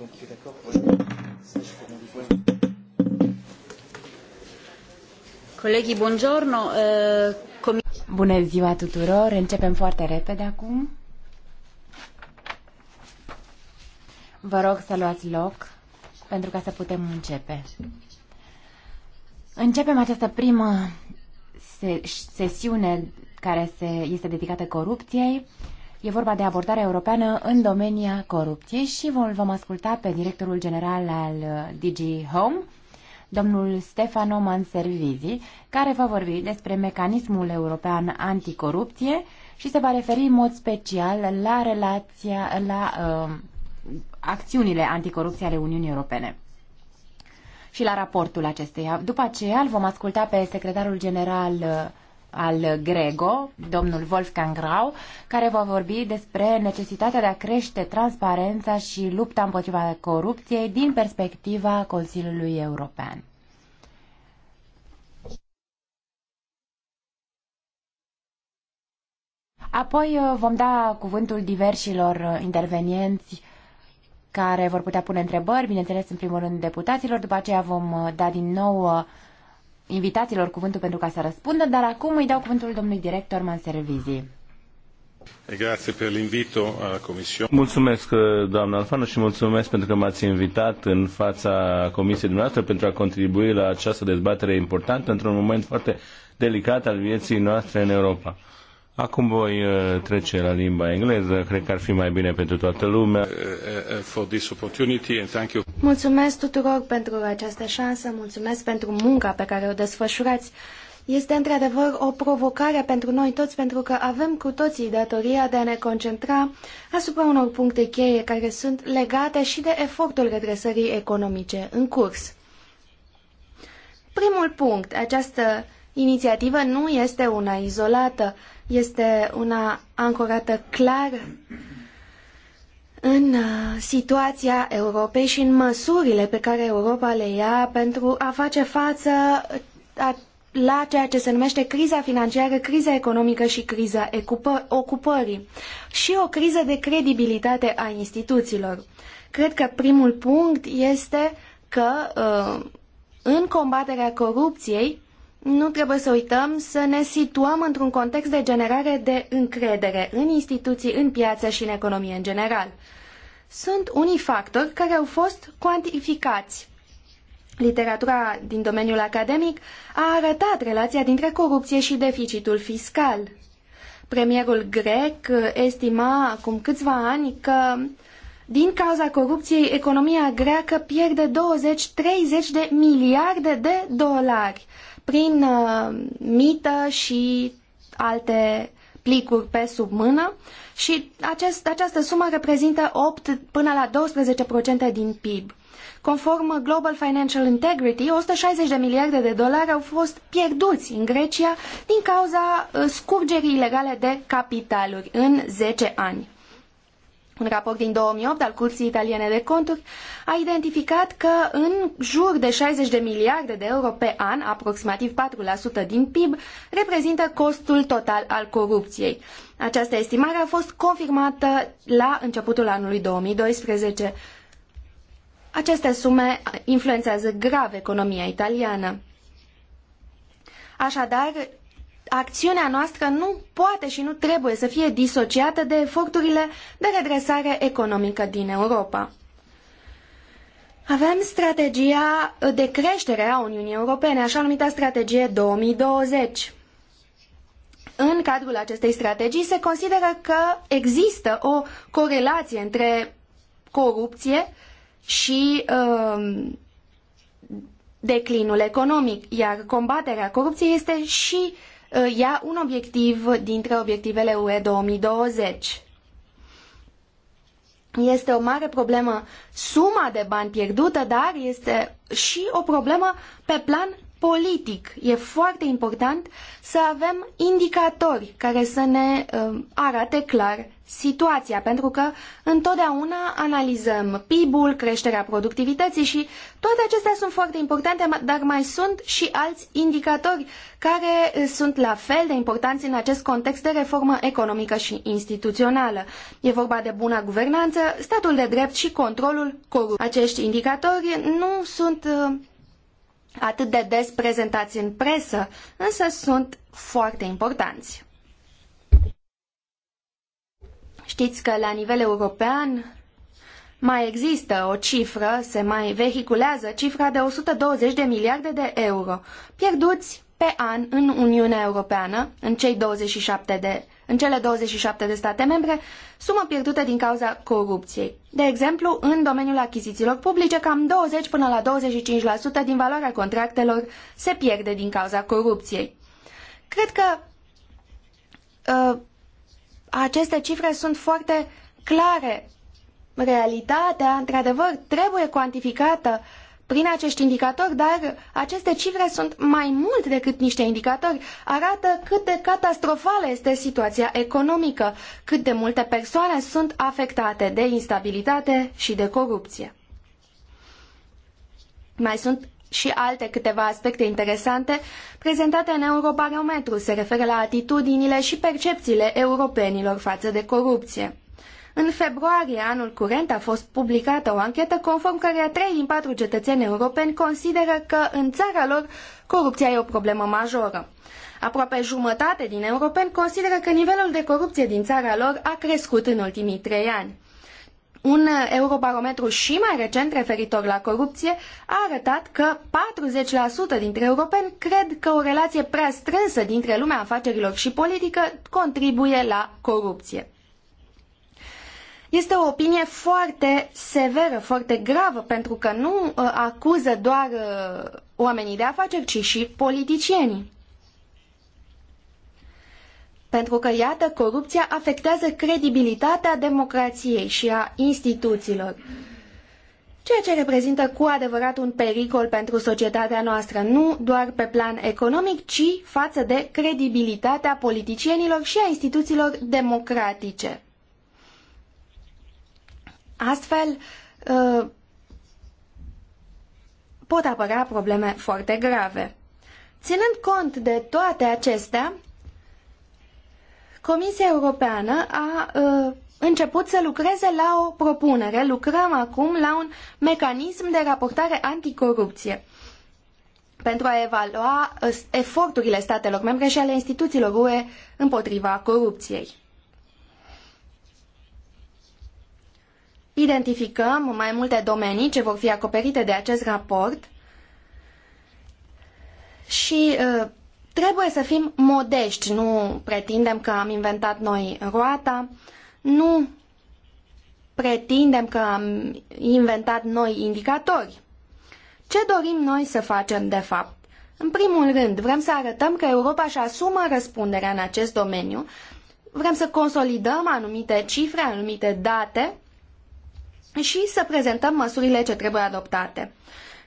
donc tu es d'accord Colegii, buongiorno. Eh, Bună ziua tuturor. Începem foarte repede acum. Vă rog să luați loc pentru ca să putem începe. Începem această primă sesiune care se, este dedicată corupției. E vorba de abordarea europeană în domenia corupției și vom, vom asculta pe directorul general al uh, DG Home, domnul Stefano Manservizi, care va vorbi despre mecanismul european anticorupție și se va referi în mod special la relația, la uh, acțiunile anticorupție ale Uniunii Europene și la raportul acesteia. După aceea îl vom asculta pe secretarul general uh, al Grego, domnul Wolfgang Grau, care va vorbi despre necesitatea de a crește transparența și lupta împotriva corupției din perspectiva Consiliului European. Apoi uh, vom da cuvântul diversilor uh, intervenienți care vor putea pune întrebări, bineînțeles, în primul rând deputaților, după aceea vom uh, da din nou invitațiilor cuvântul pentru ca să răspundă, dar acum îi dau cuvântul domnului director Manservizi. Mulțumesc, uh, doamna Alfano, și mulțumesc pentru că m-ați invitat în fața comisiei dumneavoastră pentru a contribui la această dezbatere importantă într-un moment foarte delicat al vieții noastre în Europa. Acum voi uh, trece la limba engleză, cred că ar fi mai bine pentru toată lumea. Uh, uh, for this opportunity and thank you. Mulțumesc tuturor pentru această șansă, mulțumesc pentru munca pe care o desfășurați. Este într-adevăr o provocare pentru noi toți, pentru că avem cu toții datoria de a ne concentra asupra unor puncte cheie care sunt legate și de efortul redresării economice în curs. Primul punct, această inițiativă nu este una izolată este una ancorată clar în uh, situația Europei și în măsurile pe care Europa le ia pentru a face față la ceea ce se numește criza financiară, criza economică și criza ocupării și o criză de credibilitate a instituțiilor. Cred că primul punct este că uh, în combaterea corupției nu trebuie să uităm să ne situăm într-un context de generare de încredere în instituții, în piață și în economie în general. Sunt unii factori care au fost cuantificați. Literatura din domeniul academic a arătat relația dintre corupție și deficitul fiscal. Premierul grec estima acum câțiva ani că din cauza corupției, economia greacă pierde 20-30 de miliarde de dolari prin uh, mită și alte plicuri pe sub mână și acest, această sumă reprezintă 8 până la 12% din PIB. Conform Global Financial Integrity, 160 de miliarde de dolari au fost pierduți în Grecia din cauza uh, scurgerii ilegale de capitaluri în 10 ani un raport din 2008 al Curții Italiene de Conturi a identificat că în jur de 60 de miliarde de euro pe an, aproximativ 4% din PIB, reprezintă costul total al corupției. Această estimare a fost confirmată la începutul anului 2012. Aceste sume influențează grav economia italiană. Așadar, acțiunea noastră nu poate și nu trebuie să fie disociată de eforturile de redresare economică din Europa. Avem strategia de creștere a Uniunii Europene, așa numita strategie 2020. În cadrul acestei strategii se consideră că există o corelație între corupție și uh, declinul economic, iar combaterea corupției este și Uh, ia un obiectiv dintre obiectivele UE 2020. Este o mare problemă suma de bani pierdută, dar este și o problemă pe plan politic. E foarte important să avem indicatori care să ne uh, arate clar situația, pentru că întotdeauna analizăm PIB-ul, creșterea productivității și toate acestea sunt foarte importante, dar mai sunt și alți indicatori care uh, sunt la fel de importanți în acest context de reformă economică și instituțională. E vorba de buna guvernanță, statul de drept și controlul corupt. Acești indicatori nu sunt uh, atât de des prezentați în presă, însă sunt foarte importanți. Știți că la nivel european mai există o cifră, se mai vehiculează cifra de 120 de miliarde de euro pierduți pe an în Uniunea Europeană, în, cei 27 de, în cele 27 de state membre, sumă pierdută din cauza corupției. De exemplu, în domeniul achizițiilor publice, cam 20 până la 25% din valoarea contractelor se pierde din cauza corupției. Cred că uh, aceste cifre sunt foarte clare. Realitatea, într-adevăr, trebuie cuantificată prin acești indicatori, dar aceste cifre sunt mai mult decât niște indicatori. Arată cât de catastrofală este situația economică, cât de multe persoane sunt afectate de instabilitate și de corupție. Mai sunt și alte câteva aspecte interesante prezentate în Eurobarometru se referă la atitudinile și percepțiile europenilor față de corupție. În februarie anul curent a fost publicată o anchetă conform căreia trei din patru cetățeni europeni consideră că în țara lor corupția e o problemă majoră. Aproape jumătate din europeni consideră că nivelul de corupție din țara lor a crescut în ultimii trei ani. Un eurobarometru și mai recent referitor la corupție a arătat că 40% dintre europeni cred că o relație prea strânsă dintre lumea afacerilor și politică contribuie la corupție. Este o opinie foarte severă, foarte gravă, pentru că nu uh, acuză doar uh, oamenii de afaceri, ci și politicienii. Pentru că, iată, corupția afectează credibilitatea democrației și a instituțiilor, ceea ce reprezintă cu adevărat un pericol pentru societatea noastră, nu doar pe plan economic, ci față de credibilitatea politicienilor și a instituțiilor democratice. Astfel, uh, pot apărea probleme foarte grave. Ținând cont de toate acestea, Comisia Europeană a uh, început să lucreze la o propunere. Lucrăm acum la un mecanism de raportare anticorupție pentru a evalua uh, eforturile statelor membre și ale instituțiilor UE împotriva corupției. identificăm mai multe domenii ce vor fi acoperite de acest raport și uh, trebuie să fim modești, nu pretindem că am inventat noi roata, nu pretindem că am inventat noi indicatori. Ce dorim noi să facem de fapt? În primul rând, vrem să arătăm că Europa își asumă răspunderea în acest domeniu, vrem să consolidăm anumite cifre, anumite date și să prezentăm măsurile ce trebuie adoptate.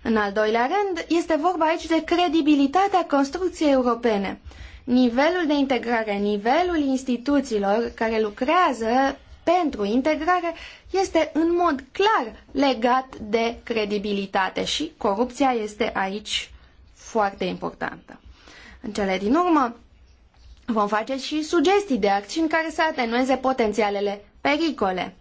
În al doilea rând, este vorba aici de credibilitatea construcției europene. Nivelul de integrare, nivelul instituțiilor care lucrează pentru integrare este în mod clar legat de credibilitate și corupția este aici foarte importantă. În cele din urmă, vom face și sugestii de acțiuni care să atenueze potențialele pericole.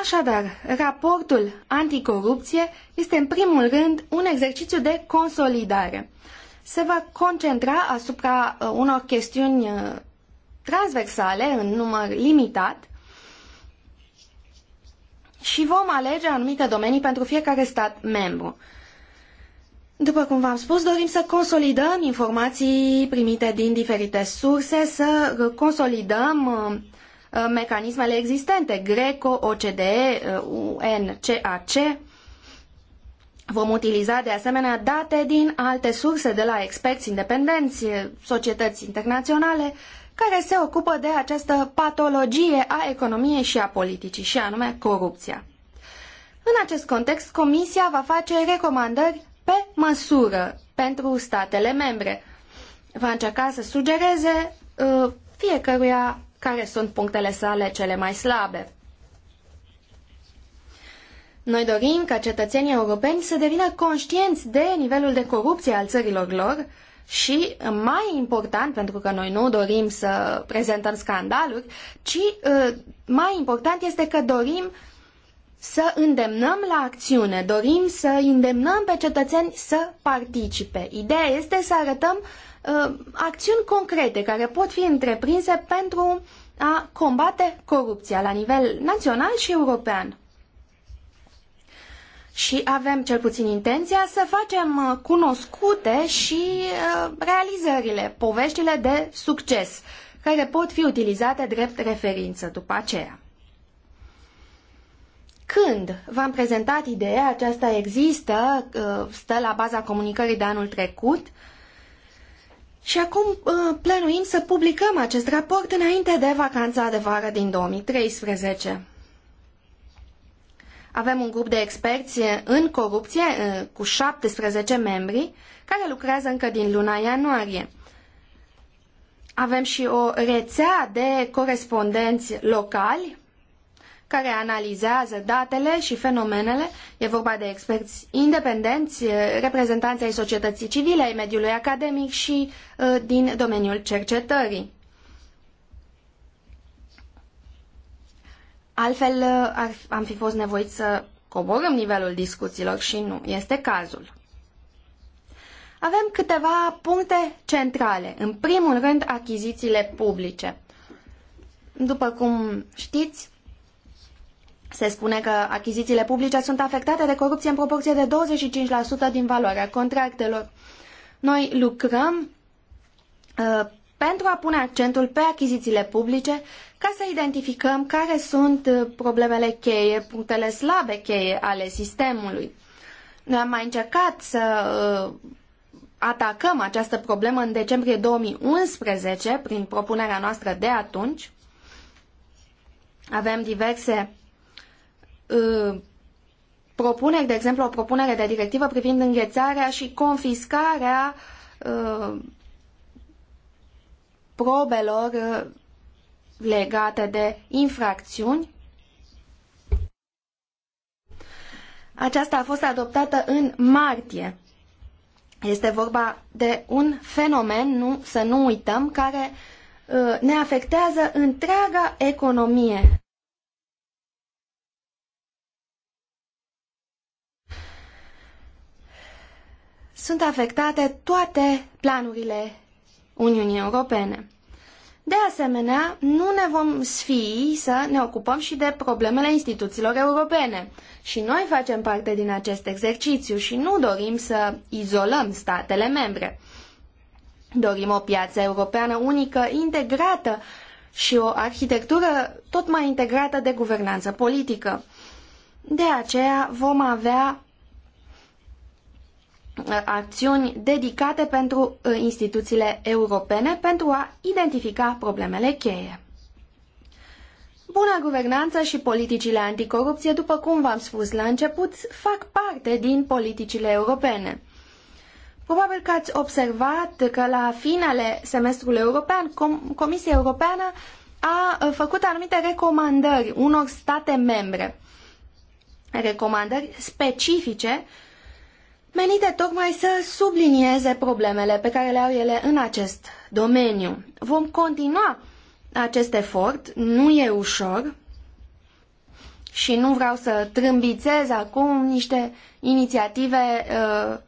Așadar, raportul anticorupție este în primul rând un exercițiu de consolidare. Se va concentra asupra uh, unor chestiuni uh, transversale în număr limitat și vom alege anumite domenii pentru fiecare stat membru. După cum v-am spus, dorim să consolidăm informații primite din diferite surse, să consolidăm uh, Uh, mecanismele existente, Greco, OCDE, UNCAC. Uh, Vom utiliza de asemenea date din alte surse de la experți independenți, societăți internaționale, care se ocupă de această patologie a economiei și a politicii, și anume corupția. În acest context, Comisia va face recomandări pe măsură pentru statele membre. Va încerca să sugereze uh, fiecăruia care sunt punctele sale cele mai slabe. Noi dorim ca cetățenii europeni să devină conștienți de nivelul de corupție al țărilor lor și, mai important, pentru că noi nu dorim să prezentăm scandaluri, ci uh, mai important este că dorim să îndemnăm la acțiune, dorim să îndemnăm pe cetățeni să participe. Ideea este să arătăm uh, Uh, acțiuni concrete care pot fi întreprinse pentru a combate corupția la nivel național și european. Și avem cel puțin intenția să facem uh, cunoscute și uh, realizările, poveștile de succes, care pot fi utilizate drept referință după aceea. Când v-am prezentat ideea, aceasta există, stă la baza comunicării de anul trecut, și acum uh, plănuim să publicăm acest raport înainte de vacanța de vară din 2013. Avem un grup de experți uh, în corupție uh, cu 17 membri care lucrează încă din luna ianuarie. Avem și o rețea de corespondenți locali care analizează datele și fenomenele. E vorba de experți independenți, eh, reprezentanți ai societății civile, ai mediului academic și eh, din domeniul cercetării. Altfel eh, ar, am fi fost nevoiți să coborâm nivelul discuțiilor și nu este cazul. Avem câteva puncte centrale. În primul rând, achizițiile publice. După cum știți, se spune că achizițiile publice sunt afectate de corupție în proporție de 25% din valoarea contractelor. Noi lucrăm uh, pentru a pune accentul pe achizițiile publice ca să identificăm care sunt uh, problemele cheie, punctele slabe cheie ale sistemului. Noi am mai încercat să uh, atacăm această problemă în decembrie 2011 prin propunerea noastră de atunci. Avem diverse Uh, propuneri, de exemplu, o propunere de directivă privind înghețarea și confiscarea uh, probelor uh, legate de infracțiuni. Aceasta a fost adoptată în martie. Este vorba de un fenomen, nu, să nu uităm, care uh, ne afectează întreaga economie. sunt afectate toate planurile Uniunii Europene. De asemenea, nu ne vom sfii să ne ocupăm și de problemele instituțiilor europene. Și noi facem parte din acest exercițiu și nu dorim să izolăm statele membre. Dorim o piață europeană unică, integrată și o arhitectură tot mai integrată de guvernanță politică. De aceea vom avea acțiuni dedicate pentru uh, instituțiile europene pentru a identifica problemele cheie. Buna guvernanță și politicile anticorupție, după cum v-am spus la început, fac parte din politicile europene. Probabil că ați observat că la finele semestrului european, Com Comisia Europeană a uh, făcut anumite recomandări unor state membre. Recomandări specifice uh, menite tocmai să sublinieze problemele pe care le au ele în acest domeniu. Vom continua acest efort, nu e ușor și nu vreau să trâmbițez acum niște inițiative uh,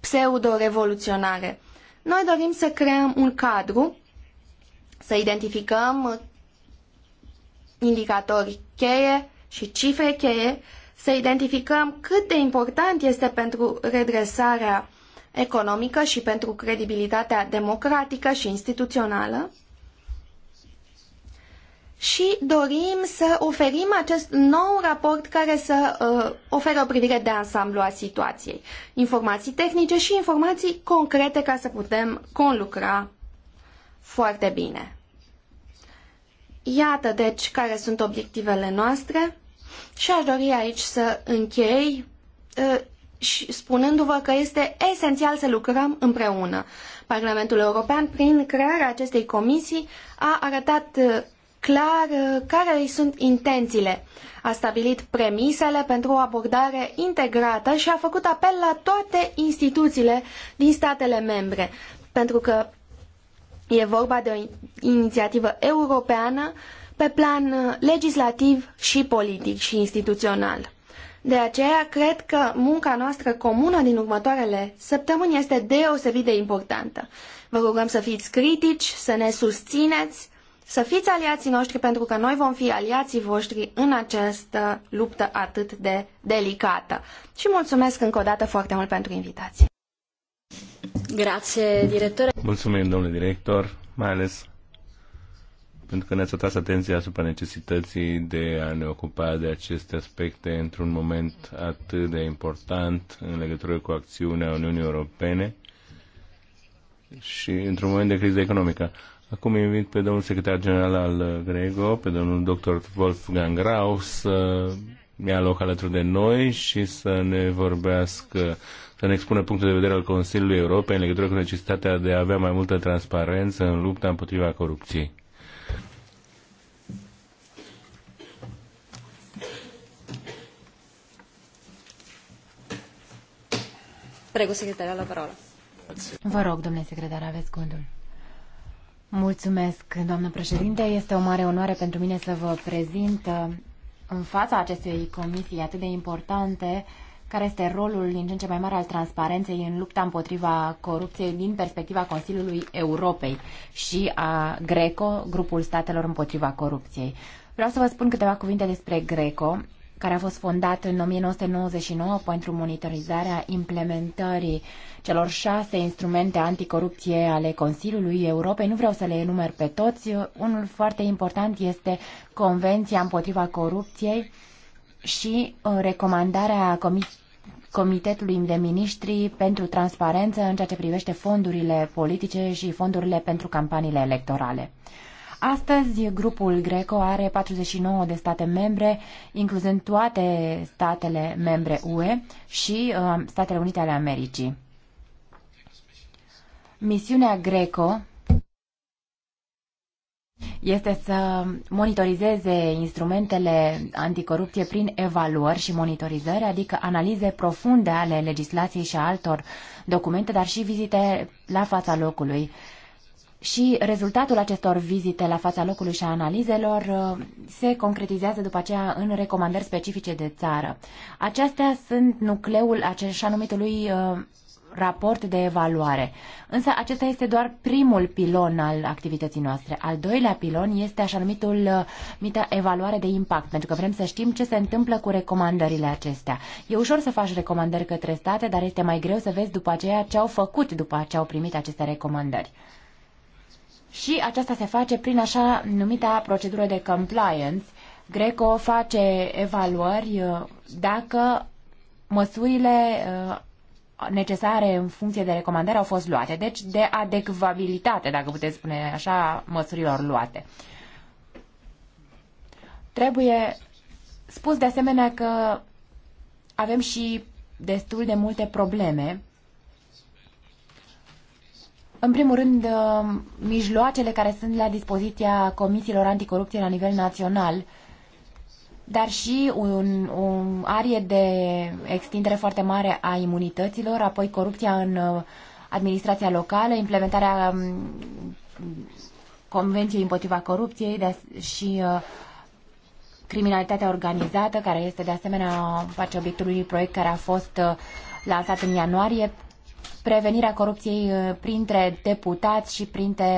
pseudo-revoluționare. Noi dorim să creăm un cadru, să identificăm indicatori cheie și cifre cheie să identificăm cât de important este pentru redresarea economică și pentru credibilitatea democratică și instituțională și dorim să oferim acest nou raport care să uh, ofere o privire de ansamblu a situației. Informații tehnice și informații concrete ca să putem conlucra foarte bine. Iată deci care sunt obiectivele noastre. Și aș dori aici să închei ă, și spunându-vă că este esențial să lucrăm împreună. Parlamentul European, prin crearea acestei comisii, a arătat ă, clar ă, care îi sunt intențiile. A stabilit premisele pentru o abordare integrată și a făcut apel la toate instituțiile din statele membre, pentru că e vorba de o inițiativă europeană uh, pe plan uh, legislativ și politic și instituțional. De aceea, cred că munca noastră comună din următoarele săptămâni este deosebit de importantă. Vă rugăm să fiți critici, să ne susțineți, să fiți aliații noștri, pentru că noi vom fi aliații voștri în această luptă atât de delicată. Și mulțumesc încă o dată foarte mult pentru invitație. Grazie, Mulțumim, domnule director, mai ales pentru că ne-ați atras atenția asupra necesității de a ne ocupa de aceste aspecte într-un moment atât de important în legătură cu acțiunea Uniunii Europene și într-un moment de criză economică. Acum invit pe domnul secretar general al Grego, pe domnul dr. Wolfgang Rau să ia loc alături de noi și să ne vorbească, să ne expună punctul de vedere al Consiliului Europei în legătură cu necesitatea de a avea mai multă transparență în lupta împotriva corupției. Prego, la parola. Vă rog, domnule secretar, aveți cuvântul. Mulțumesc, doamnă președinte. Este o mare onoare pentru mine să vă prezint uh, în fața acestei comisii atât de importante care este rolul din ce în ce mai mare al transparenței în lupta împotriva corupției din perspectiva Consiliului Europei și a Greco, grupul statelor împotriva corupției. Vreau să vă spun câteva cuvinte despre Greco care a fost fondat în 1999 pentru monitorizarea implementării celor șase instrumente anticorupție ale Consiliului Europei. Nu vreau să le enumer pe toți. Unul foarte important este Convenția împotriva corupției și uh, recomandarea Comitetului de Ministri pentru Transparență în ceea ce privește fondurile politice și fondurile pentru campaniile electorale. Astăzi, grupul Greco are 49 de state membre, incluzând toate statele membre UE și uh, Statele Unite ale Americii. Misiunea Greco este să monitorizeze instrumentele anticorupție prin evaluări și monitorizări, adică analize profunde ale legislației și a altor documente, dar și vizite la fața locului și rezultatul acestor vizite la fața locului și a analizelor uh, se concretizează după aceea în recomandări specifice de țară. Acestea sunt nucleul așa numitului uh, raport de evaluare. Însă acesta este doar primul pilon al activității noastre. Al doilea pilon este așa numitul uh, mită evaluare de impact, pentru că vrem să știm ce se întâmplă cu recomandările acestea. E ușor să faci recomandări către state, dar este mai greu să vezi după aceea ce au făcut după ce au primit aceste recomandări și aceasta se face prin așa numita procedură de compliance. Greco face evaluări uh, dacă măsurile uh, necesare în funcție de recomandare au fost luate, deci de adecvabilitate, dacă puteți spune așa, măsurilor luate. Trebuie spus de asemenea că avem și destul de multe probleme în primul rând, uh, mijloacele care sunt la dispoziția comisiilor anticorupție la nivel național, dar și un, un arie de extindere foarte mare a imunităților, apoi corupția în uh, administrația locală, implementarea um, Convenției împotriva corupției și uh, criminalitatea organizată, care este de asemenea face obiectul unui proiect care a fost lansat în ianuarie, prevenirea corupției uh, printre deputați și printre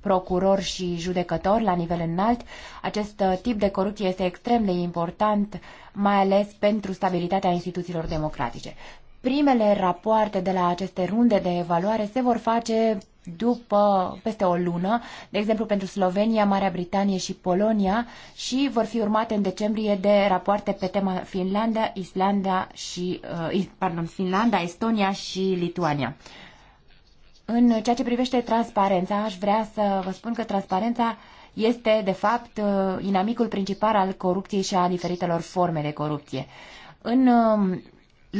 procurori și judecători la nivel înalt. Acest uh, tip de corupție este extrem de important, mai ales pentru stabilitatea instituțiilor democratice. Primele rapoarte de la aceste runde de evaluare se vor face după peste o lună, de exemplu pentru Slovenia, Marea Britanie și Polonia și vor fi urmate în decembrie de rapoarte pe tema Finlanda, Islanda și uh, pardon, Finlanda, Estonia și Lituania. În ceea ce privește transparența, aș vrea să vă spun că transparența este, de fapt, uh, inamicul principal al corupției și a diferitelor forme de corupție. În um,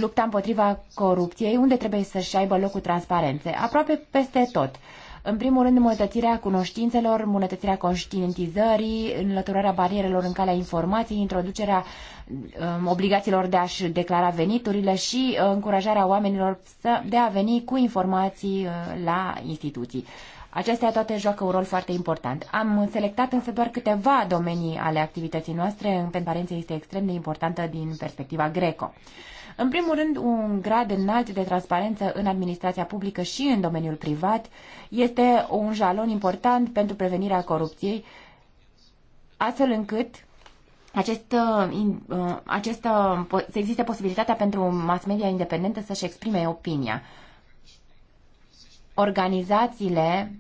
lupta împotriva corupției, unde trebuie să-și aibă locul transparențe, aproape peste tot. În primul rând, îmbunătățirea cunoștințelor, îmbunătățirea conștientizării, înlăturarea barierelor în calea informației, introducerea um, obligațiilor de a-și declara veniturile și uh, încurajarea oamenilor să, de a veni cu informații uh, la instituții. Acestea toate joacă un rol foarte important. Am selectat însă doar câteva domenii ale activității noastre. Transparența este extrem de importantă din perspectiva greco. În primul rând, un grad înalt de transparență în administrația publică și în domeniul privat este un jalon important pentru prevenirea corupției, astfel încât acest, uh, uh, acest, uh, să existe posibilitatea pentru mass media independentă să-și exprime opinia. Organizațiile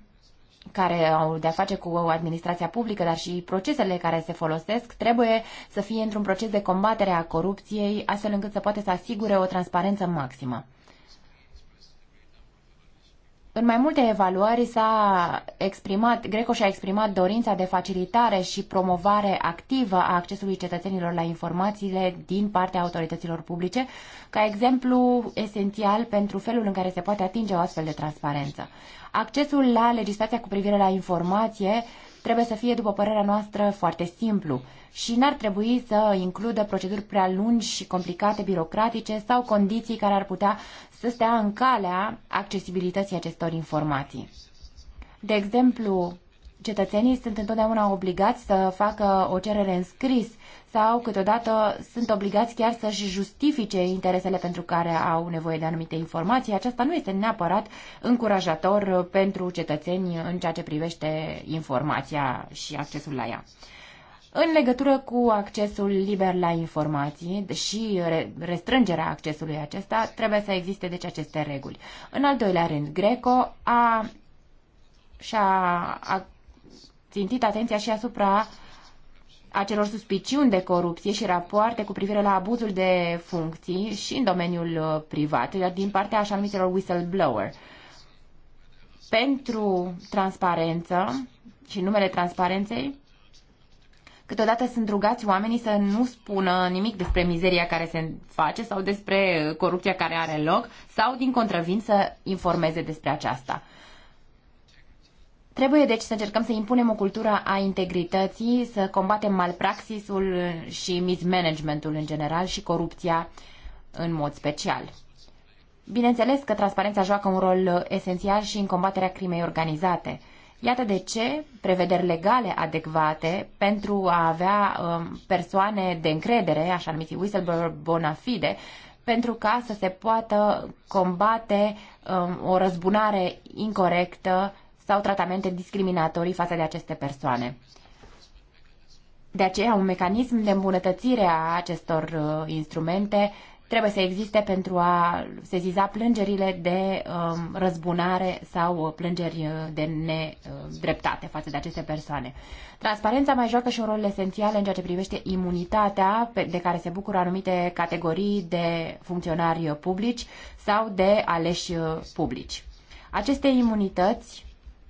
care au de-a face cu administrația publică, dar și procesele care se folosesc, trebuie să fie într-un proces de combatere a corupției, astfel încât să poate să asigure o transparență maximă. În mai multe evaluări s-a exprimat, Greco și-a exprimat dorința de facilitare și promovare activă a accesului cetățenilor la informațiile din partea autorităților publice, ca exemplu esențial pentru felul în care se poate atinge o astfel de transparență. Accesul la legislația cu privire la informație trebuie să fie, după părerea noastră, foarte simplu și n-ar trebui să includă proceduri prea lungi și complicate, birocratice sau condiții care ar putea să stea în calea accesibilității acestor informații. De exemplu, cetățenii sunt întotdeauna obligați să facă o cerere în scris sau câteodată sunt obligați chiar să-și justifice interesele pentru care au nevoie de anumite informații. Aceasta nu este neapărat încurajator pentru cetățeni în ceea ce privește informația și accesul la ea. În legătură cu accesul liber la informații și restrângerea accesului acesta, trebuie să existe deci aceste reguli. În al doilea rând, Greco a, și-a a țintit atenția și asupra uh, acelor suspiciuni de corupție și rapoarte cu privire la abuzul de funcții și în domeniul uh, privat, din partea așa numitelor whistleblower. Pentru transparență și numele transparenței, câteodată sunt rugați oamenii să nu spună nimic despre mizeria care se face sau despre uh, corupția care are loc sau, din contravin, să informeze despre aceasta. Trebuie deci să încercăm să impunem o cultură a integrității, să combatem malpraxisul și mismanagementul în general și corupția în mod special. Bineînțeles că transparența joacă un rol esențial și în combaterea crimei organizate. Iată de ce prevederi legale adecvate pentru a avea um, persoane de încredere, așa numiți whistleblower bona fide, pentru ca să se poată combate um, o răzbunare incorrectă sau tratamente discriminatorii față de aceste persoane. De aceea, un mecanism de îmbunătățire a acestor uh, instrumente trebuie să existe pentru a seziza plângerile de um, răzbunare sau uh, plângeri uh, de nedreptate față de aceste persoane. Transparența mai joacă și un rol esențial în ceea ce privește imunitatea de care se bucură anumite categorii de funcționari publici sau de aleși uh, publici. Aceste imunități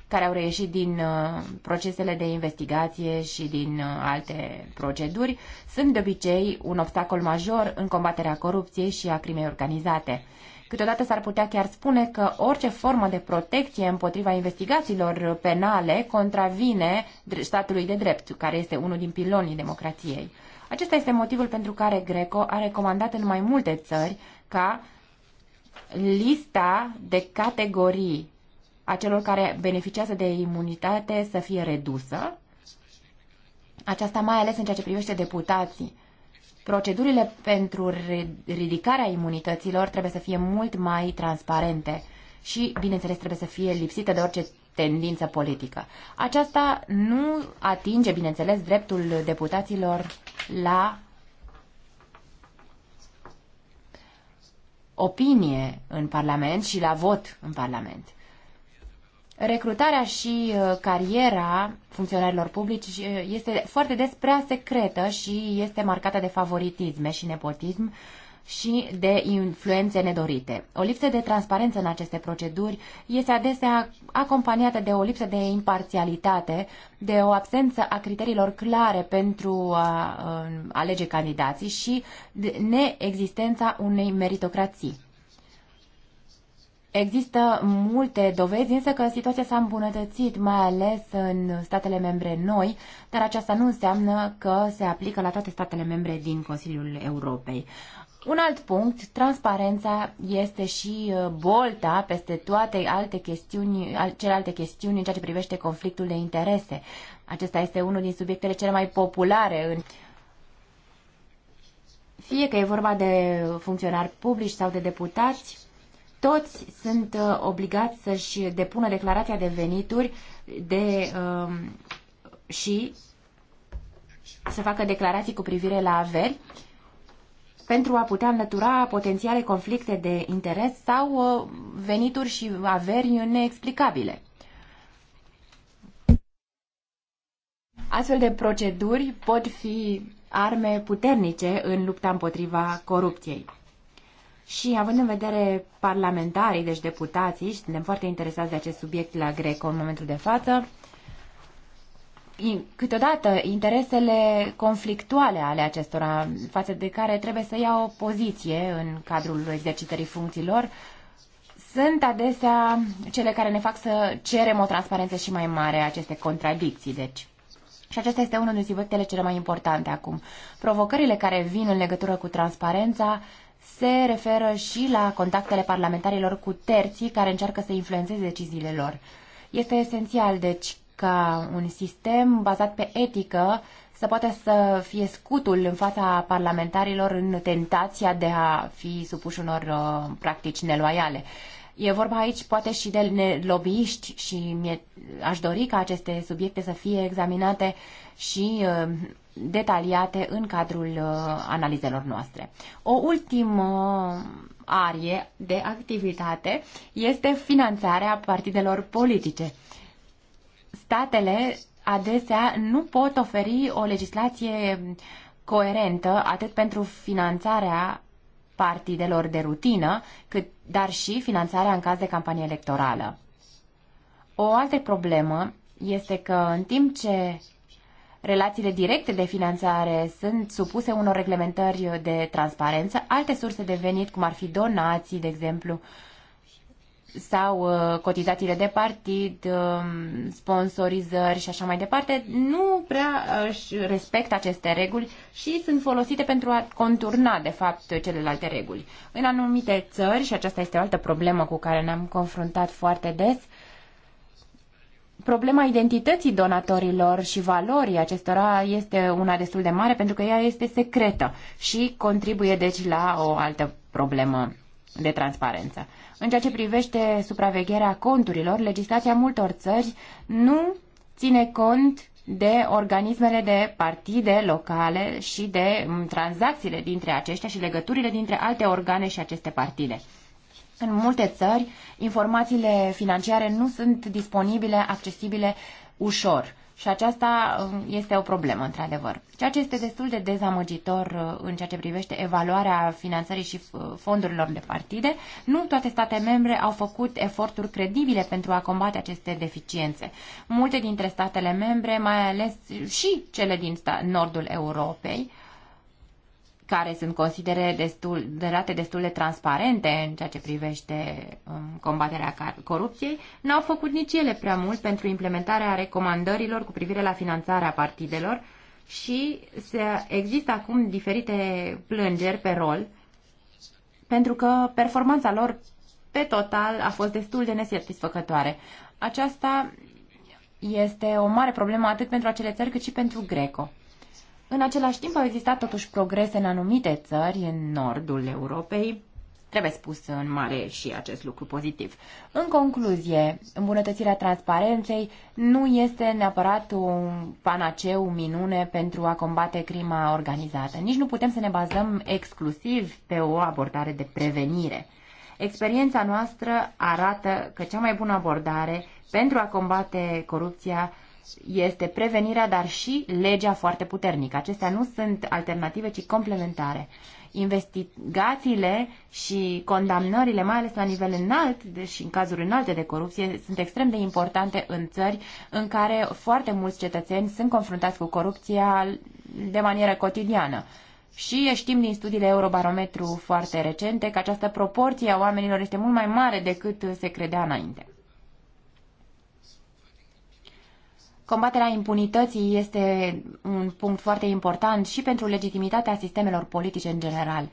care au reieșit din uh, procesele de investigație și din uh, alte proceduri sunt de obicei un obstacol major în combaterea corupției și a crimei organizate. Câteodată s-ar putea chiar spune că orice formă de protecție împotriva investigațiilor penale contravine statului de drept, care este unul din pilonii democrației. Acesta este motivul pentru care Greco a recomandat în mai multe țări ca lista de categorii a celor care beneficiază de imunitate să fie redusă. Aceasta mai ales în ceea ce privește deputații. Procedurile pentru ridicarea imunităților trebuie să fie mult mai transparente și, bineînțeles, trebuie să fie lipsită de orice tendință politică. Aceasta nu atinge, bineînțeles, dreptul deputaților la opinie în Parlament și la vot în Parlament. Recrutarea și uh, cariera funcționarilor publici uh, este foarte des prea secretă și este marcată de favoritisme și nepotism și de influențe nedorite. O lipsă de transparență în aceste proceduri este adesea acompaniată de o lipsă de imparțialitate, de o absență a criteriilor clare pentru a alege candidații și de neexistența unei meritocrații. Există multe dovezi, însă că situația s-a îmbunătățit, mai ales în statele membre noi, dar aceasta nu înseamnă că se aplică la toate statele membre din Consiliul Europei. Un alt punct, transparența este și uh, bolta peste toate alte chestiuni, celelalte chestiuni în ceea ce privește conflictul de interese. Acesta este unul din subiectele cele mai populare în fie că e vorba de funcționari publici sau de deputați, toți sunt uh, obligați să-și depună declarația de venituri de, uh, și să facă declarații cu privire la averi pentru a putea înlătura potențiale conflicte de interes sau uh, venituri și averi neexplicabile. Astfel de proceduri pot fi arme puternice în lupta împotriva corupției. Și având în vedere parlamentarii, deci deputații, și suntem foarte interesați de acest subiect la Greco în momentul de față, câteodată interesele conflictuale ale acestora, față de care trebuie să iau o poziție în cadrul exercitării funcțiilor, sunt adesea cele care ne fac să cerem o transparență și mai mare aceste contradicții, deci. Și acesta este unul din subiectele cele mai importante acum. Provocările care vin în legătură cu transparența se referă și la contactele parlamentarilor cu terții care încearcă să influențeze deciziile lor. Este esențial, deci, ca un sistem bazat pe etică să poată să fie scutul în fața parlamentarilor în tentația de a fi supuși unor uh, practici neloiale. E vorba aici poate și de lobbyiști și aș dori ca aceste subiecte să fie examinate și uh, detaliate în cadrul uh, analizelor noastre. O ultimă uh, arie de activitate este finanțarea partidelor politice. Statele adesea nu pot oferi o legislație coerentă atât pentru finanțarea partidelor de rutină, cât, dar și finanțarea în caz de campanie electorală. O altă problemă este că în timp ce Relațiile directe de finanțare sunt supuse unor reglementări de transparență. Alte surse de venit, cum ar fi donații, de exemplu, sau uh, cotizațiile de partid, um, sponsorizări și așa mai departe, nu prea își respectă aceste reguli și sunt folosite pentru a conturna, de fapt, celelalte reguli. În anumite țări, și aceasta este o altă problemă cu care ne-am confruntat foarte des, problema identității donatorilor și valorii acestora este una destul de mare pentru că ea este secretă și contribuie deci la o altă problemă de transparență. În ceea ce privește supravegherea conturilor, legislația multor țări nu ține cont de organismele de partide locale și de mm, tranzacțiile dintre aceștia și legăturile dintre alte organe și aceste partide. În multe țări, informațiile financiare nu sunt disponibile, accesibile ușor. Și aceasta um, este o problemă, într-adevăr. Ceea ce este destul de dezamăgitor uh, în ceea ce privește evaluarea finanțării și uh, fondurilor de partide, nu toate state membre au făcut eforturi credibile pentru a combate aceste deficiențe. Multe dintre statele membre, mai ales și cele din nordul Europei, care sunt considere destul, de rate destul de transparente în ceea ce privește um, combaterea corupției, n-au făcut nici ele prea mult pentru implementarea recomandărilor cu privire la finanțarea partidelor și se, există acum diferite plângeri pe rol pentru că performanța lor pe total a fost destul de nesatisfăcătoare. Aceasta este o mare problemă atât pentru acele țări cât și pentru Greco. În același timp au existat totuși progrese în anumite țări în nordul Europei, Trebuie spus în mare și acest lucru pozitiv. În concluzie, îmbunătățirea transparenței nu este neapărat un panaceu minune pentru a combate crima organizată. Nici nu putem să ne bazăm exclusiv pe o abordare de prevenire. Experiența noastră arată că cea mai bună abordare pentru a combate corupția este prevenirea, dar și legea foarte puternică. Acestea nu sunt alternative, ci complementare. Investigațiile și condamnările, mai ales la nivel înalt și în cazuri înalte de corupție, sunt extrem de importante în țări în care foarte mulți cetățeni sunt confruntați cu corupția de manieră cotidiană. Și știm din studiile Eurobarometru foarte recente că această proporție a oamenilor este mult mai mare decât se credea înainte. Combaterea impunității este un punct foarte important și pentru legitimitatea sistemelor politice în general.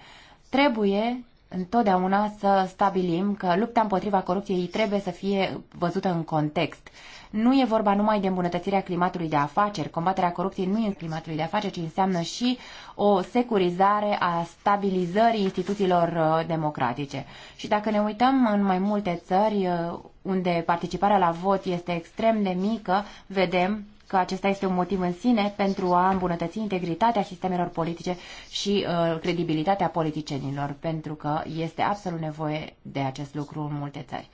Trebuie întotdeauna să stabilim că lupta împotriva corupției trebuie să fie văzută în context. Nu e vorba numai de îmbunătățirea climatului de afaceri. Combaterea corupției nu e în climatul de afaceri, ci înseamnă și o securizare a stabilizării instituțiilor uh, democratice. Și dacă ne uităm în mai multe țări uh, unde participarea la vot este extrem de mică, vedem că acesta este un motiv în sine pentru a îmbunătăți integritatea sistemelor politice și uh, credibilitatea politicienilor, pentru că este absolut nevoie de acest lucru în multe țări.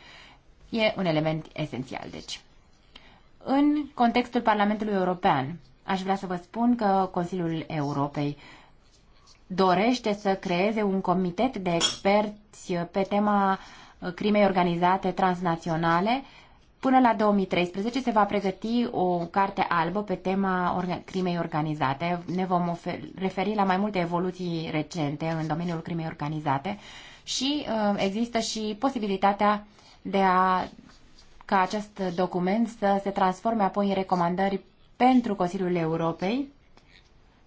E un element esențial, deci. În contextul Parlamentului European, aș vrea să vă spun că Consiliul Europei dorește să creeze un comitet de experți pe tema crimei organizate transnaționale Până la 2013 se va pregăti o carte albă pe tema orga- crimei organizate. Ne vom referi la mai multe evoluții recente în domeniul crimei organizate și uh, există și posibilitatea de a ca acest document să se transforme apoi în recomandări pentru Consiliul Europei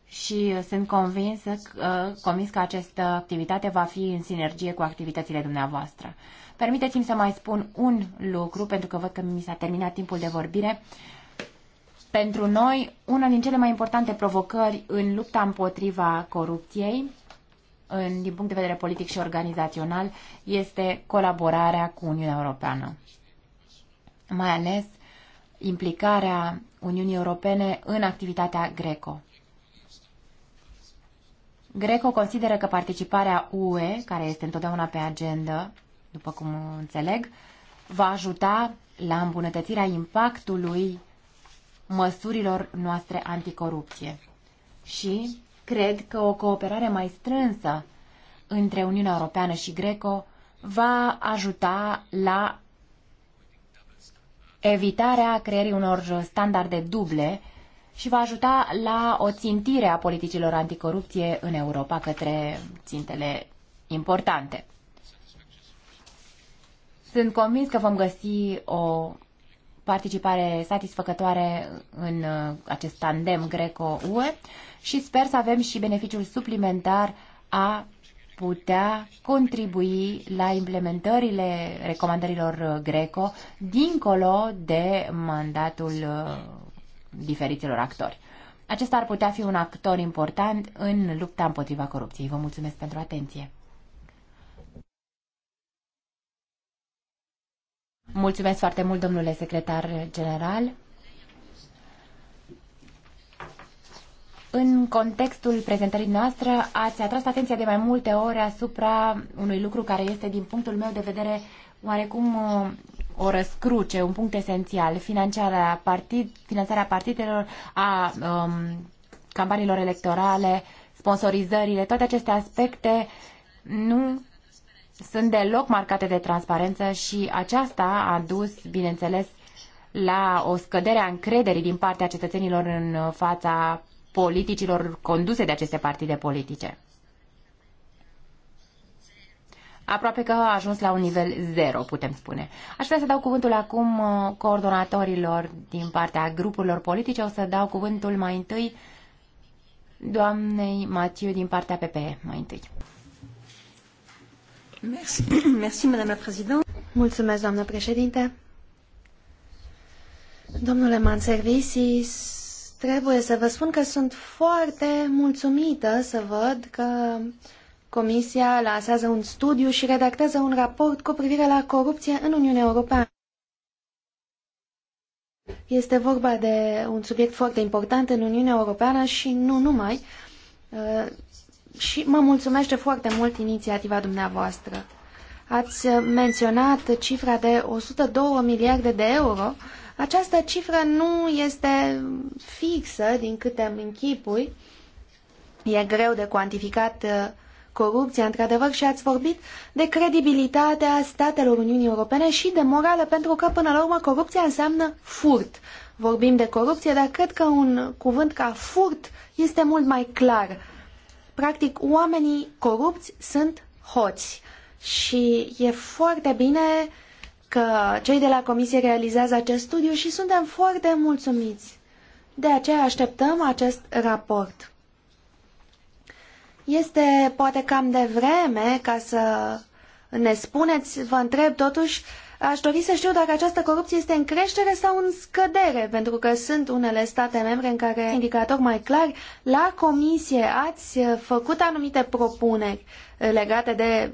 și uh, sunt convins, uh, convins că această activitate va fi în sinergie cu activitățile dumneavoastră. Permiteți-mi să mai spun un lucru, pentru că văd că mi s-a terminat timpul de vorbire. Pentru noi, una din cele mai importante provocări în lupta împotriva corupției, în, din punct de vedere politic și organizațional, este colaborarea cu Uniunea Europeană. Mai ales implicarea Uniunii Europene în activitatea Greco. Greco consideră că participarea UE, care este întotdeauna pe agenda, după cum înțeleg, va ajuta la îmbunătățirea impactului măsurilor noastre anticorupție. Și cred că o cooperare mai strânsă între Uniunea Europeană și Greco va ajuta la evitarea creierii unor standarde duble și va ajuta la o țintire a politicilor anticorupție în Europa către țintele importante. Sunt convins că vom găsi o participare satisfăcătoare în uh, acest tandem greco-UE și sper să avem și beneficiul suplimentar a putea contribui la implementările recomandărilor uh, greco dincolo de mandatul uh, diferiților actori. Acesta ar putea fi un actor important în lupta împotriva corupției. Vă mulțumesc pentru atenție! Mulțumesc foarte mult, domnule secretar general. În contextul prezentării noastre, ați atras atenția de mai multe ori asupra unui lucru care este, din punctul meu de vedere, oarecum o răscruce, un punct esențial, finanțarea, partid, finanțarea partidelor, a um, campaniilor electorale, sponsorizările, toate aceste aspecte nu sunt deloc marcate de transparență și aceasta a dus, bineînțeles, la o scădere a încrederii din partea cetățenilor în fața politicilor conduse de aceste partide politice. Aproape că a ajuns la un nivel zero, putem spune. Aș vrea să dau cuvântul acum uh, coordonatorilor din partea grupurilor politice. O să dau cuvântul mai întâi doamnei Matiu din partea PPE, mai întâi. Merci. Merci, Mulțumesc, doamnă președinte. Domnule Manservisi, trebuie să vă spun că sunt foarte mulțumită să văd că Comisia lansează un studiu și redactează un raport cu privire la corupție în Uniunea Europeană. Este vorba de un subiect foarte important în Uniunea Europeană și nu numai și mă mulțumește foarte mult inițiativa dumneavoastră. Ați menționat cifra de 102 miliarde de euro. Această cifră nu este fixă, din câte îmi închipui. E greu de cuantificat uh, corupția, într-adevăr, și ați vorbit de credibilitatea statelor Uniunii Europene și de morală, pentru că, până la urmă, corupția înseamnă furt. Vorbim de corupție, dar cred că un cuvânt ca furt este mult mai clar Practic, oamenii corupți sunt hoți și e foarte bine că cei de la comisie realizează acest studiu și suntem foarte mulțumiți. De aceea așteptăm acest raport. Este poate cam de vreme ca să ne spuneți, vă întreb totuși, uh, Aș dori să știu dacă această corupție este în creștere sau în scădere, pentru că sunt unele state membre în care, indicator mai clar, la comisie ați făcut anumite propuneri legate de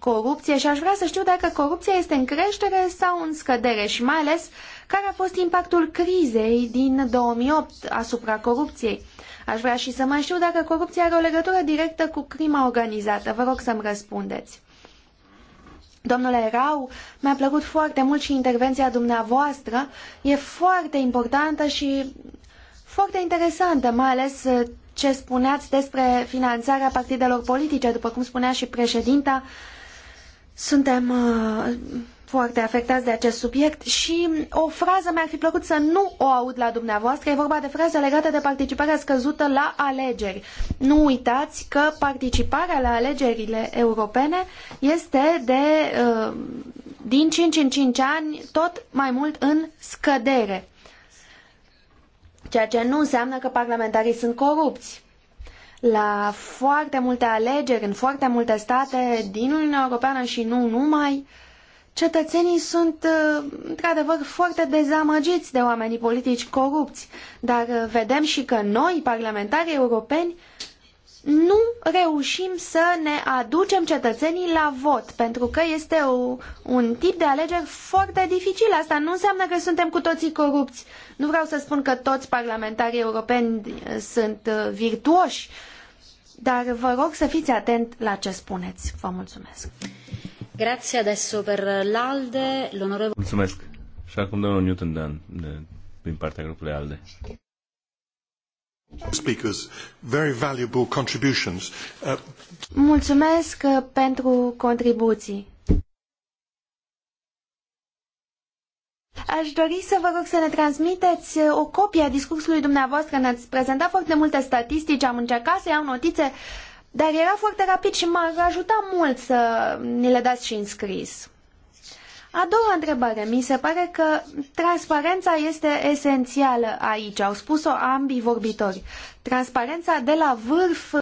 corupție și aș vrea să știu dacă corupția este în creștere sau în scădere și mai ales care a fost impactul crizei din 2008 asupra corupției. Aș vrea și să mai știu dacă corupția are o legătură directă cu crima organizată. Vă rog să-mi răspundeți. Domnule Rau, mi-a plăcut foarte mult și intervenția dumneavoastră. E foarte importantă și foarte interesantă, mai ales uh, ce spuneați despre finanțarea partidelor politice, după cum spunea și președinta. Suntem uh, foarte afectați de acest subiect și o frază mi-ar fi plăcut să nu o aud la dumneavoastră. E vorba de fraze legată de participarea scăzută la alegeri. Nu uitați că participarea la alegerile europene este de uh, din 5 în 5 ani tot mai mult în scădere. Ceea ce nu înseamnă că parlamentarii sunt corupți la foarte multe alegeri în foarte multe state din Uniunea Europeană și nu numai, Cetățenii sunt, uh, într-adevăr, foarte dezamăgiți de oamenii politici corupți, dar uh, vedem și că noi, parlamentarii europeni, nu reușim să ne aducem cetățenii la vot, pentru că este o, un tip de alegeri foarte dificil. Asta nu înseamnă că suntem cu toții corupți. Nu vreau să spun că toți parlamentarii europeni uh, sunt virtuoși, dar vă rog să fiți atent la ce spuneți. Vă mulțumesc. Grazie adesso per l'ALDE, l'onorevole... Mulțumesc. Și acum domnul Newton Dan, de, din partea grupului ALDE. Speakers, very valuable contributions. Uh... Mulțumesc uh, pentru contribuții. Aș dori să vă rog să ne transmiteți uh, o copie a discursului dumneavoastră. Ne-ați prezentat foarte multe statistici, am încercat să iau notițe. Uh, dar era foarte rapid și m-ar ajuta mult să ni le dați și în scris. A doua întrebare. Mi se pare că transparența este esențială aici. Au spus-o ambii vorbitori. Transparența de la vârf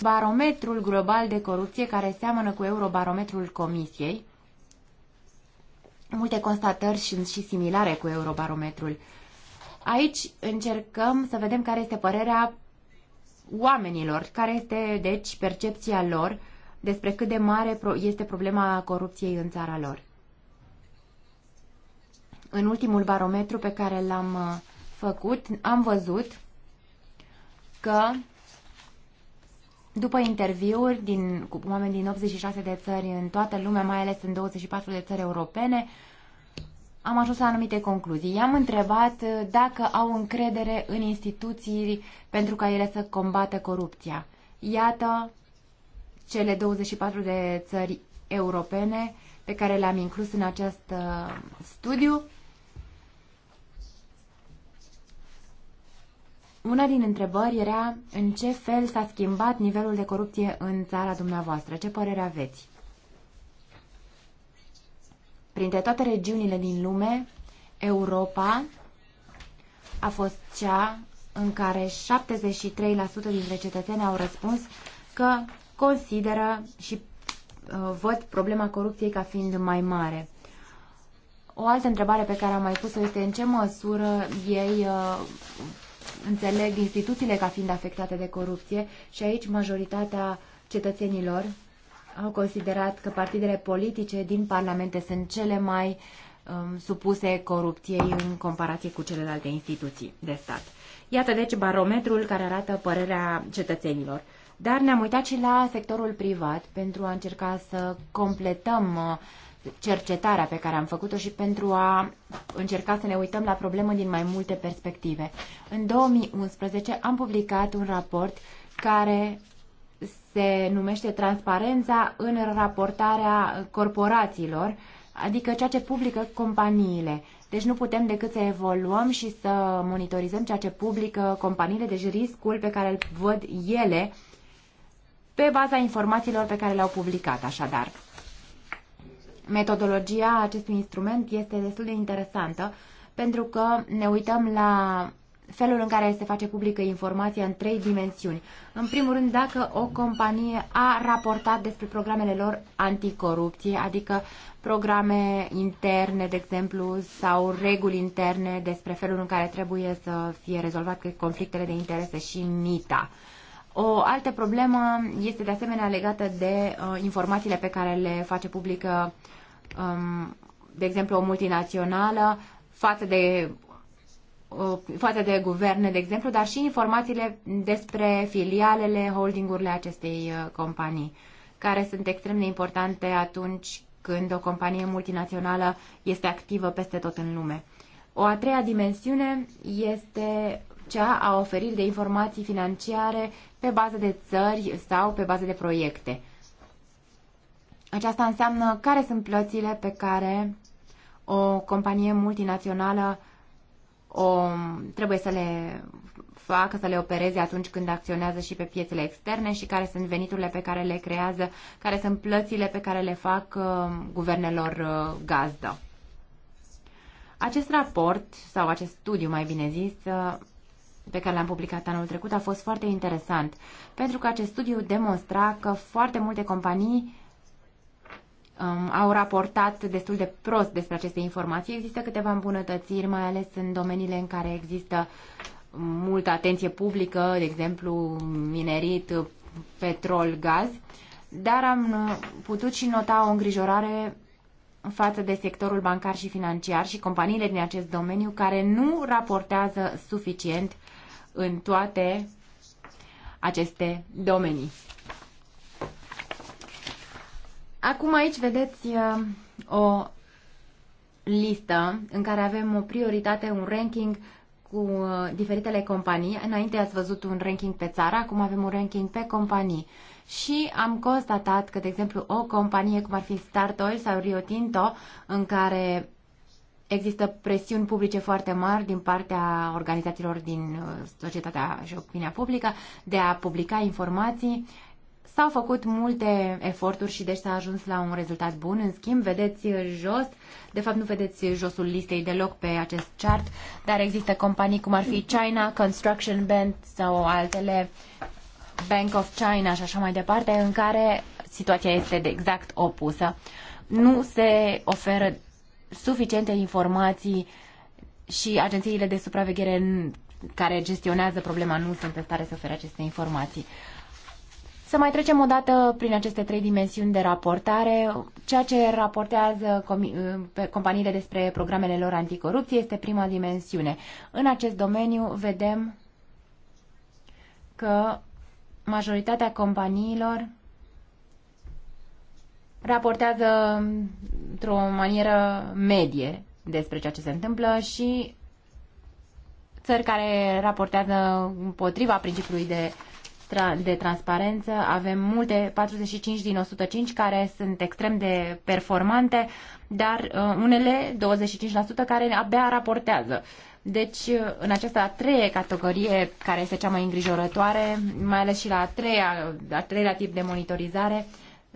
barometrul global de corupție care seamănă cu eurobarometrul comisiei. Multe constatări sunt și similare cu eurobarometrul. Aici încercăm să vedem care este părerea oamenilor, care este, deci, percepția lor despre cât de mare este problema corupției în țara lor. În ultimul barometru pe care l-am uh, făcut, am văzut că după interviuri din, cu oameni din 86 de țări în toată lumea, mai ales în 24 de țări europene, am ajuns la anumite concluzii. I-am întrebat uh, dacă au încredere în instituții pentru ca ele să combată corupția. Iată cele 24 de țări europene pe care le-am inclus în acest uh, studiu Una din întrebări era în ce fel s-a schimbat nivelul de corupție în țara dumneavoastră. Ce părere aveți? Printre toate regiunile din lume, Europa a fost cea în care 73% dintre cetățeni au răspuns că consideră și uh, văd problema corupției ca fiind mai mare. O altă întrebare pe care am mai pus-o este în ce măsură ei uh, înțeleg instituțiile ca fiind afectate de corupție și aici majoritatea cetățenilor au considerat că partidele politice din parlamente sunt cele mai um, supuse corupției în comparație cu celelalte instituții de stat. Iată deci barometrul care arată părerea cetățenilor. Dar ne-am uitat și la sectorul privat pentru a încerca să completăm uh, cercetarea pe care am făcut-o și pentru a încerca să ne uităm la problemă din mai multe perspective. În 2011 am publicat un raport care se numește Transparența în raportarea corporațiilor, adică ceea ce publică companiile. Deci nu putem decât să evoluăm și să monitorizăm ceea ce publică companiile, deci riscul pe care îl văd ele pe baza informațiilor pe care le-au publicat, așadar metodologia acestui instrument este destul de interesantă pentru că ne uităm la felul în care se face publică informația în trei dimensiuni. În primul rând, dacă o companie a raportat despre programele lor anticorupție, adică programe interne, de exemplu, sau reguli interne despre felul în care trebuie să fie rezolvate conflictele de interese și nita. Uh, o altă problemă este de asemenea legată de uh, informațiile pe care le face publică, um, de exemplu, o multinațională față de uh, față de guverne, de exemplu, dar și informațiile despre filialele, holdingurile acestei uh, companii, care sunt extrem de importante atunci când o companie multinațională este activă peste tot în lume. O a treia dimensiune este cea a oferirii de informații financiare pe bază de țări sau pe bază de proiecte. Aceasta înseamnă care sunt plățile pe care o companie multinațională o, trebuie să le facă, să le opereze atunci când acționează și pe piețele externe și care sunt veniturile pe care le creează, care sunt plățile pe care le fac uh, guvernelor uh, gazdă. Acest raport, sau acest studiu mai bine zis, uh, pe care l-am publicat anul trecut a fost foarte interesant, pentru că acest studiu demonstra că foarte multe companii um, au raportat destul de prost despre aceste informații. Există câteva îmbunătățiri, mai ales în domeniile în care există multă atenție publică, de exemplu minerit, petrol, gaz, dar am uh, putut și nota o îngrijorare față de sectorul bancar și financiar și companiile din acest domeniu care nu raportează suficient în toate aceste domenii. Acum aici vedeți uh, o listă în care avem o prioritate, un ranking cu uh, diferitele companii. Înainte ați văzut un ranking pe țară, acum avem un ranking pe companii. Și am constatat că, de exemplu, o companie cum ar fi Startoil sau Rio Tinto, în care Există presiuni publice foarte mari din partea organizațiilor din uh, societatea și opinia publică de a publica informații. S-au făcut multe eforturi și deci s-a ajuns la un rezultat bun. În schimb, vedeți jos, de fapt nu vedeți josul listei deloc pe acest chart, dar există companii cum ar fi China, Construction Bank sau altele, Bank of China și așa mai departe, în care situația este de exact opusă. Nu se oferă suficiente informații și agențiile de supraveghere care gestionează problema nu sunt în stare să ofere aceste informații. Să mai trecem o dată prin aceste trei dimensiuni de raportare. Ceea ce raportează companiile despre programele lor anticorupție este prima dimensiune. În acest domeniu vedem că majoritatea companiilor raportează într-o manieră medie despre ceea ce se întâmplă și țări care raportează împotriva principiului de, tra- de transparență. Avem multe, 45 din 105, care sunt extrem de performante, dar uh, unele, 25%, care abia raportează. Deci, uh, în această a treie categorie, care este cea mai îngrijorătoare, mai ales și la a treia, a treia tip de monitorizare, uh,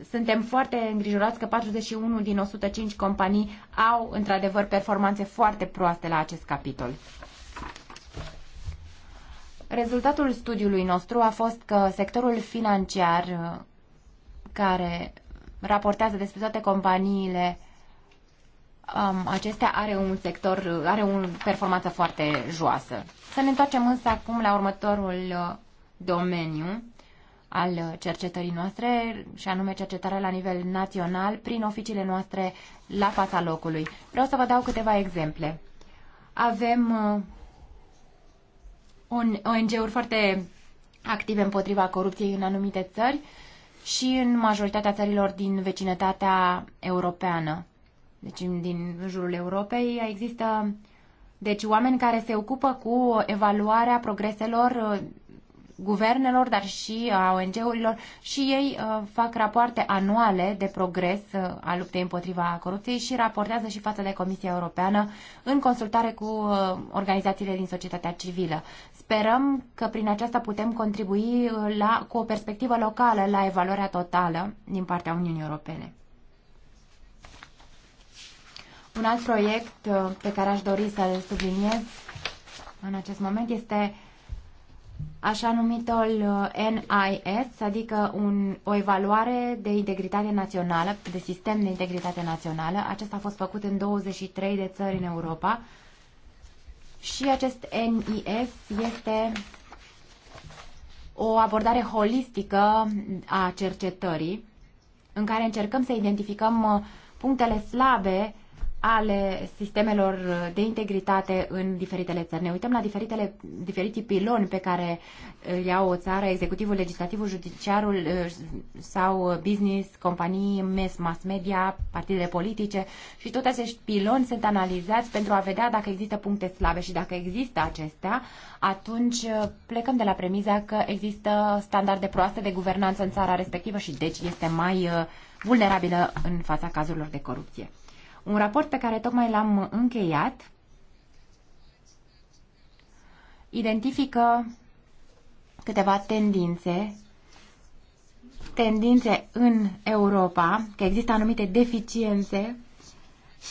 suntem foarte îngrijorați că 41 din 105 companii au, într-adevăr, performanțe foarte proaste la acest capitol. Rezultatul studiului nostru a fost că sectorul financiar care raportează despre toate companiile um, acestea are un sector, are o performanță foarte joasă. Să ne întoarcem însă acum la următorul uh, domeniu, al cercetării noastre, și anume cercetarea la nivel național, prin oficiile noastre la fața locului. Vreau să vă dau câteva exemple. Avem uh, ONG-uri foarte active împotriva corupției în anumite țări și în majoritatea țărilor din vecinătatea europeană. Deci din jurul Europei există deci oameni care se ocupă cu evaluarea progreselor uh, guvernelor, dar și a ONG-urilor și ei uh, fac rapoarte anuale de progres uh, a luptei împotriva corupției și raportează și față de Comisia Europeană în consultare cu uh, organizațiile din societatea civilă. Sperăm că prin aceasta putem contribui la, cu o perspectivă locală la evaluarea totală din partea Uniunii Europene. Un alt proiect pe care aș dori să-l subliniez în acest moment este uh, așa numitul uh, NIS, adică un, o evaluare de integritate națională, de sistem de integritate națională. Acesta a fost făcut în 23 de țări în Europa și acest NIS este o abordare holistică a cercetării în care încercăm să identificăm uh, punctele slabe ale sistemelor de integritate în diferitele țări. Ne uităm la diferitele, diferiții piloni pe care îi iau o țară, executivul, legislativul, judiciarul eh, sau business, companii, mes, mass media, partidele politice și toate acești piloni sunt analizați pentru a vedea dacă există puncte slabe și dacă există acestea, atunci eh, plecăm de la premiza că există standarde proaste de guvernanță în țara respectivă și deci este mai eh, vulnerabilă în fața cazurilor de corupție. Un raport pe care tocmai l-am încheiat identifică câteva tendințe tendințe în Europa, că există anumite deficiențe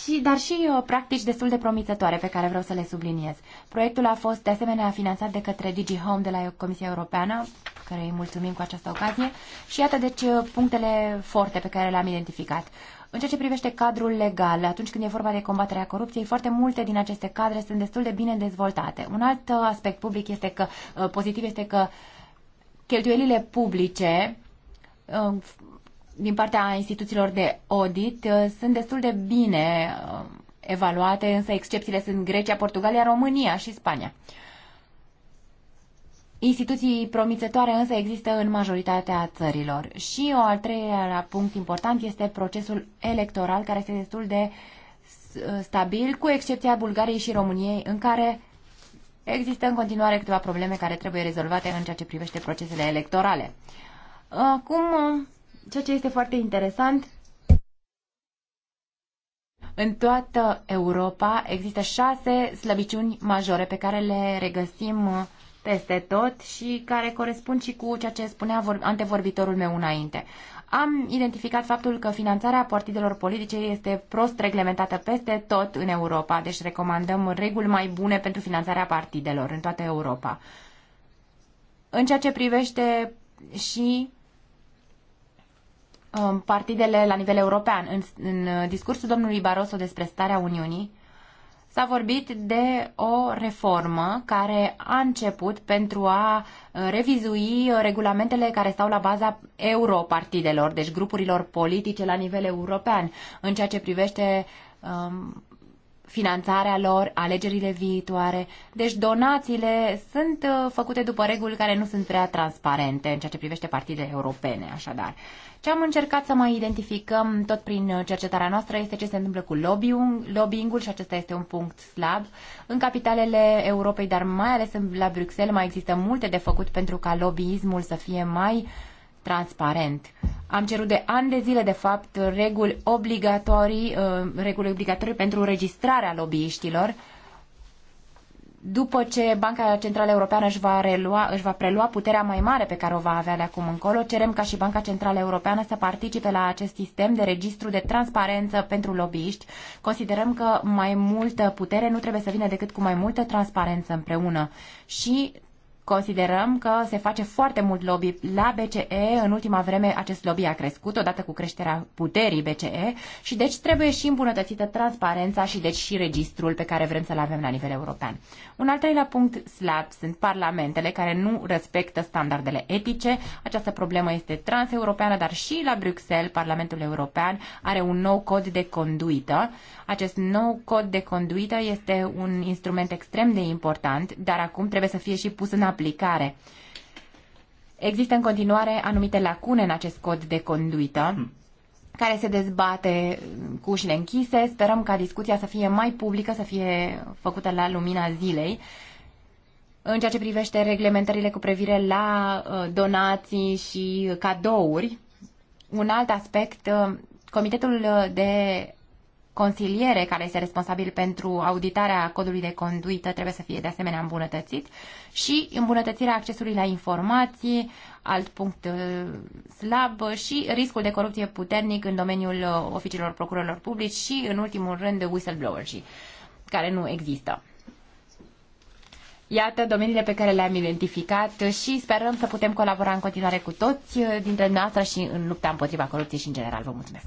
și, dar și o uh, practici destul de promițătoare pe care vreau să le subliniez. Proiectul a fost de asemenea finanțat de către Digi Home de la Comisia Europeană, care îi mulțumim cu această ocazie, și iată deci uh, punctele forte pe care le-am identificat. În ceea ce privește cadrul legal, atunci când e vorba de combaterea corupției, foarte multe din aceste cadre sunt destul de bine dezvoltate. Un alt uh, aspect public este că, uh, pozitiv este că cheltuielile publice uh, din partea instituțiilor de audit sunt destul de bine evaluate, însă excepțiile sunt Grecia, Portugalia, România și Spania. Instituții promițătoare însă există în majoritatea țărilor. Și o al treilea punct important este procesul electoral, care este destul de stabil, cu excepția Bulgariei și României, în care există în continuare câteva probleme care trebuie rezolvate în ceea ce privește procesele electorale. Acum, ceea ce este foarte interesant, în toată Europa există șase slăbiciuni majore pe care le regăsim peste tot și care corespund și cu ceea ce spunea antevorbitorul meu înainte. Am identificat faptul că finanțarea partidelor politice este prost reglementată peste tot în Europa, deci recomandăm reguli mai bune pentru finanțarea partidelor în toată Europa. În ceea ce privește și um, partidele la nivel european, în, în discursul domnului Barroso despre starea Uniunii, S-a vorbit de o reformă care a început pentru a uh, revizui uh, regulamentele care stau la baza europartidelor, deci grupurilor politice la nivel european, în ceea ce privește um, finanțarea lor, alegerile viitoare. Deci donațiile sunt uh, făcute după reguli care nu sunt prea transparente în ceea ce privește partidele europene, așadar. Ce am încercat să mai identificăm tot prin uh, cercetarea noastră este ce se întâmplă cu lobbying-ul și acesta este un punct slab. În capitalele Europei, dar mai ales la Bruxelles, mai există multe de făcut pentru ca lobbyismul să fie mai uh, transparent. Am cerut de ani de zile, de fapt, reguli obligatorii, uh, reguli obligatorii pentru înregistrarea lobbyiștilor. După ce Banca Centrală Europeană își va, relua, își va prelua puterea mai mare pe care o va avea de acum încolo, cerem ca și Banca Centrală Europeană să participe la acest sistem de registru de transparență pentru lobbyiști. Considerăm că mai multă putere nu trebuie să vină decât cu mai multă transparență împreună. Și Considerăm că se face foarte mult lobby la BCE. În ultima vreme acest lobby a crescut odată cu creșterea puterii BCE și deci trebuie și îmbunătățită transparența și deci și registrul pe care vrem să-l avem la nivel european. Un al treilea punct slab sunt parlamentele care nu respectă standardele etice. Această problemă este transeuropeană, dar și la Bruxelles Parlamentul European are un nou cod de conduită. Acest nou cod de conduită este un instrument extrem de important, dar acum trebuie să fie și pus în aplicare aplicare. Există în continuare anumite lacune în acest cod de conduită care se dezbate cu ușile închise. Sperăm ca discuția să fie mai publică, să fie făcută la lumina zilei. În ceea ce privește reglementările cu privire la uh, donații și cadouri, un alt aspect, uh, Comitetul de consiliere care este responsabil pentru auditarea codului de conduită trebuie să fie de asemenea îmbunătățit și îmbunătățirea accesului la informații, alt punct uh, slab și riscul de corupție puternic în domeniul uh, oficiilor procurorilor publici și în ultimul rând de whistleblower și care nu există. Iată domeniile pe care le-am identificat și sperăm să putem colabora în continuare cu toți uh, dintre noastre și în lupta împotriva corupției și în general. Vă mulțumesc!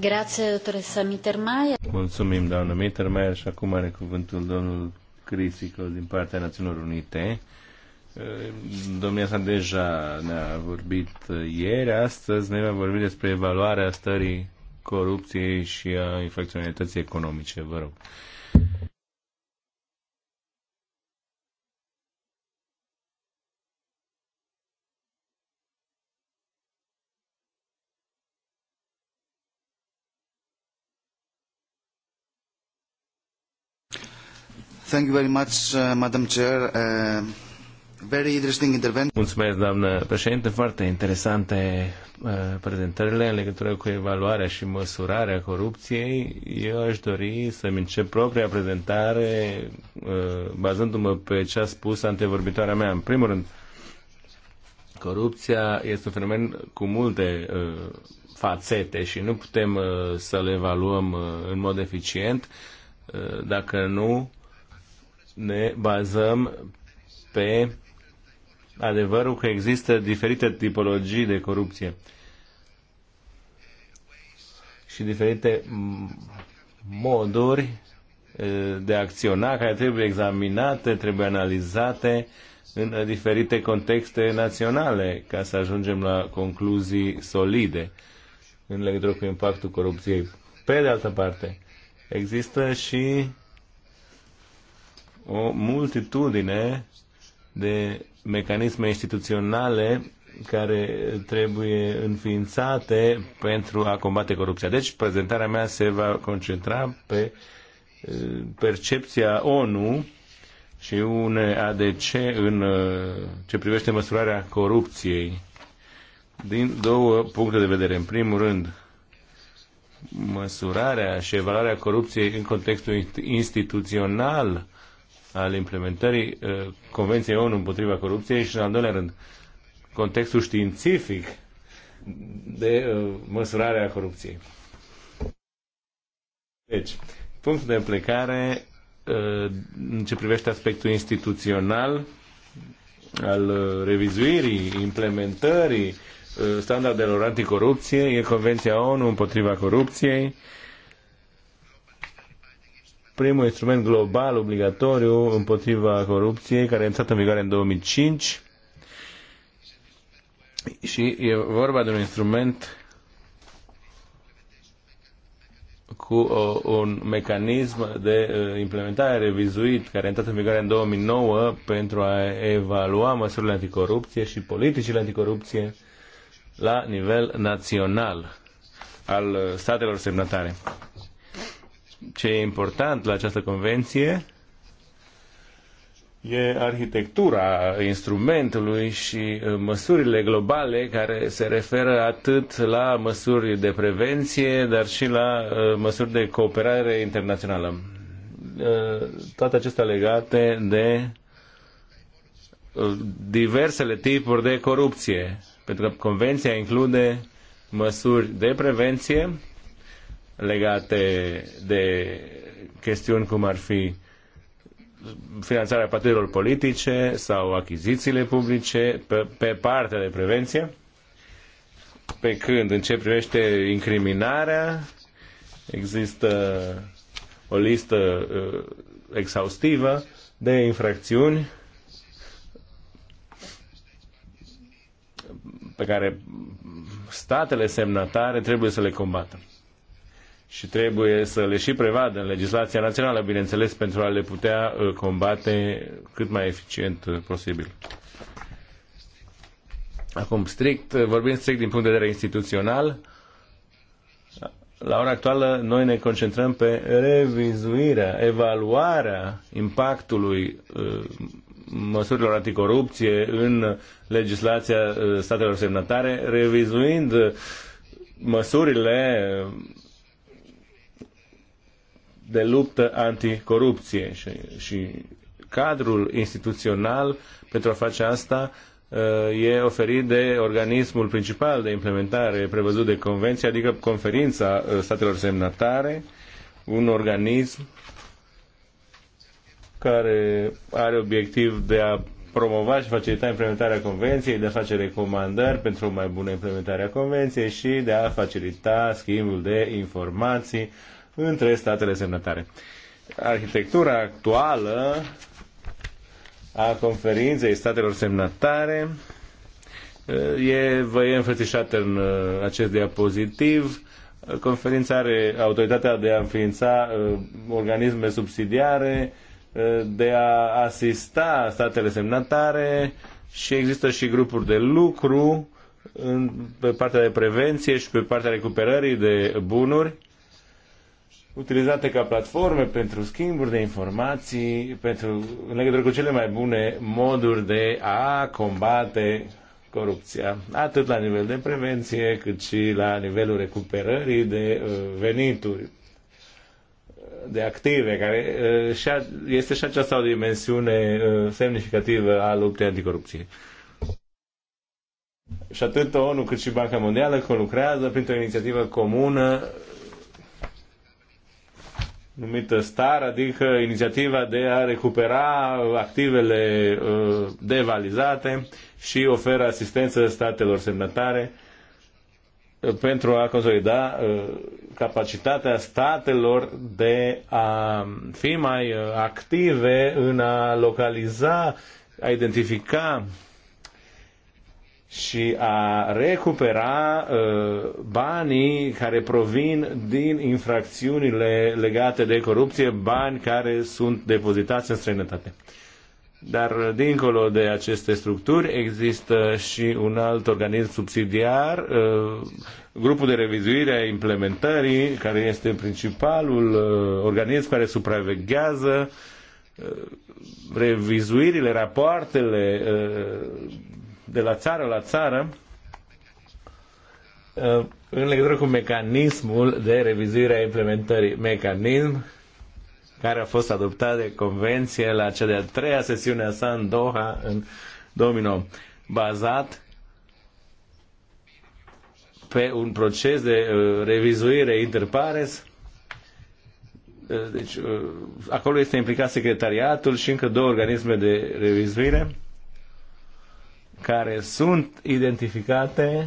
Grație, doctoresa Mittermeier. Mulțumim, doamnă Mittermeier, și acum are cuvântul domnul Crisico din partea Națiunilor Unite. Eh, domnia sa deja ne-a vorbit eh, ieri, astăzi ne va vorbi despre evaluarea stării corupției și a infracționalității economice. Vă rog. Thank you very much, uh, Madam Chair. Uh, very interesting intervention. Mulțumesc, doamnă președinte. Foarte interesante uh, prezentările în legătură cu evaluarea și măsurarea corupției. Eu aș dori să-mi încep propria prezentare bazându-mă pe ce a spus antevorbitoarea mea. În primul rând, corupția este un fenomen cu multe fațete și nu putem să le evaluăm în mod eficient dacă nu ne bazăm pe adevărul că există diferite tipologii de corupție și diferite moduri de a acționa care trebuie examinate, trebuie analizate în diferite contexte naționale ca să ajungem la concluzii solide în legătură cu impactul corupției. Pe de altă parte, există și o multitudine de mecanisme instituționale care trebuie înființate pentru a combate corupția. Deci, prezentarea mea se va concentra pe eh, percepția ONU și ADC în eh, ce privește măsurarea corupției din două puncte de vedere. În primul rând, măsurarea și evaluarea corupției în contextul instituțional al implementării uh, Convenției ONU împotriva corupției și, în al doilea rând, contextul științific de uh, măsurare a corupției. Deci, punctul de plecare uh, în ce privește aspectul instituțional al revizuirii, implementării standardelor anticorupție, e Convenția ONU împotriva corupției, primul instrument global obligatoriu împotriva corupției, care a intrat în vigoare în 2005 și e vorba de un instrument cu o, un mecanism de uh, implementare revizuit care a intrat în vigoare în 2009 pentru a evalua măsurile anticorupție și politicile anticorupție la nivel național al uh, statelor semnatare ce e important la această convenție e arhitectura instrumentului și uh, măsurile globale care se referă atât la măsuri de prevenție, dar și la uh, măsuri de cooperare internațională. Uh, toate acestea legate de diversele tipuri de corupție, pentru că convenția include măsuri de prevenție legate de chestiuni cum ar fi finanțarea partidelor politice sau achizițiile publice pe, pe partea de prevenție, pe când în ce privește incriminarea există o listă uh, exhaustivă de infracțiuni pe care statele semnatare trebuie să le combată și trebuie să le și prevadă în legislația națională, bineînțeles, pentru a le putea uh, combate cât mai eficient uh, posibil. Acum, strict, uh, vorbim strict din punct de vedere instituțional, la ora actuală noi ne concentrăm pe revizuirea, evaluarea impactului măsurilor anticorupție în legislația statelor semnătare, revizuind măsurile de luptă anticorupție și, și cadrul instituțional pentru a face asta uh, e oferit de organismul principal de implementare prevăzut de convenție, adică conferința uh, statelor semnatare, un organism care are obiectiv de a promova și facilita implementarea convenției, de a face recomandări pentru o mai bună implementare a convenției și de a facilita schimbul de informații între statele semnătare. Arhitectura actuală a conferinței statelor semnatare eh, e, vă e înfățișată în eh, acest diapozitiv. Conferința are autoritatea de a înființa eh, organisme subsidiare, de a asista statele semnatare și există și grupuri de lucru pe partea de prevenție și pe partea recuperării de bunuri utilizate ca platforme pentru schimburi de informații, pentru, în legătură cu cele mai bune moduri de a combate corupția, atât la nivel de prevenție, cât și la nivelul recuperării de uh, venituri, de active, care uh, și a, este și această o dimensiune uh, semnificativă a luptei anticorupției. Și atât ONU cât și Banca Mondială colucrează printr-o inițiativă comună numită STAR, adică inițiativa de a recupera activele uh, devalizate și oferă asistență statelor semnatare uh, pentru a consolida uh, capacitatea statelor de a fi mai active în a localiza, a identifica și a recupera uh, banii care provin din infracțiunile legate de corupție, bani care sunt depozitați în străinătate. Dar dincolo de aceste structuri există și un alt organism subsidiar, uh, grupul de revizuire a implementării, care este principalul uh, organism care supraveghează uh, revizuirile, rapoartele de la țară la țară uh, în legătură cu mecanismul de revizuire a implementării. Mecanism care a fost adoptat de convenție la cea de-a treia sesiune a San Doha în 2009, bazat pe un proces de uh, revizuire interpares. Uh, deci, uh, acolo este implicat secretariatul și încă două organisme de revizuire care sunt identificate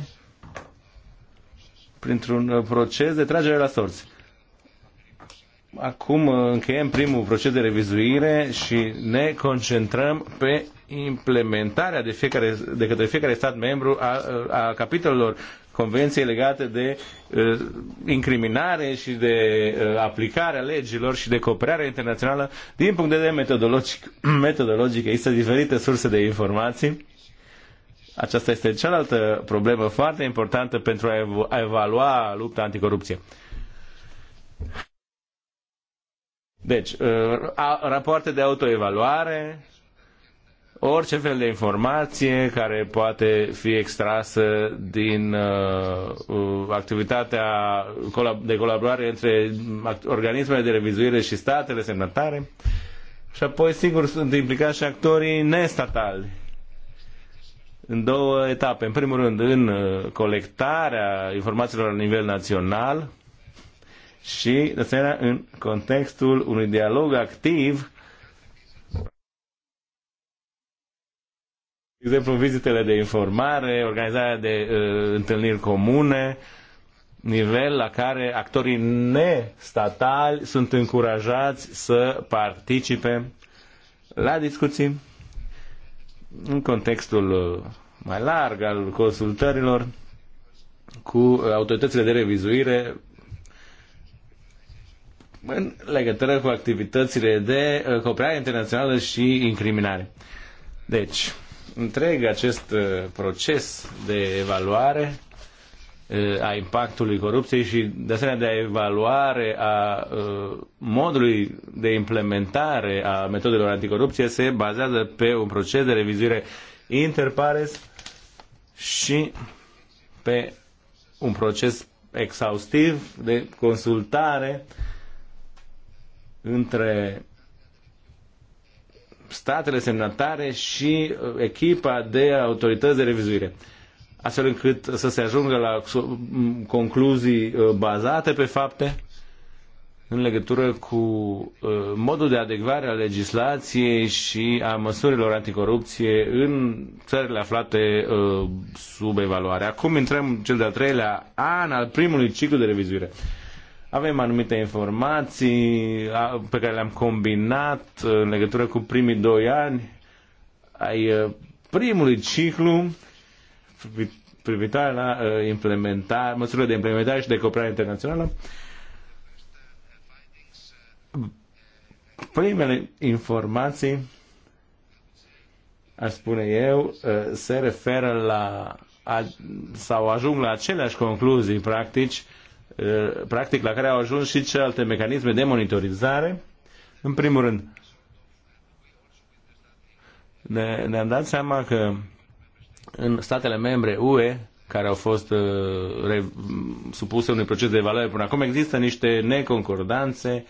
printr-un uh, proces de tragere la sorți. Acum uh, încheiem primul proces de revizuire și ne concentrăm pe implementarea de, fiecare, de către fiecare stat membru a, uh, a capitolelor convenției legate de uh, incriminare și de uh, aplicare a legilor și de cooperare internațională. Din punct de vedere metodologic, metodologic există diferite surse de informații aceasta este cealaltă problemă foarte importantă pentru a, ev a evalua lupta anticorupție. Deci, uh, a, rapoarte de autoevaluare, orice fel de informație care poate fi extrasă din uh, uh activitatea de colaborare între organismele de revizuire și statele semnătare, Și apoi, sigur, sunt implicați și actorii nestatali în două etape. În primul rând, în uh, colectarea informațiilor la nivel național și, de asemenea, în contextul unui dialog activ de exemplu, vizitele de informare, organizarea de uh, întâlniri comune, nivel la care actorii nestatali sunt încurajați să participe la discuții în contextul uh, mai larg al consultărilor cu autoritățile de revizuire în legătură cu activitățile de uh, cooperare internațională și incriminare. Deci, întreg acest uh, proces de evaluare Eh, a impactului corupției și de asemenea de a evaluare a eh, modului de implementare a metodelor anticorupție se bazează pe un proces de revizuire interpares și pe un proces exhaustiv de consultare între statele semnatare și eh, echipa de autorități de revizuire astfel încât să se ajungă la concluzii uh, bazate pe fapte în legătură cu uh, modul de adecvare a legislației și a măsurilor anticorupție în țările aflate uh, sub evaluare. Acum intrăm în cel de-al treilea an al primului ciclu de revizuire. Avem anumite informații pe care le-am combinat în legătură cu primii doi ani ai primului ciclu privitoare la uh, implementare, măsurile de implementare și de cooperare internațională, primele informații, aș spune eu, uh, se referă la sau ajung la aceleași concluzii practici, uh, practic la care au ajuns și celelalte mecanisme de monitorizare. În primul rând, ne, ne-am dat seama că în statele membre UE care au fost uh, re, supuse unui proces de evaluare până acum, există niște neconcordanțe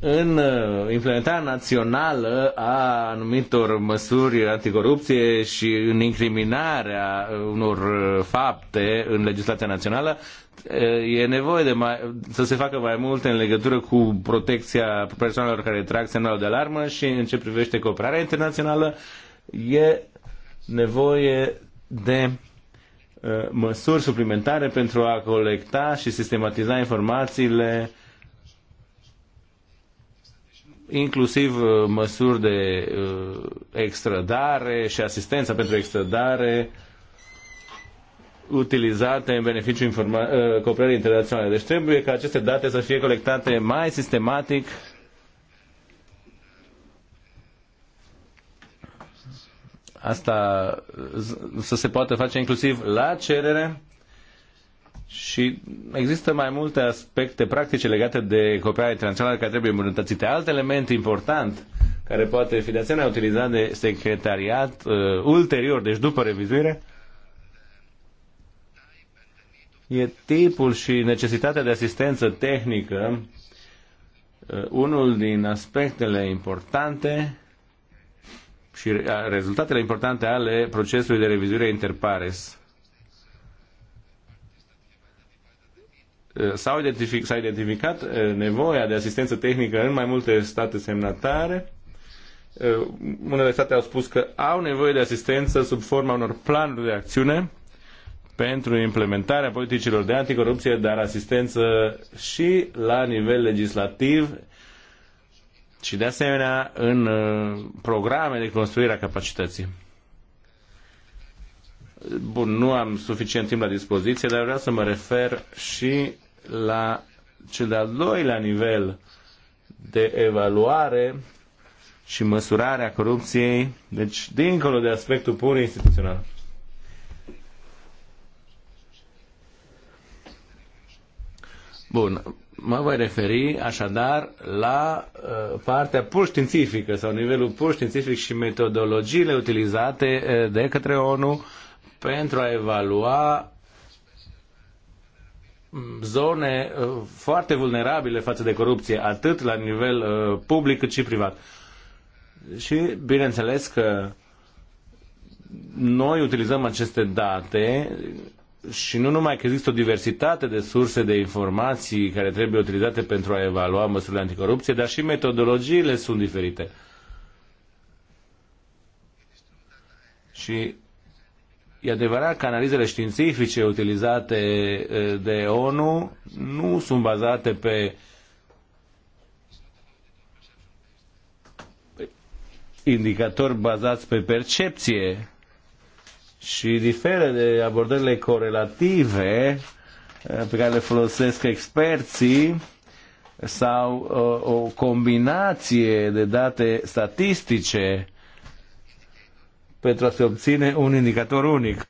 în uh, implementarea națională a anumitor măsuri anticorupție și în incriminarea uh, unor fapte în legislația națională, e nevoie de mai, să se facă mai multe în legătură cu protecția persoanelor care trag semnalul de alarmă și în ce privește cooperarea internațională e nevoie de uh, măsuri suplimentare pentru a colecta și sistematiza informațiile inclusiv uh, măsuri de uh, extradare și asistență pentru extradare utilizate în beneficiul cooperării internaționale. Deci trebuie ca aceste date să fie colectate mai sistematic asta să se poată face inclusiv la cerere și există mai multe aspecte practice legate de cooperarea internațională care trebuie îmbunătățite. Alt element important care poate fi de asemenea utilizat de secretariat uh, ulterior, deci după revizuire, e tipul și necesitatea de asistență tehnică, uh, unul din aspectele importante și rezultatele importante ale procesului de revizuire interpares. S-a identific, identificat nevoia de asistență tehnică în mai multe state semnatare. Unele state au spus că au nevoie de asistență sub forma unor planuri de acțiune pentru implementarea politicilor de anticorupție, dar asistență și la nivel legislativ și de asemenea în uh, programe de construire a capacității. Bun, nu am suficient timp la dispoziție, dar vreau să mă refer și la cel de-al doilea nivel de evaluare și măsurare a corupției, deci dincolo de aspectul pur instituțional. Bun, Mă voi referi așadar la uh, partea pur științifică sau nivelul pur științific și metodologiile utilizate uh, de către ONU pentru a evalua mm, zone uh, foarte vulnerabile față de corupție, atât la nivel uh, public cât și privat. Și bineînțeles că noi utilizăm aceste date și nu numai că există o diversitate de surse de informații care trebuie utilizate pentru a evalua măsurile anticorupție, dar și metodologiile sunt diferite. Și e adevărat că analizele științifice utilizate de ONU nu sunt bazate pe indicatori bazați pe percepție, și diferă de abordările corelative eh, pe care le folosesc experții sau eh, o combinație de date statistice pentru a se obține un indicator unic.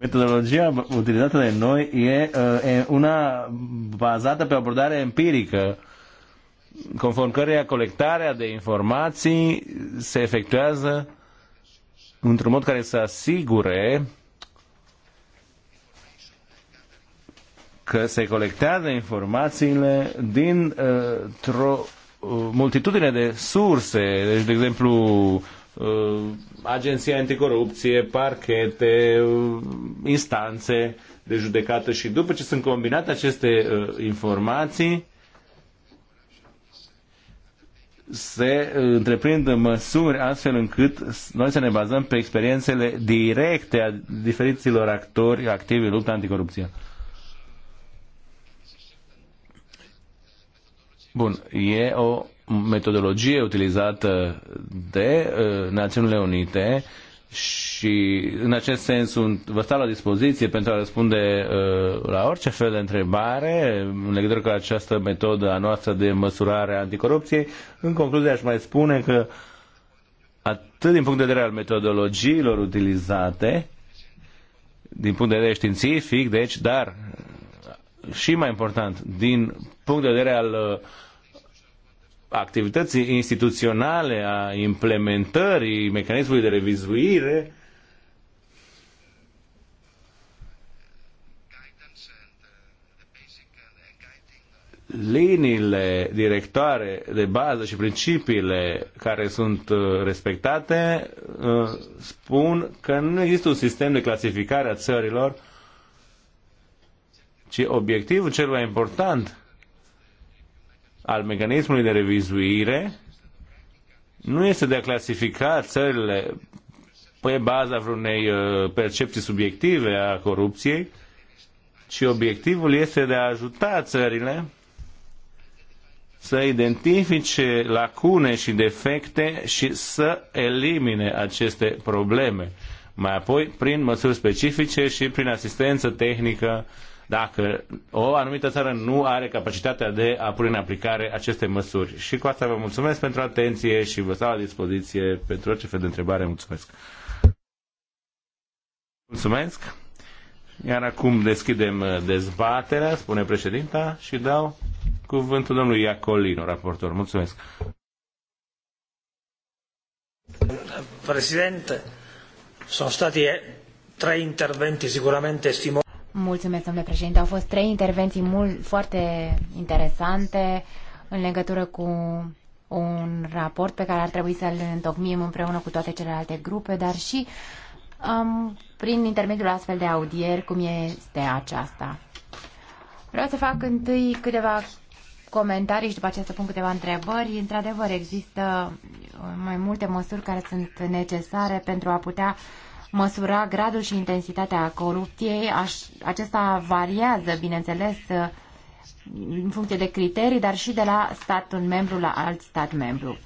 Metodologia utilizată de noi e, eh, e una bazată pe abordare empirică, conform căreia colectarea de informații se efectuează într-un mod care să asigure că se colectează informațiile din o uh, multitudine de surse, deci, de exemplu, uh, agenția anticorupție, parchete, uh, instanțe de judecată și după ce sunt combinate aceste informații, se întreprind măsuri astfel încât noi să ne bazăm pe experiențele directe a diferiților actori activi în lupta anticorupție. Bun, e o metodologie utilizată de uh, Națiunile Unite și în acest sens sunt, vă stau la dispoziție pentru a răspunde uh, la orice fel de întrebare în legătură cu această metodă a noastră de măsurare a anticorupției. În concluzie aș mai spune că atât din punct de vedere al metodologiilor utilizate, din punct de vedere științific, deci, dar și mai important, din punct de vedere al uh, activității instituționale, a implementării mecanismului de revizuire, liniile directoare de bază și principiile care sunt uh, respectate uh, spun că nu există un sistem de clasificare a țărilor, ci obiectivul cel mai important al mecanismului de revizuire nu este de a clasifica țările pe baza vreunei uh, percepții subjective a corupției, ci obiectivul este de a ajuta țările să identifice lacune și defecte și să elimine aceste probleme. Mai apoi, prin măsuri specifice și prin asistență tehnică uh, dacă o anumită țară nu are capacitatea de a pune în aplicare aceste măsuri. Și cu asta vă mulțumesc pentru atenție și vă stau la dispoziție pentru orice fel de întrebare. Mulțumesc! Mulțumesc! Iar acum deschidem uh, dezbaterea, spune președinta, și dau cuvântul domnului Iacolino, raportor. Mulțumesc! Presidente, sono stati eh, tre interventi sicuramente stimolati. Mulțumesc, domnule președinte. Au fost trei intervenții mult, foarte interesante în legătură cu un raport pe care ar trebui să-l întocmim împreună cu toate celelalte grupe, dar și um, prin intermediul astfel de audieri, cum este aceasta. Vreau să fac întâi câteva comentarii și după aceea să pun câteva întrebări. Într-adevăr, există mai multe măsuri care sunt necesare pentru a putea uh, măsura gradul și intensitatea corupției. Acesta variază, bineînțeles, în funcție de criterii, dar și de la statul membru la alt stat membru.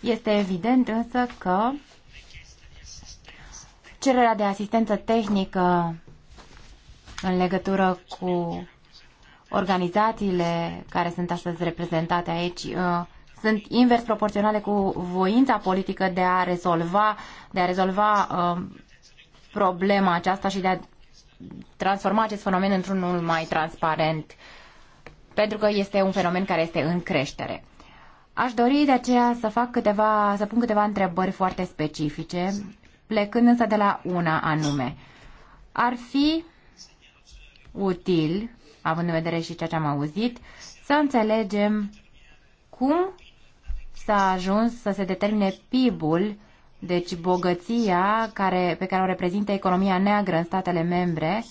Este evident însă că cererea de asistență tehnică în legătură cu organizațiile care sunt astăzi reprezentate aici uh, sunt invers proporționale cu voința politică de a rezolva, de a rezolva uh, problema aceasta și de a transforma acest fenomen într-unul mai transparent, pentru că este un fenomen care este în creștere. Aș dori de aceea să fac câteva, să pun câteva întrebări foarte specifice, plecând însă de la una anume. Ar fi util, având în vedere și ceea ce am auzit, să înțelegem cum s-a ajuns să se determine PIB-ul deci bogăția care, pe care o reprezintă economia neagră în statele membre,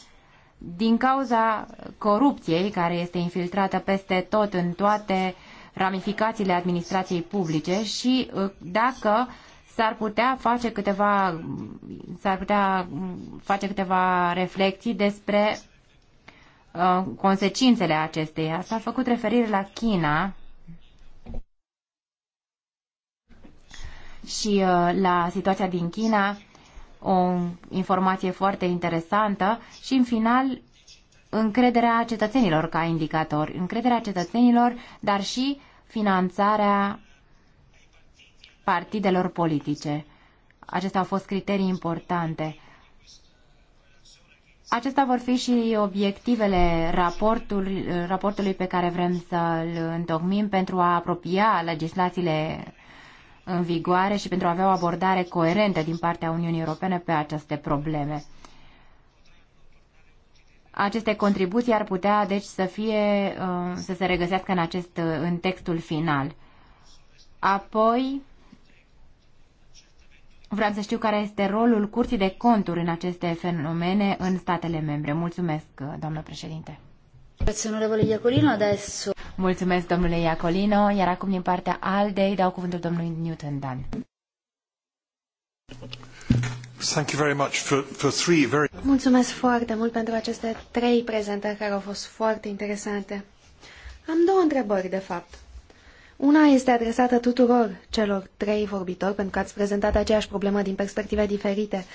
din cauza corupției care este infiltrată peste tot în toate ramificațiile administrației publice și uh, dacă s-ar putea face câteva s-ar putea mm, face câteva reflexii despre uh, consecințele acesteia. S-a făcut referire la China și uh, la situația din China, o informație foarte interesantă și, în final, încrederea cetățenilor ca indicator, încrederea cetățenilor, dar și finanțarea partidelor politice. Acestea au fost criterii importante. Acestea vor fi și obiectivele raportului, raportului pe care vrem să-l întocmim pentru a apropia legislațiile în vigoare și pentru a avea o abordare coerentă din partea Uniunii Europene pe aceste probleme. Aceste contribuții ar putea, deci, să fie, uh, să se regăsească în, acest, uh, în textul final. Apoi, vreau să știu care este rolul Curții de Conturi în aceste fenomene în statele membre. Mulțumesc, uh, doamnă președinte. Grazie, onorevole Iacolino. Adesso... Mulțumesc, domnule Iacolino, iar acum din partea Aldei dau cuvântul domnului Newton Dan. Thank you very much for, for three very... Mulțumesc foarte mult pentru aceste trei prezentări care au fost foarte interesante. Am două întrebări, de fapt. Una este adresată tuturor celor trei vorbitori, pentru că ați prezentat aceeași problemă din perspective diferite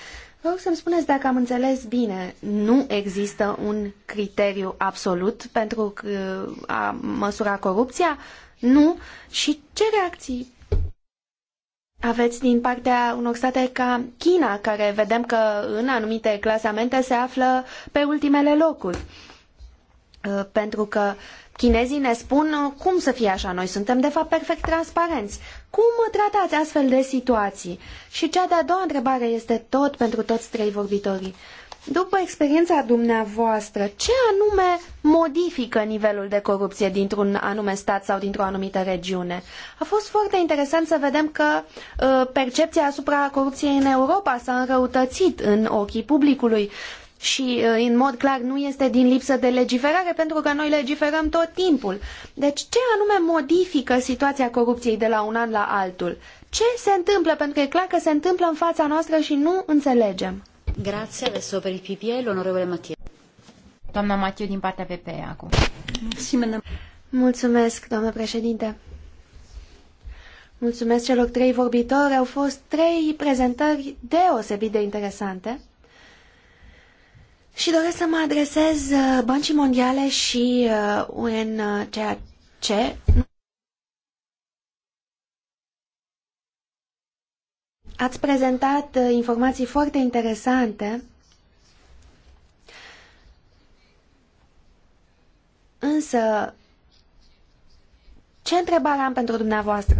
rog să-mi spuneți dacă am înțeles bine. Nu există un criteriu absolut pentru a măsura corupția? Nu. Și ce reacții aveți din partea unor state ca China, care vedem că în anumite clasamente se află pe ultimele locuri? Ă, pentru că chinezii ne spun cum să fie așa, noi suntem de fapt perfect transparenți. Cum tratați astfel de situații? Și cea de-a doua întrebare este tot pentru toți trei vorbitorii. După experiența dumneavoastră, ce anume modifică nivelul de corupție dintr-un anume stat sau dintr-o anumită regiune? A fost foarte interesant să vedem că uh, percepția asupra corupției în Europa s-a înrăutățit în ochii publicului și uh, în mod clar nu este din lipsă de legiferare pentru că noi legiferăm tot timpul. Deci ce anume modifică situația corupției de la un an la altul? Ce se întâmplă? Pentru că e clar că se întâmplă în fața noastră și nu înțelegem. Grazie, adesso per il PPL, onorevole Doamna din partea PP acum. Mulțumesc, doamnă președinte. Mulțumesc celor trei vorbitori. Au fost trei prezentări deosebit de interesante. Și doresc să mă adresez uh, Băncii Mondiale și uh, UNCHC. Uh, Ați prezentat informații foarte interesante. Însă, ce întrebare am pentru dumneavoastră?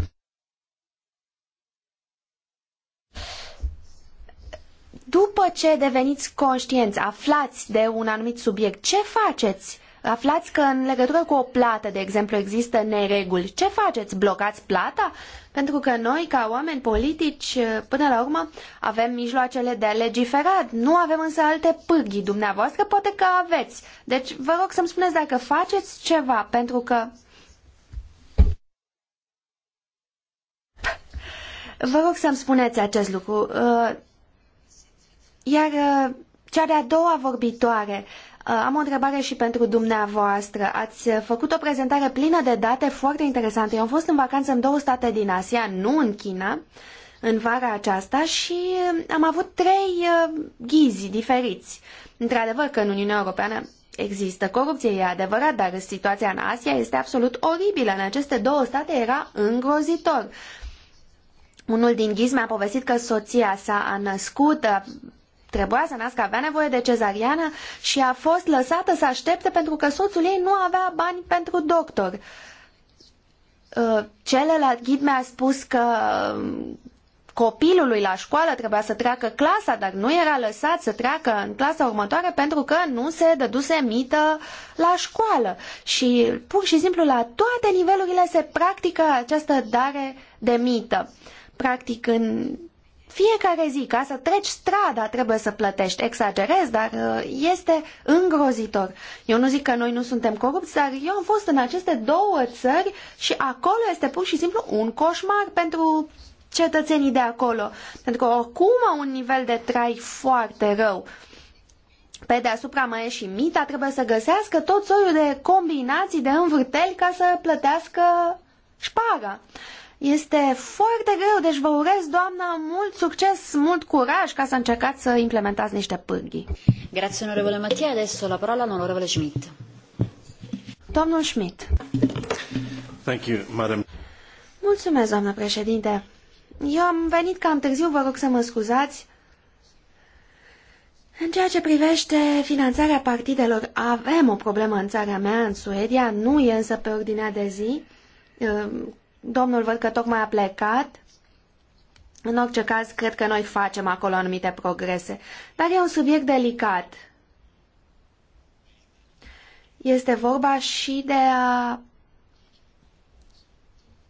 După ce deveniți conștienți, aflați de un anumit subiect, ce faceți? Aflați că în legătură cu o plată, de exemplu, există nereguli. Ce faceți? Blocați plata? Pentru că noi, ca oameni politici, până la urmă, avem mijloacele de a legifera. Nu avem însă alte pârghii. Dumneavoastră poate că aveți. Deci vă rog să-mi spuneți dacă faceți ceva, pentru că Vă rog să-mi spuneți acest lucru. Uh, iar uh, cea de-a doua vorbitoare, uh, am o întrebare și pentru dumneavoastră. Ați uh, făcut o prezentare plină de date foarte interesante. Eu am fost în vacanță în două state din Asia, nu în China, în vara aceasta și am avut trei ghizi diferiți. Într-adevăr că în Uniunea Europeană există corupție, e adevărat, dar situația în Asia este absolut oribilă. În aceste două state era îngrozitor. Unul din ghizi mi-a povestit că soția sa a născut, trebuia să nască, avea nevoie de cezariană și a fost lăsată să aștepte pentru că soțul ei nu avea bani pentru doctor. Uh, celălalt ghid mi-a spus că uh, copilului la școală trebuia să treacă clasa, dar nu era lăsat să treacă în clasa următoare pentru că nu se dăduse mită la școală. Și pur și simplu la toate nivelurile se practică această dare de mită. Practic în fiecare zi, ca să treci strada, trebuie să plătești. Exagerez, dar uh, este îngrozitor. Eu nu zic că noi nu suntem corupți, dar eu am fost în aceste două țări și acolo este pur și simplu un coșmar pentru cetățenii de acolo. Pentru că oricum au un nivel de trai foarte rău. Pe deasupra mai e și mita, trebuie să găsească tot soiul de combinații, de învârteli ca să plătească șpaga. Este foarte greu, deci vă urez, doamna, mult succes, mult curaj ca să încercați să implementați niște pârghii. Grazie, onorevole Mattia. Adesso la parola onorevole Schmidt. Domnul Schmidt. Thank you, madam. Mulțumesc, doamnă președinte. Eu am venit cam târziu, vă rog să mă scuzați. În ceea ce privește finanțarea partidelor, avem o problemă în țara mea, în Suedia, nu e însă pe ordinea de zi ehm, Domnul văd că tocmai a plecat. În orice caz, cred că noi facem acolo anumite progrese. Dar e un subiect delicat. Este vorba și de a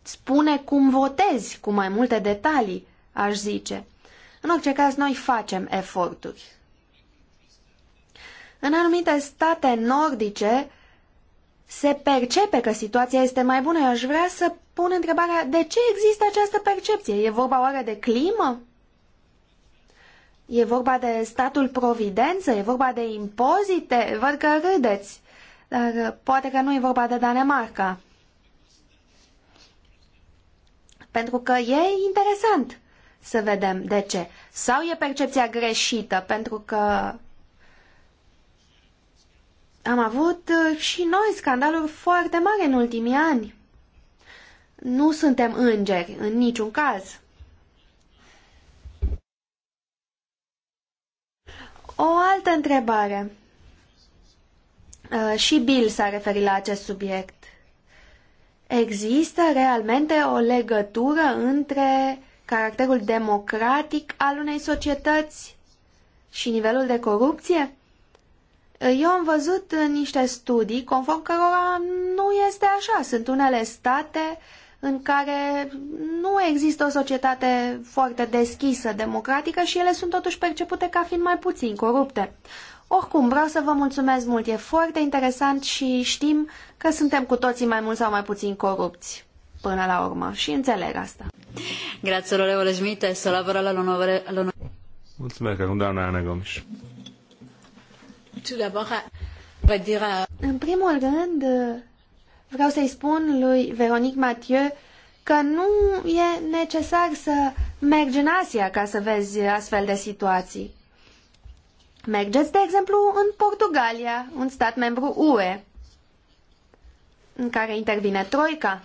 spune cum votezi, cu mai multe detalii, aș zice. În orice caz, noi facem eforturi. În anumite state nordice, se percepe că situația este mai bună. Eu aș vrea să pun întrebarea de ce există această percepție? E vorba oare de climă? E vorba de statul providență? E vorba de impozite? Văd că râdeți, dar poate că nu e vorba de Danemarca. Pentru că e interesant să vedem de ce. Sau e percepția greșită, pentru că am avut uh, și noi scandaluri foarte mari în ultimii ani. Nu suntem îngeri, în niciun caz. O altă întrebare. Uh, și Bill s-a referit la acest subiect. Există realmente o legătură între caracterul democratic al unei societăți și nivelul de corupție? Eu am văzut uh, niște studii conform cărora nu este așa. Sunt unele state în care nu există o societate foarte deschisă, democratică și ele sunt totuși percepute ca fiind mai puțin corupte. Oricum, vreau să vă mulțumesc mult. E foarte interesant și știm că suntem cu toții mai mult sau mai puțin corupți până la urmă și înțeleg asta. Grazie, onorevole Smith, să la Mulțumesc, acum doamna Ana Gomes. Euh, în primul rând, uh, vreau să-i spun lui Veronique Mathieu că nu e necesar să mergi în Asia ca să vezi astfel de situații. Mergeți, de exemplu, în Portugalia, un stat membru UE, în care intervine Troica.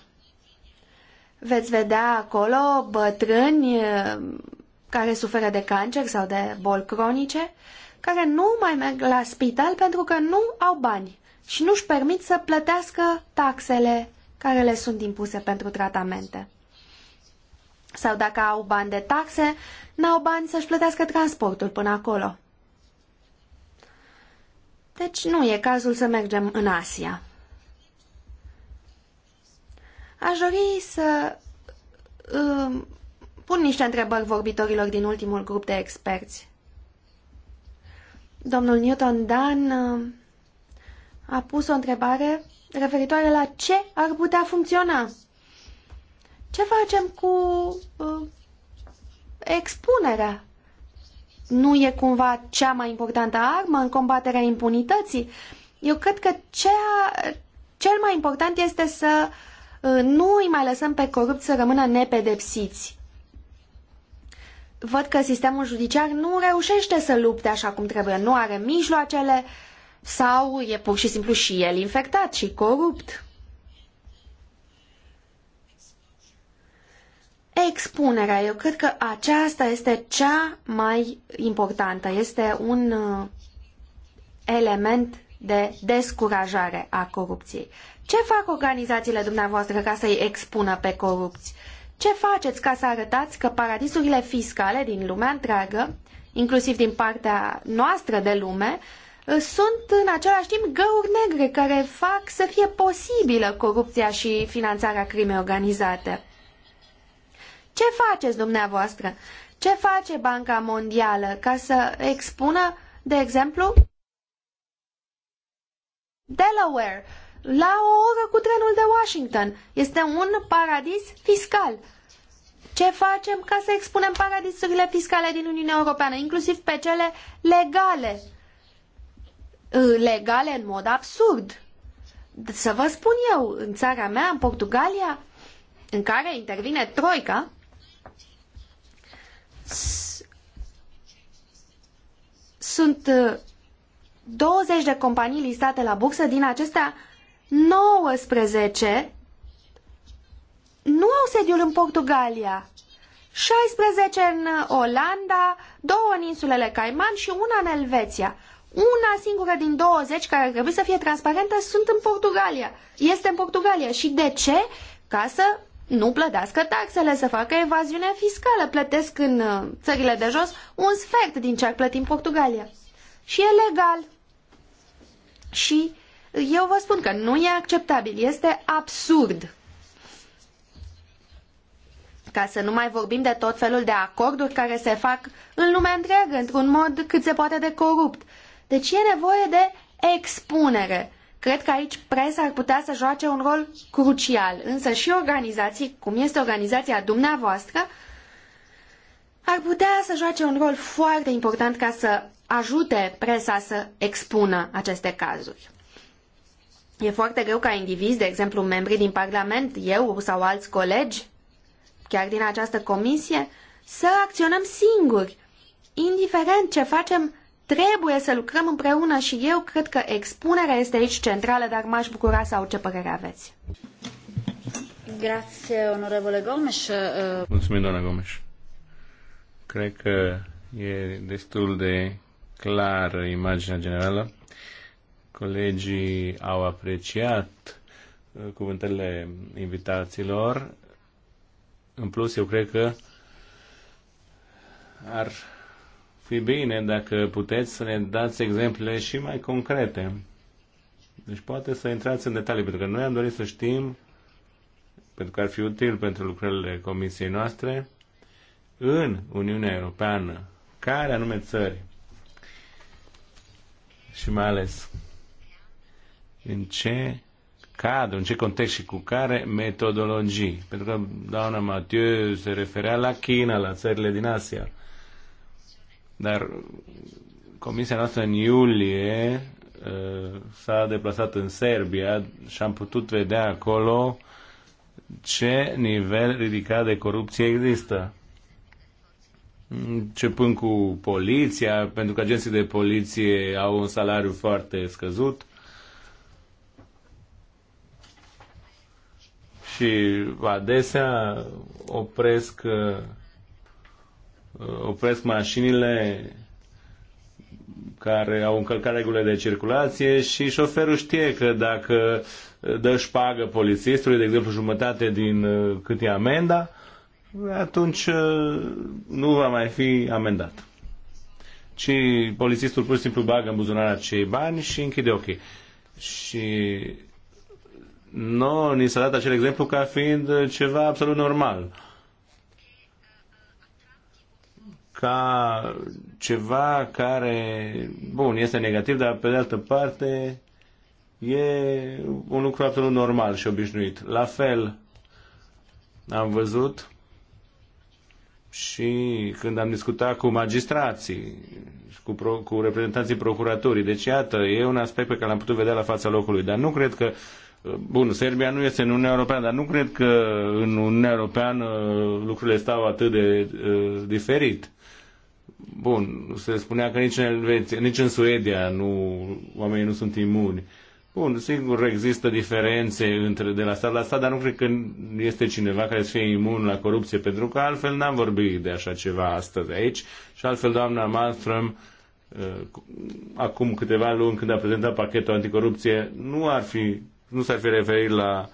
Veți vedea acolo bătrâni uh, care suferă de cancer sau de boli cronice care nu mai merg la spital pentru că nu au bani și nu-și permit să plătească taxele care le sunt impuse pentru tratamente. Sau dacă au bani de taxe, n-au bani să-și plătească transportul până acolo. Deci nu e cazul să mergem în Asia. Aș dori să uh, pun niște întrebări vorbitorilor din ultimul grup de experți. Domnul Newton Dan uh, a pus o întrebare referitoare la ce ar putea funcționa. Ce facem cu uh, expunerea? Nu e cumva cea mai importantă armă în combaterea impunității? Eu cred că cea, cel mai important este să uh, nu îi mai lăsăm pe corupți să rămână nepedepsiți văd că sistemul judiciar nu reușește să lupte așa cum trebuie, nu are mijloacele sau e pur și simplu și el infectat și corupt. Expunerea, eu cred că aceasta este cea mai importantă, este un uh, element de descurajare a corupției. Ce fac organizațiile dumneavoastră ca să-i expună pe corupți? Ce faceți ca să arătați că paradisurile fiscale din lumea întreagă, inclusiv din partea noastră de lume, uh, sunt în același timp găuri negre care fac să fie posibilă corupția și finanțarea crimei organizate? Ce faceți dumneavoastră? Ce face Banca Mondială ca să expună, de exemplu, Delaware, la o oră cu trenul de Washington. Este un paradis fiscal. Ce facem ca să expunem paradisurile fiscale din Uniunea Europeană, inclusiv pe cele legale? Legale în mod absurd. Să vă spun eu, în țara mea, în Portugalia, în care intervine Troica, sunt 20 uh, de companii listate la bursă, din acestea 19 nu au sediul în Portugalia, 16 în Olanda, două în insulele Caiman și una în Elveția. Una singură din 20 care ar trebui să fie transparentă sunt în Portugalia. Este în Portugalia. Și de ce? Ca să nu plătească taxele, să facă evaziune fiscală. Plătesc în uh, țările de jos un sfert din ce ar plăti în Portugalia. Și e legal. Și eu vă spun că nu e acceptabil, este absurd. Ca să nu mai vorbim de tot felul de acorduri care se fac în lumea întreagă, într-un mod cât se poate de corupt. Deci e nevoie de expunere. Cred că aici presa ar putea să joace un rol crucial, însă și organizații, cum este organizația dumneavoastră, ar putea să joace un rol foarte important ca să ajute presa să expună aceste cazuri. E foarte greu ca indivizi, de exemplu membrii din Parlament, eu sau alți colegi, chiar din această comisie, să acționăm singuri. Indiferent ce facem, trebuie să lucrăm împreună și eu cred că expunerea este aici centrală, dar m-aș bucura să au ce părere aveți. Grazie, onorevole Gomes. Mulțumim, doamna Gomes. Cred că e destul de clar imaginea generală Colegii au apreciat uh, cuvintele invitațiilor. În plus, eu cred că ar fi bine dacă puteți să ne dați exemple și mai concrete. Deci poate să intrați în detalii, pentru că noi am dorit să știm, pentru că ar fi util pentru lucrările comisiei noastre, în Uniunea Europeană, care anume țări și mai ales în ce cadru, în ce context și cu care metodologii. Pentru că doamna Mathieu se referea la China, la țările din Asia. Dar comisia noastră în iulie uh, s-a deplasat în Serbia și am putut vedea acolo ce nivel ridicat de corupție există. Începând cu poliția, pentru că agenții de poliție au un salariu foarte scăzut, și adesea opresc, uh, opresc mașinile care au încălcat regulile de circulație și șoferul știe că dacă dă șpagă polițistului, de exemplu jumătate din uh, cât e amenda, atunci uh, nu va mai fi amendat. Ci polițistul pur și simplu bagă în buzunar acei bani și închide ochii. Și nouă ni s-a dat acel exemplu ca fiind ceva absolut normal. Ca ceva care, bun, este negativ, dar pe de altă parte e un lucru absolut normal și obișnuit. La fel am văzut și când am discutat cu magistrații, cu, pro, cu reprezentanții procuraturii. Deci, iată, e un aspect pe care l-am putut vedea la fața locului, dar nu cred că Bun, Serbia nu este în Uniunea Europeană, dar nu cred că în Uniunea Europeană uh, lucrurile stau atât de uh, diferit. Bun, se spunea că nici în Elveția, nici în Suedia nu, oamenii nu sunt imuni. Bun, sigur există diferențe între de la stat la stat, dar nu cred că este cineva care să fie imun la corupție, pentru că altfel n-am vorbit de așa ceva astăzi aici și altfel doamna Malmström uh, acum câteva luni când a prezentat pachetul anticorupție nu ar fi nu s-ar fi referit la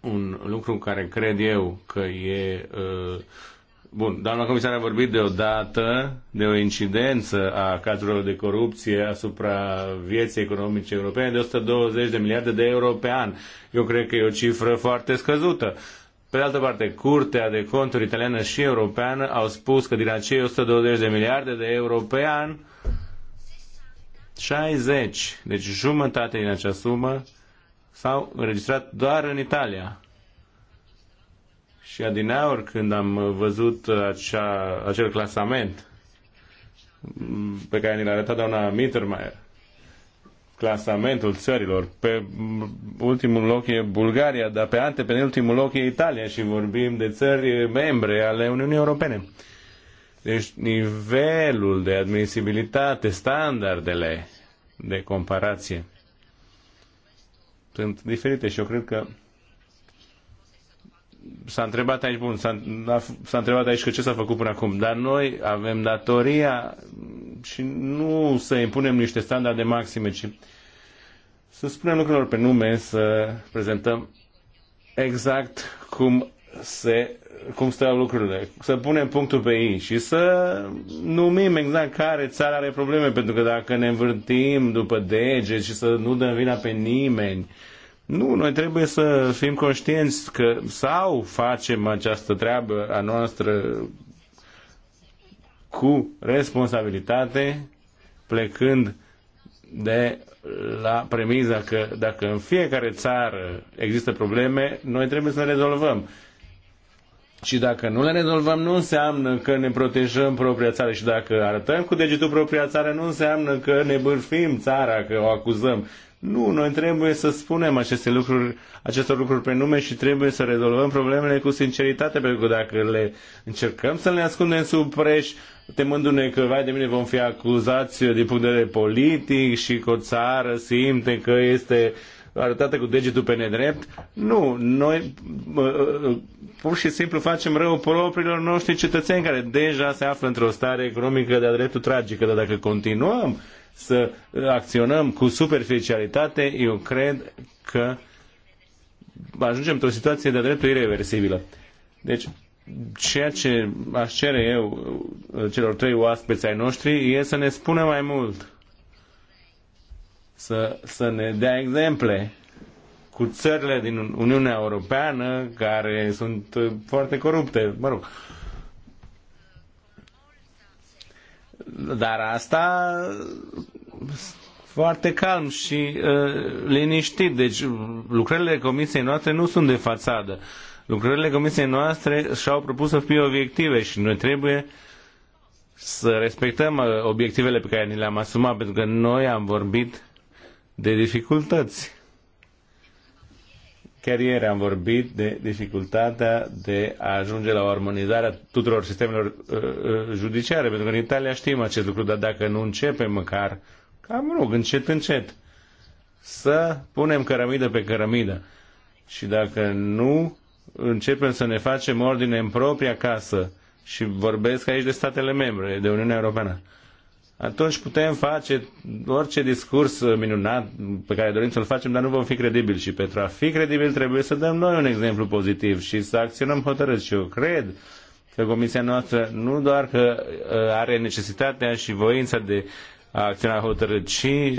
un lucru în care cred eu că e... Uh, Bun, doamna comisar a vorbit de o dată de o incidență a cazurilor de corupție asupra vieții economice europene de 120 de miliarde de euro pe an. Eu cred că e o cifră foarte scăzută. Pe de altă parte, Curtea de Conturi italiană și europeană au spus că din acei 120 de miliarde de euro pe an, 60, deci jumătate din acea sumă, s-au înregistrat doar în Italia. Și adineaori când am văzut acea, acel clasament pe care ni l-a arătat doamna Mittermeier, clasamentul țărilor. Pe ultimul loc e Bulgaria, dar pe ante, pe ultimul loc e Italia și vorbim de țări membre ale Uniunii Europene. Deci nivelul de admisibilitate, standardele de comparație sunt diferite și eu cred că s-a întrebat aici, bun, s-a, s-a întrebat aici că ce s-a făcut până acum, dar noi avem datoria și nu să impunem niște standarde maxime, ci să spunem lucrurilor pe nume, să prezentăm exact cum se cum stau lucrurile, să punem punctul pe ei și să numim exact care țară are probleme, pentru că dacă ne învârtim după dege și să nu dăm vina pe nimeni, nu, noi trebuie să fim conștienți că sau facem această treabă a noastră cu responsabilitate, plecând de la premiza că dacă în fiecare țară există probleme, noi trebuie să ne rezolvăm. Și dacă nu le rezolvăm, nu înseamnă că ne protejăm propria țară. Și dacă arătăm cu degetul propria țară, nu înseamnă că ne bârfim țara, că o acuzăm. Nu, noi trebuie să spunem aceste lucruri, acestor lucruri pe nume și trebuie să rezolvăm problemele cu sinceritate, pentru că dacă le încercăm să le ascundem sub preș, temându-ne că, vai de mine, vom fi acuzați din punct de vedere politic și că o țară simte că este uh, arătată cu degetul pe nedrept. Nu, noi pur și simplu facem rău propriilor noștri cetățeni care deja se află într-o stare economică de-a dreptul tragică, dar dacă continuăm să acționăm cu superficialitate, eu cred că ajungem într-o situație de-a dreptul irreversibilă. Deci, ceea ce aș cere eu celor trei oaspeți ai noștri e să ne spună mai mult să, să ne dea exemple cu țările din Uniunea Europeană care sunt uh, foarte corupte, mă rog. Dar asta uh, foarte calm și uh, liniștit. Deci uh, lucrările comisiei noastre nu sunt de fațadă. Lucrările comisiei noastre și-au propus să fie obiective și noi trebuie să respectăm obiectivele pe care ni le-am asumat, pentru că noi am vorbit de dificultăți. Chiar ieri am vorbit de dificultatea de a ajunge la o armonizare a tuturor sistemelor uh, uh, judiciare, pentru că în Italia știm acest lucru, dar dacă nu începem măcar, cam rog, încet, încet, să punem cărămidă pe cărămidă. Și dacă nu începem să ne facem ordine în propria casă, și vorbesc aici de statele membre, de Uniunea Europeană, atunci putem face orice discurs minunat pe care dorim să-l facem, dar nu vom fi credibili. Și pentru a fi credibili trebuie să dăm noi un exemplu pozitiv și să acționăm hotărât. Și eu cred că comisia noastră nu doar că uh, are necesitatea și voința de a acționa hotărât, ci uh,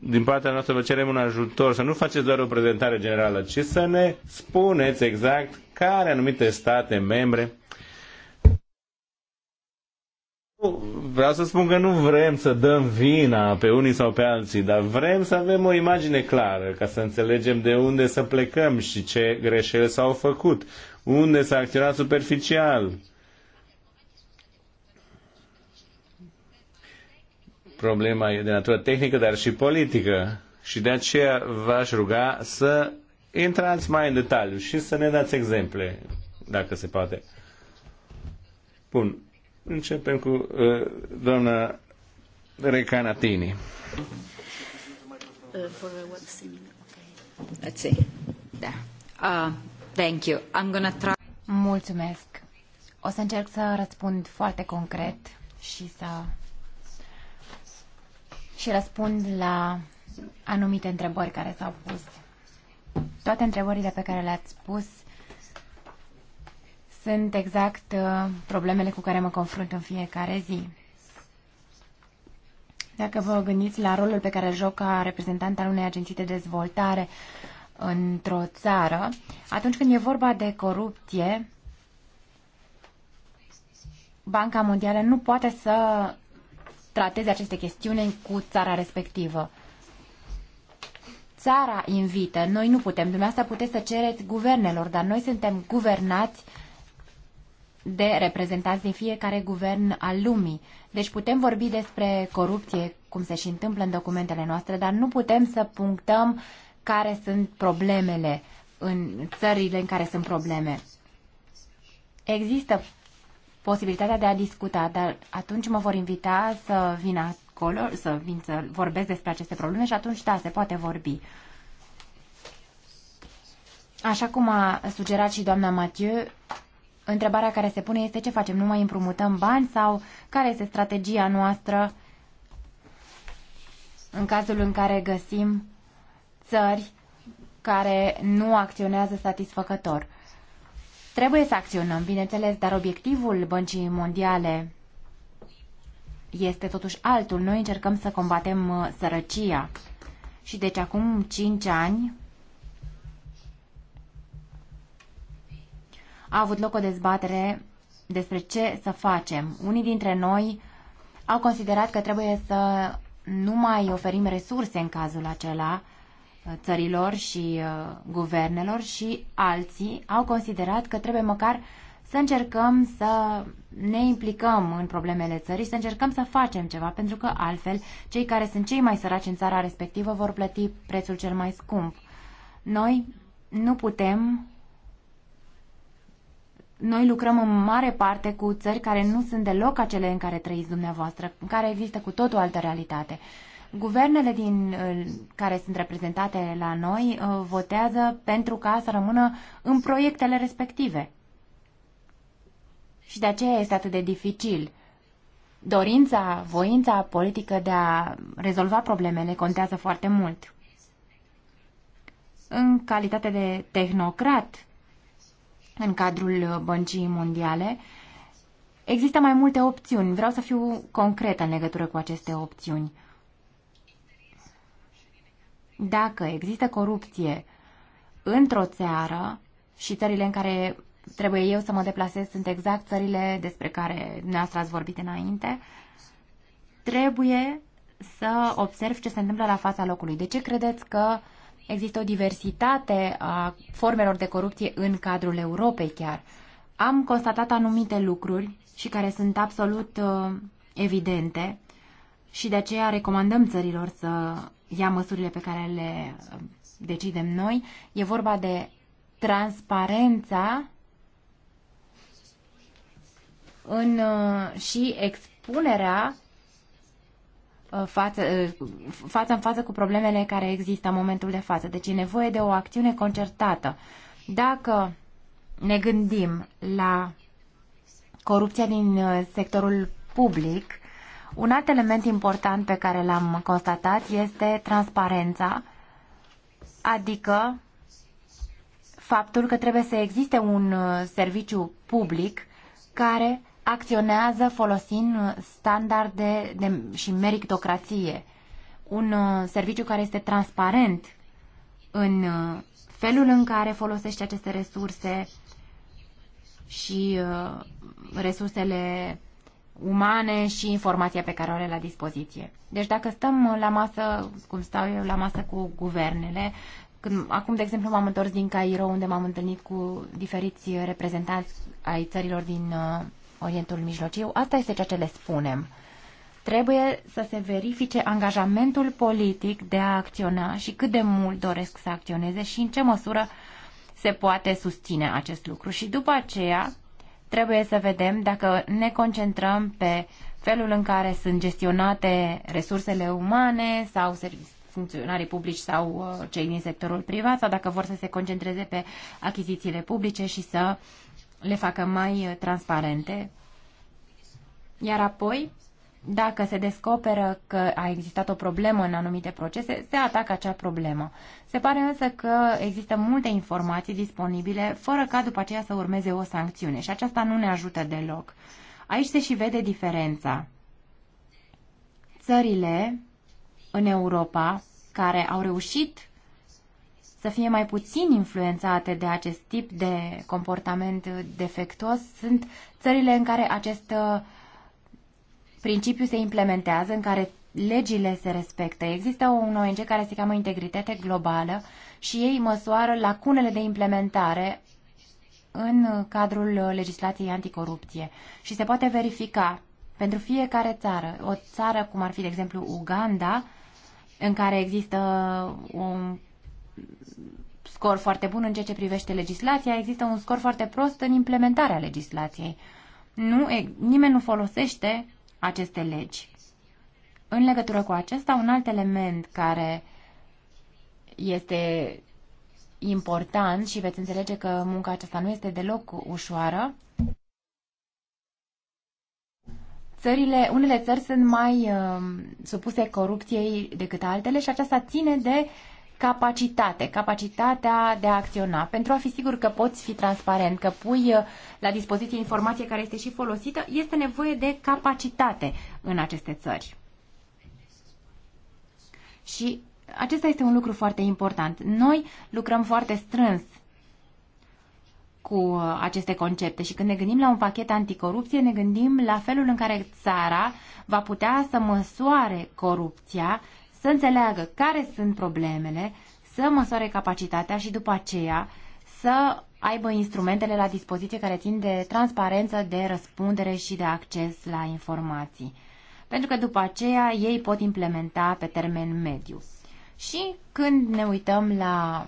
din partea noastră vă cerem un ajutor, să nu faceți doar o prezentare generală, ci să ne spuneți exact care anumite state membre Vreau să spun că nu vrem să dăm vina pe unii sau pe alții, dar vrem să avem o imagine clară ca să înțelegem de unde să plecăm și ce greșeli s-au făcut, unde s-a acționat superficial. Problema e de natură tehnică, dar și politică. Și de aceea v-aș ruga să intrați mai în detaliu și să ne dați exemple, dacă se poate. Bun. Începem cu uh, doamna Recanatini. Uh, Let's see. Da. Uh, thank you. I'm gonna try... Mulțumesc. O să încerc să răspund foarte concret și să și răspund la anumite întrebări care s-au pus. Toate întrebările pe care le-ați pus sunt exact uh, problemele cu care mă confrunt în fiecare zi. Dacă vă gândiți la rolul pe care îl joc ca reprezentant al unei agenții de dezvoltare într-o țară, atunci când e vorba de corupție, Banca Mondială nu poate să trateze aceste chestiuni cu țara respectivă. Țara invită, noi nu putem. Dumneavoastră puteți să cereți guvernelor, dar noi suntem guvernați uh, de reprezentanți din fiecare guvern al lumii. Deci putem vorbi despre corupție, cum se și întâmplă în documentele noastre, dar nu putem să punctăm care sunt problemele în țările în care sunt probleme. Există posibilitatea de a discuta, dar atunci mă vor invita să vin acolo, să vin să vorbesc despre aceste probleme și atunci, da, se poate vorbi. Așa cum a sugerat și doamna Mathieu, întrebarea care se pune este ce facem, nu mai împrumutăm bani sau care este strategia noastră în cazul în care găsim țări care nu acționează satisfăcător. Trebuie să acționăm, bineînțeles, dar obiectivul băncii mondiale este totuși altul. Noi încercăm să combatem uh, sărăcia. Și deci acum 5 ani a avut loc o dezbatere despre ce să facem. Unii dintre noi au considerat că trebuie să nu mai oferim resurse în cazul acela uh, țărilor și uh, guvernelor și alții au considerat că trebuie măcar să încercăm să ne implicăm în problemele țării, să încercăm să facem ceva, pentru că altfel cei care sunt cei mai săraci în țara respectivă vor plăti prețul cel mai scump. Noi nu putem noi lucrăm în mare parte cu țări care nu sunt deloc acele în care trăiți dumneavoastră, în care există cu tot o altă realitate. Guvernele din, uh, care sunt reprezentate la noi uh, votează pentru ca să rămână în proiectele respective. Și de aceea este atât de dificil. Dorința, voința politică de a rezolva problemele contează foarte mult. În calitate de tehnocrat, în cadrul Băncii Mondiale. Există mai multe opțiuni. Vreau să fiu concretă în legătură cu aceste opțiuni. Dacă există corupție într-o țară și țările în care trebuie eu să mă deplasez sunt exact țările despre care dumneavoastră ați vorbit înainte, trebuie să observ ce se întâmplă la fața locului. De ce credeți că uh, Există o diversitate a formelor de corupție în cadrul Europei chiar. Am constatat anumite lucruri și care sunt absolut uh, evidente și de aceea recomandăm țărilor să ia măsurile pe care le uh, decidem noi. E vorba de transparența în, uh, și expunerea față, față în față cu problemele care există în momentul de față. Deci e nevoie de o acțiune concertată. Dacă ne gândim la corupția din uh, sectorul public, un alt element important pe care l-am constatat este transparența, adică faptul că trebuie să existe un uh, serviciu public care acționează folosind standarde de, și meritocrație. Un uh, serviciu care este transparent în uh, felul în care folosește aceste resurse și uh, resursele umane și informația pe care o are la dispoziție. Deci dacă stăm la masă, cum stau eu la masă cu guvernele, când, acum, de exemplu, m-am întors din Cairo, unde m-am întâlnit cu diferiți reprezentanți ai țărilor din Orientul Mijlociu. Asta este ceea ce le spunem. Trebuie să se verifice angajamentul politic de a acționa și cât de mult doresc să acționeze și în ce măsură se poate susține acest lucru. Și după aceea trebuie să vedem dacă ne concentrăm pe felul în care sunt gestionate resursele umane sau funcționarii publici sau uh, cei din sectorul privat sau dacă vor să se concentreze pe achizițiile publice și să uh, le facă mai uh, transparente, iar apoi, dacă se descoperă că a existat o problemă în anumite procese, se atacă acea problemă. Se pare însă că există multe informații disponibile, fără ca după aceea să urmeze o sancțiune și aceasta nu ne ajută deloc. Aici se și vede diferența. Țările în Europa care au reușit să fie mai puțin influențate de acest tip de comportament defectuos sunt țările în care acest uh, principiu se implementează, în care legile se respectă. Există un ONG care se cheamă Integritate Globală și ei măsoară lacunele de implementare în cadrul legislației anticorupție și se poate verifica pentru fiecare țară, o țară cum ar fi, de exemplu, Uganda, în care există un scor foarte bun în ceea ce privește legislația, există un scor foarte prost în implementarea legislației. Nu, nimeni nu folosește aceste legi. În legătură cu acesta, un alt element care este important și veți înțelege că munca aceasta nu este deloc ușoară. Țările, unele țări sunt mai uh, supuse corupției decât altele și aceasta ține de uh, capacitate, capacitatea de a acționa. Pentru a fi sigur că poți fi transparent, că pui uh, la dispoziție informație care este și folosită, este nevoie de capacitate în aceste țări. Și acesta este un lucru foarte important. Noi lucrăm foarte strâns cu uh, aceste concepte și când ne gândim la un pachet anticorupție, ne gândim la felul în care țara va putea să măsoare corupția să înțeleagă care sunt problemele, să măsoare capacitatea și după aceea să aibă instrumentele la dispoziție care țin de transparență, de răspundere și de acces la informații. Pentru că după aceea ei pot implementa pe termen mediu. Și când ne uităm la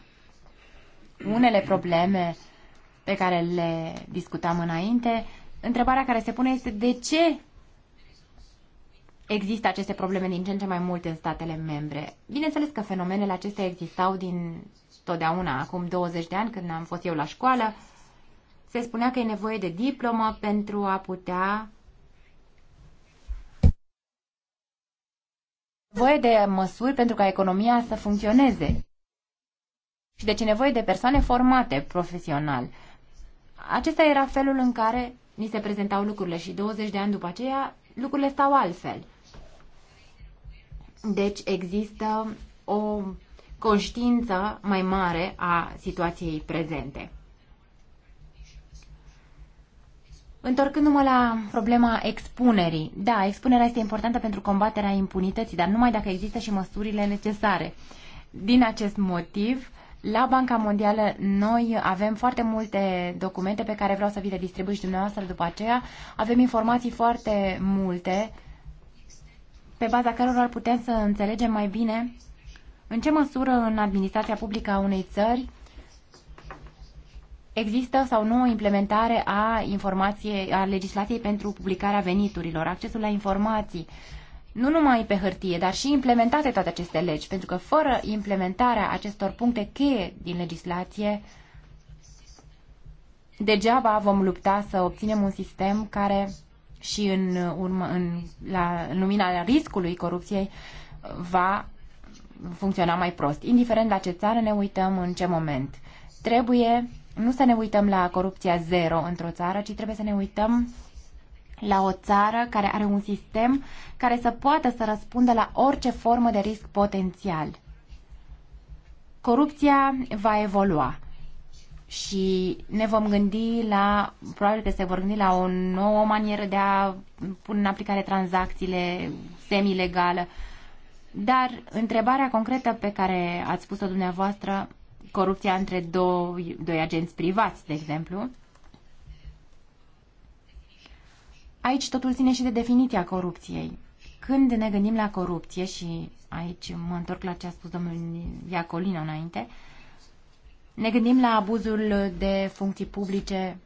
unele probleme pe care le discutam înainte, întrebarea care se pune este de ce există aceste probleme din ce în ce mai mult în statele membre. Bineînțeles că fenomenele acestea existau din totdeauna, acum 20 de ani, când am fost eu la școală, se spunea că e nevoie de diplomă pentru a putea nevoie de măsuri pentru ca economia să funcționeze. Și deci e nevoie de persoane formate profesional. Acesta era felul în care ni se prezentau lucrurile și 20 de ani după aceea lucrurile stau altfel. Deci există o conștiință mai mare a situației prezente. Întorcându-mă la problema expunerii. Da, expunerea este importantă pentru combaterea impunității, dar numai dacă există și măsurile necesare. Din acest motiv, la Banca Mondială noi avem foarte multe documente pe care vreau să vi le distribui și dumneavoastră după aceea. Avem informații foarte multe pe baza cărora ar putea să înțelegem mai bine în ce măsură în administrația publică a unei țări există sau nu o implementare a, informației, a legislației pentru publicarea veniturilor, accesul la informații, nu numai pe hârtie, dar și implementate toate aceste legi, pentru că fără implementarea acestor puncte cheie din legislație, degeaba vom lupta să obținem un sistem care și în, urmă, în, la, în lumina riscului corupției va funcționa mai prost. Indiferent la ce țară ne uităm, în ce moment. Trebuie nu să ne uităm la corupția zero într-o țară, ci trebuie să ne uităm la o țară care are un sistem care să poată să răspundă la orice formă de risc potențial. Corupția va evolua și ne vom gândi la, probabil că se vor gândi la o nouă manieră de a pune în aplicare tranzacțiile semi-legală. Dar întrebarea concretă pe care ați spus-o dumneavoastră, corupția între doi, doi agenți privați, de exemplu, aici totul ține și de definiția corupției. Când ne gândim la corupție, și aici mă întorc la ce a spus domnul Iacolino înainte, uh, ne gândim la abuzul de funcții publice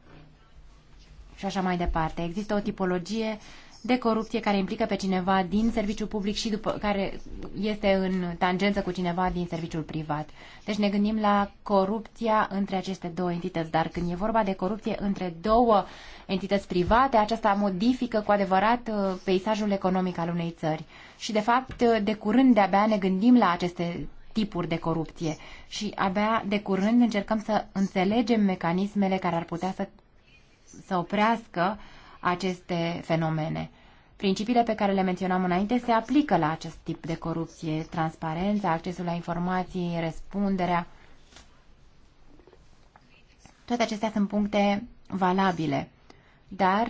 și așa mai departe. Există o tipologie de corupție care implică pe cineva din serviciul public și după care este în tangență cu cineva din serviciul privat. Deci ne gândim la corupția între aceste două entități, dar când e vorba de corupție între două entități private, aceasta modifică cu adevărat uh, peisajul economic al unei țări. Și de fapt, uh, de curând de-abia ne gândim la aceste tipuri de corupție și abia de curând încercăm să înțelegem mecanismele care ar putea să, să oprească aceste fenomene. Principiile pe care le menționam înainte se aplică la acest tip de corupție, transparența, accesul la informații, răspunderea. Toate acestea sunt puncte valabile, dar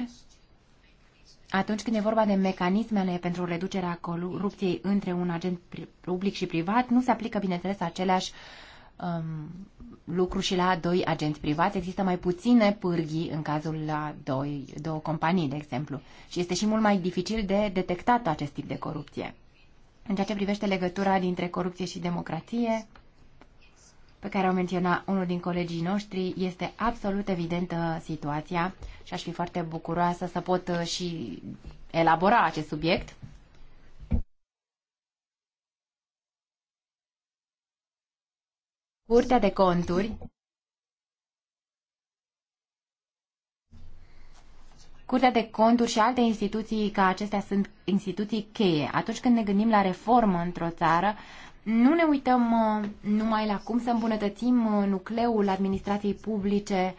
atunci când e vorba de mecanismele pentru reducerea corupției între un agent public și privat, nu se aplică, bineînțeles, aceleași um, lucruri și la doi agenți privați. Există mai puține pârghii în cazul la doi, două companii, de exemplu. Și este și mult mai dificil de detectat acest tip de corupție. În ceea ce privește legătura dintre corupție și democrație, pe care o menționa unul din colegii noștri, este absolut evidentă situația și aș fi foarte bucuroasă să pot uh, și elabora acest subiect. Curtea de conturi Curtea de conturi și alte instituții ca acestea sunt instituții cheie. Atunci când ne gândim la reformă într-o țară, nu ne uităm uh, numai la cum să îmbunătățim uh, nucleul administrației publice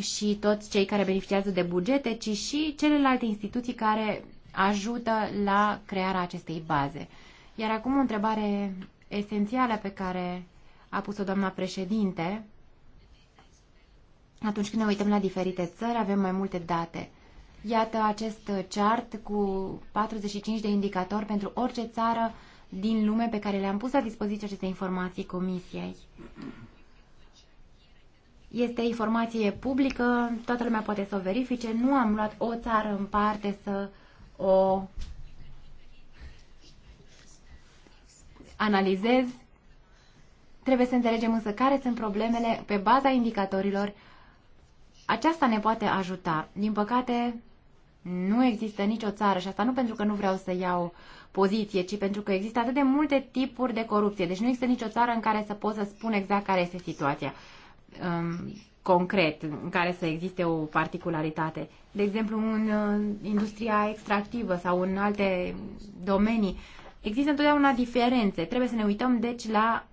și toți cei care beneficiază de bugete, ci și celelalte instituții care ajută la crearea acestei baze. Iar acum o întrebare esențială pe care a pus-o doamna președinte. Atunci când ne uităm la diferite țări, avem mai multe date. Iată acest chart cu 45 de indicatori pentru orice țară din lume pe care le-am pus la dispoziție aceste informații comisiei. Este informație publică, toată lumea poate să o verifice. Nu am luat o țară în parte să o analizez. Trebuie să înțelegem însă care sunt problemele pe baza indicatorilor. Aceasta ne poate ajuta. Din păcate, nu există nicio țară, și asta nu pentru că nu vreau să iau poziție, ci pentru că există atât de multe tipuri de corupție. Deci nu există nicio țară în care să pot să spun exact care este situația um, concret, în care să existe o particularitate. De exemplu, în uh, industria extractivă sau în alte domenii, există întotdeauna diferențe. Trebuie să ne uităm, deci, la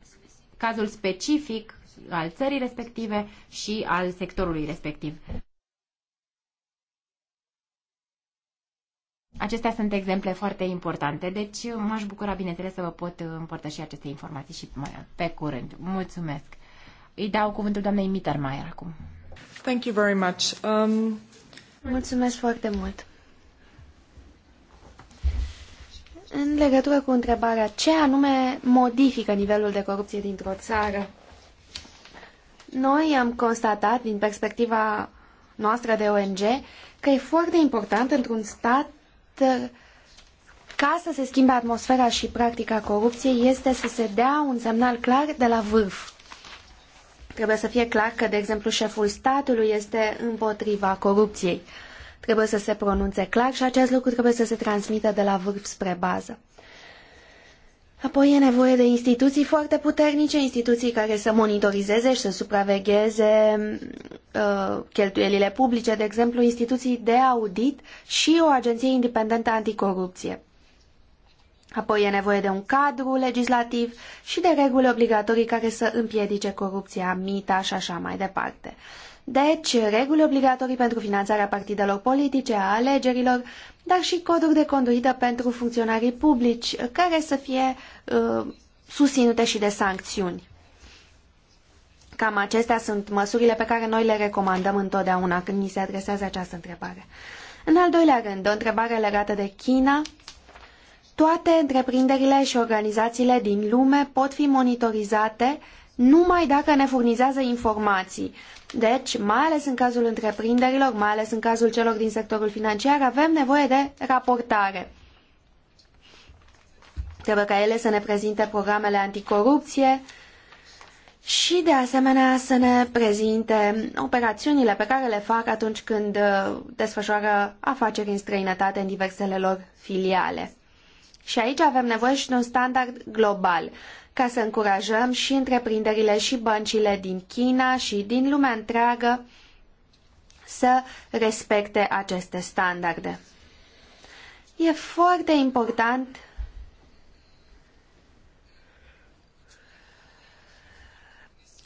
cazul specific al țării respective și al sectorului respectiv. Acestea sunt exemple foarte importante, deci uh, m-aș bucura, bineînțeles, să vă pot uh, împărtăși aceste informații și mai pe curând. Mulțumesc! Îi dau cuvântul doamnei Mittermeier acum. Thank you very much. Um... Mulțumesc foarte mult! În legătură cu întrebarea ce anume modifică nivelul de corupție dintr-o țară, noi am constatat din perspectiva noastră de ONG că e foarte important într-un stat ca să se schimbe atmosfera și practica corupției este să se dea un semnal clar de la vârf. Trebuie să fie clar că, de exemplu, șeful statului este împotriva corupției. Trebuie să se pronunțe clar și acest lucru trebuie să se transmită de la vârf spre bază. Apoi e nevoie de instituții foarte puternice, instituții care să monitorizeze și să supravegheze uh, cheltuielile publice, de exemplu instituții de audit și o agenție independentă anticorupție. Apoi e nevoie de un cadru legislativ și de reguli obligatorii care să împiedice corupția, mita și așa mai departe. Deci, reguli obligatorii pentru finanțarea partidelor politice, a alegerilor, dar și coduri de conduită pentru funcționarii publici, care să fie uh, susținute și de sancțiuni. Cam acestea sunt măsurile pe care noi le recomandăm întotdeauna când ni se adresează această întrebare. În al doilea rând, o întrebare legată de China. Toate întreprinderile și organizațiile din lume pot fi monitorizate numai dacă ne furnizează informații. Deci, mai ales în cazul întreprinderilor, mai ales în cazul celor din sectorul financiar, avem nevoie de raportare. Trebuie ca ele să ne prezinte programele anticorupție și, de asemenea, să ne prezinte operațiunile pe care le fac atunci când uh, desfășoară afaceri în străinătate în diversele lor filiale. Și aici avem nevoie și de un standard global ca să încurajăm și întreprinderile și băncile din China și din lumea întreagă să respecte aceste standarde. E foarte important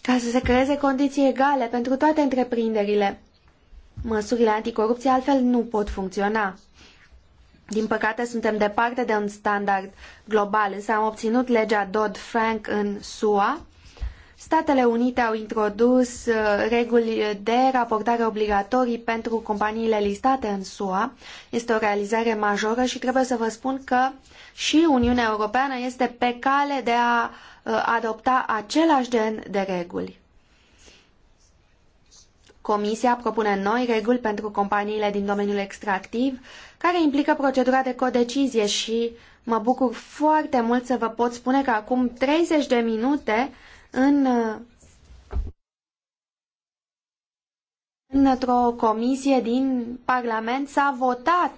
ca să se creeze condiții egale pentru toate întreprinderile. Măsurile anticorupție altfel nu pot funcționa. Din păcate, suntem departe de un standard global, însă am obținut legea Dodd-Frank în SUA. Statele Unite au introdus uh, reguli de raportare obligatorii pentru companiile listate în SUA. Este o realizare majoră și trebuie să vă spun că și Uniunea Europeană este pe cale de a uh, adopta același gen de reguli. Comisia propune noi reguli pentru companiile din domeniul extractiv, care implică procedura de codecizie și mă bucur foarte mult să vă pot spune că acum 30 de minute în într-o comisie din Parlament s-a votat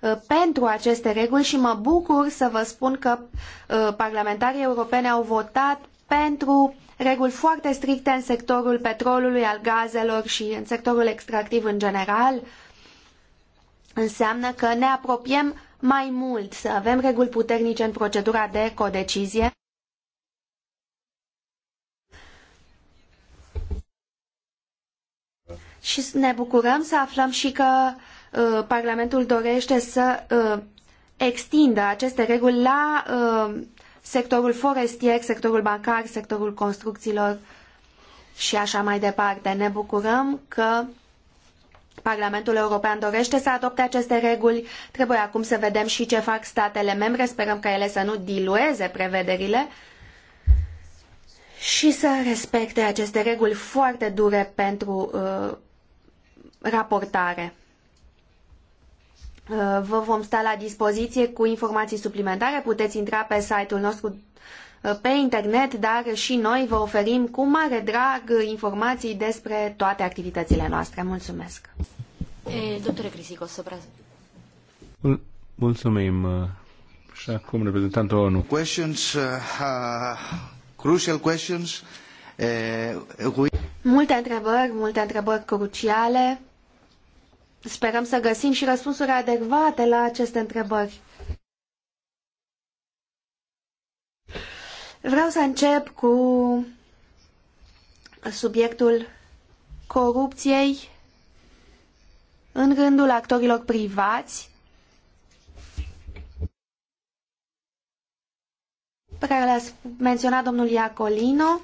uh, pentru aceste reguli și mă bucur să vă spun că uh, parlamentarii europeni au votat pentru reguli foarte stricte în sectorul petrolului, al gazelor și în sectorul extractiv în general, înseamnă că ne apropiem mai mult să avem reguli puternice în procedura de codecizie. Și ne bucurăm să aflăm și că uh, Parlamentul dorește să uh, extindă aceste reguli la uh, sectorul forestier, sectorul bancar, sectorul construcțiilor și așa mai departe. Ne bucurăm că Parlamentul European dorește să adopte aceste reguli. Trebuie acum să vedem și ce fac statele membre. Sperăm ca ele să nu dilueze prevederile și să respecte aceste reguli foarte dure pentru uh, raportare. Uh, vă vom sta la dispoziție cu informații suplimentare. Puteți intra pe site-ul nostru uh, pe internet, dar și noi vă oferim cu mare drag informații despre toate activitățile noastre. Mulțumesc! E, doctore Crisicos, să Mul- Mulțumim! Uh, și acum reprezentantul ONU. Questions, uh, crucial questions. Uh, we... Multe întrebări, multe întrebări cruciale Sperăm să găsim și răspunsuri adecvate la aceste întrebări. Vreau să încep cu subiectul corupției în rândul actorilor privați pe care le-a menționat domnul Iacolino.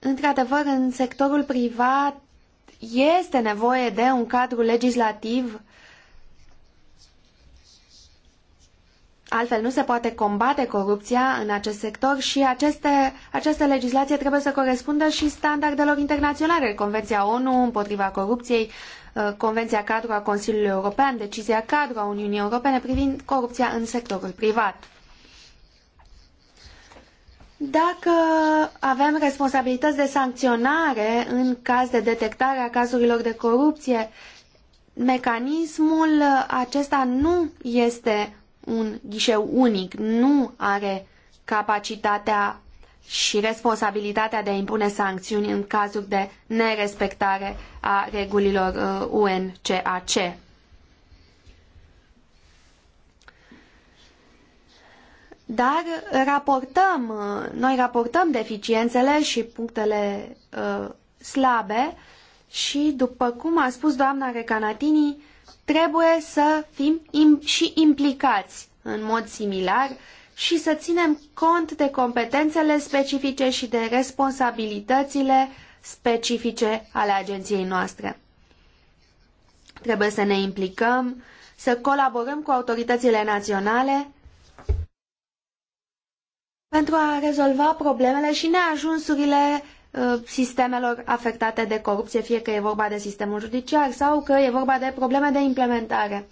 Într-adevăr, în sectorul privat este nevoie de un cadru legislativ Altfel nu se poate combate corupția în acest sector și aceste, această legislație trebuie să corespundă și standardelor internaționale, Convenția ONU împotriva corupției, uh, Convenția cadru a Consiliului European, decizia cadru a Uniunii Europene privind corupția în sectorul privat. Dacă avem responsabilități de sancționare în caz de detectare a cazurilor de corupție, mecanismul acesta nu este un ghișeu unic, nu are capacitatea și responsabilitatea de a impune sancțiuni în cazuri de nerespectare a regulilor UNCAC. Uh, Dar raportăm, uh, noi raportăm deficiențele și punctele uh, slabe și, după cum a spus doamna Recanatini, trebuie să fim im și implicați în mod similar și să ținem cont de competențele specifice și de responsabilitățile specifice ale agenției noastre. Trebuie să ne implicăm, să colaborăm cu autoritățile naționale pentru a rezolva problemele și neajunsurile uh, sistemelor afectate de corupție, fie că e vorba de sistemul judiciar sau că e vorba de probleme de implementare.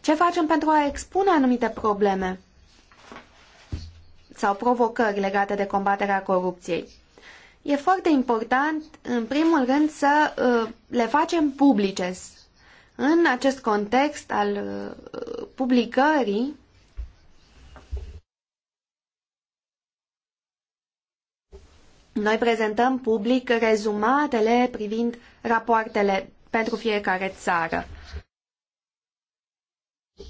Ce facem pentru a expune anumite probleme sau provocări legate de combaterea corupției? E foarte important, în primul rând, să uh, le facem publice. În acest context al uh, publicării, Noi prezentăm public rezumatele privind rapoartele pentru fiecare țară.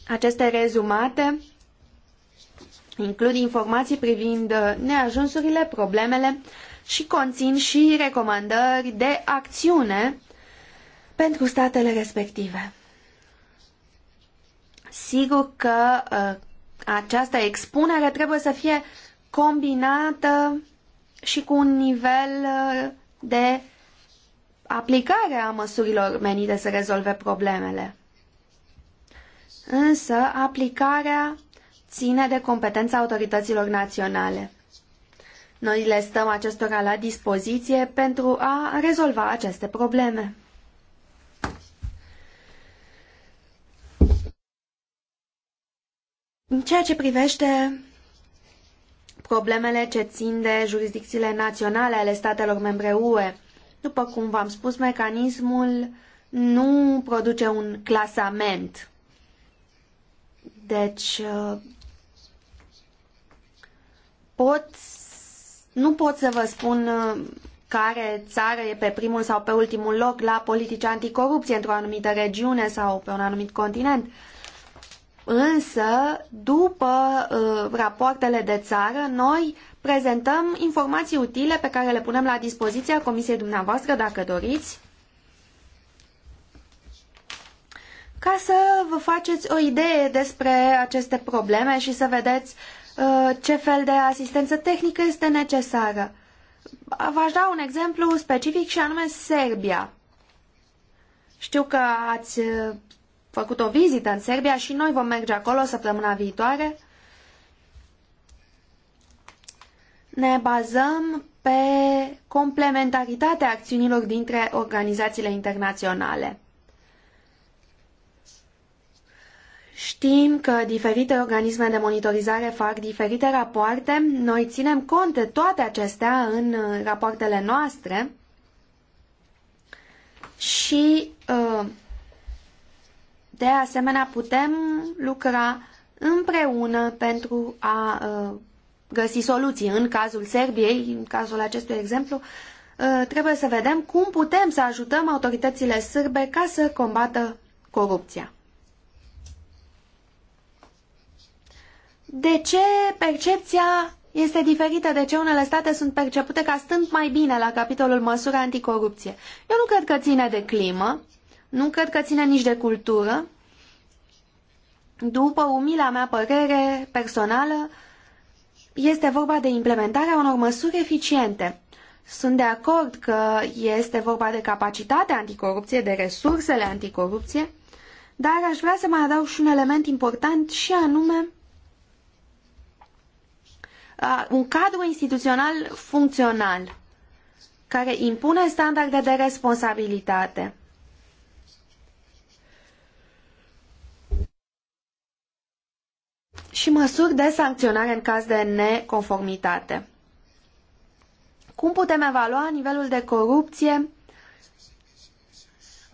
Aceste rezumate includ informații privind neajunsurile, problemele și conțin și recomandări de acțiune pentru statele respective. Sigur că uh, această expunere trebuie să fie combinată și cu un nivel uh, de aplicare a măsurilor menite să rezolve problemele. Însă, aplicarea ține de competența autorităților naționale. Noi le stăm acestora la dispoziție pentru a rezolva aceste probleme. În ceea ce privește problemele ce țin de jurisdicțiile naționale ale statelor membre UE. După cum v-am spus, mecanismul nu produce un clasament. Deci, uh, pot, nu pot să vă spun uh, care țară e pe primul sau pe ultimul loc la politici anticorupție într-o anumită regiune sau pe un anumit continent. Însă, după uh, rapoartele de țară, noi prezentăm informații utile pe care le punem la dispoziția Comisiei dumneavoastră, dacă doriți, ca să vă faceți o idee despre aceste probleme și să vedeți uh, ce fel de asistență tehnică este necesară. V-aș da un exemplu specific și anume Serbia. Știu că ați ă, făcut o vizită în Serbia și noi vom merge acolo săptămâna viitoare. Ne bazăm pe complementaritatea acțiunilor dintre organizațiile internaționale. Știm că diferite organisme de monitorizare fac diferite rapoarte. Noi ținem cont de toate acestea în rapoartele noastre și uh, de asemenea, putem lucra împreună pentru a uh, găsi soluții. În cazul Serbiei, în cazul acestui exemplu, uh, trebuie să vedem cum putem să ajutăm autoritățile sârbe ca să combată corupția. De ce percepția este diferită? De ce unele state sunt percepute ca stând mai bine la capitolul măsuri anticorupție? Eu nu cred că ține de climă, nu cred că ține nici de cultură. După umila mea părere personală, este vorba de implementarea unor măsuri eficiente. Sunt de acord că este vorba de capacitatea anticorupție, de resursele anticorupție, dar aș vrea să mai adaug și un element important și anume un cadru instituțional funcțional care impune standarde de responsabilitate. și măsuri de sancționare în caz de neconformitate. Cum putem evalua nivelul de corupție?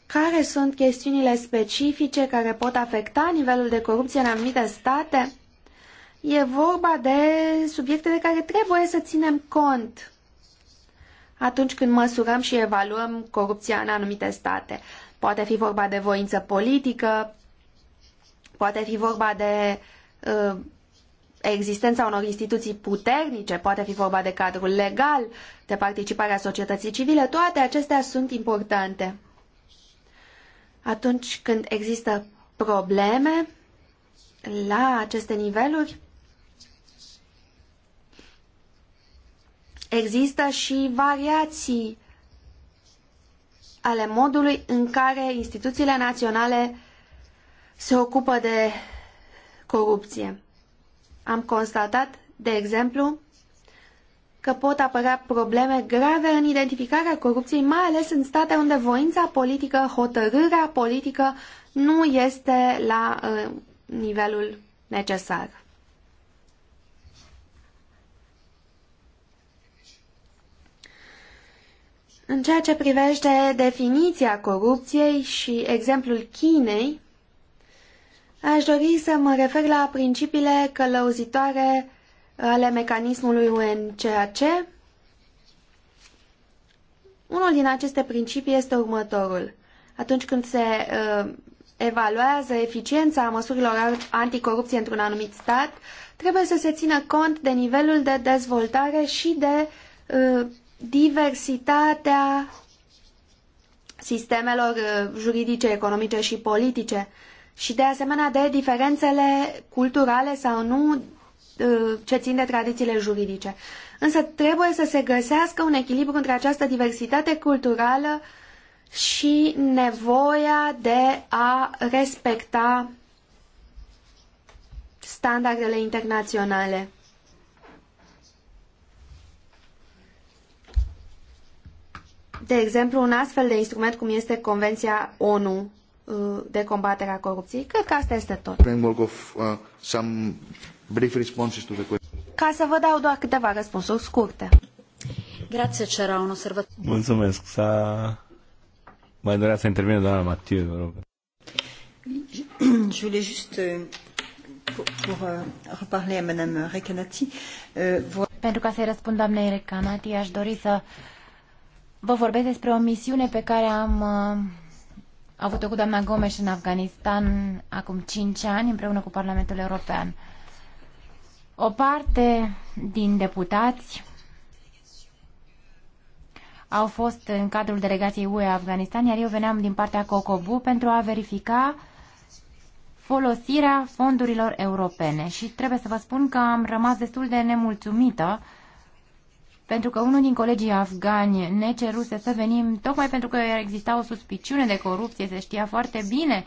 Care sunt chestiunile specifice care pot afecta nivelul de corupție în anumite state? E vorba de subiecte de care trebuie să ținem cont atunci când măsurăm și evaluăm corupția în anumite state. Poate fi vorba de voință politică, poate fi vorba de uh, Uh, existența unor instituții puternice, poate fi vorba de cadrul legal, de participarea societății civile, toate acestea sunt importante. Atunci când există probleme la aceste niveluri, există și variații ale modului în care instituțiile naționale se ocupă de corupție. Am constatat, de exemplu, că pot apărea probleme grave în identificarea corupției, mai ales în state unde voința politică, hotărârea politică nu este la uh, nivelul necesar. În ceea ce privește definiția corupției și exemplul Chinei, Aș dori să mă refer la principiile călăuzitoare ale mecanismului UNCAC. Unul din aceste principii este următorul. Atunci când se uh, evaluează eficiența măsurilor anticorupție într-un anumit stat, trebuie să se țină cont de nivelul de dezvoltare și de uh, diversitatea sistemelor uh, juridice, economice și politice. Uh, și de asemenea de diferențele culturale sau nu uh, ce țin de tradițiile juridice. Însă trebuie să se găsească un echilibru între această diversitate culturală și nevoia de a respecta standardele internaționale. De exemplu, un astfel de instrument cum este Convenția ONU Uh, de combatere a corupției. Cred că asta este tot. Uh, ca să vă dau doar câteva răspunsuri scurte. Grazie, c'era un osservator. Mulțumesc. S-a... Mai dorea să intervine doamna Matiu, vă rog. Je juste, euh, pour, euh, reparler à Madame Recanati, euh, Pentru ca să-i răspund doamnei Recanati, aș dori să vă vorbesc despre o misiune pe care am uh, a avut-o cu doamna Gomes în Afganistan acum 5 ani împreună cu Parlamentul European. O parte din deputați au fost în cadrul delegației UE Afganistan, iar eu veneam din partea COCOBU pentru a verifica folosirea fondurilor europene. Și trebuie să vă spun că am rămas destul de nemulțumită uh, pentru că unul din colegii afgani ne ceruse să venim tocmai pentru că exista o suspiciune de corupție, se știa foarte bine.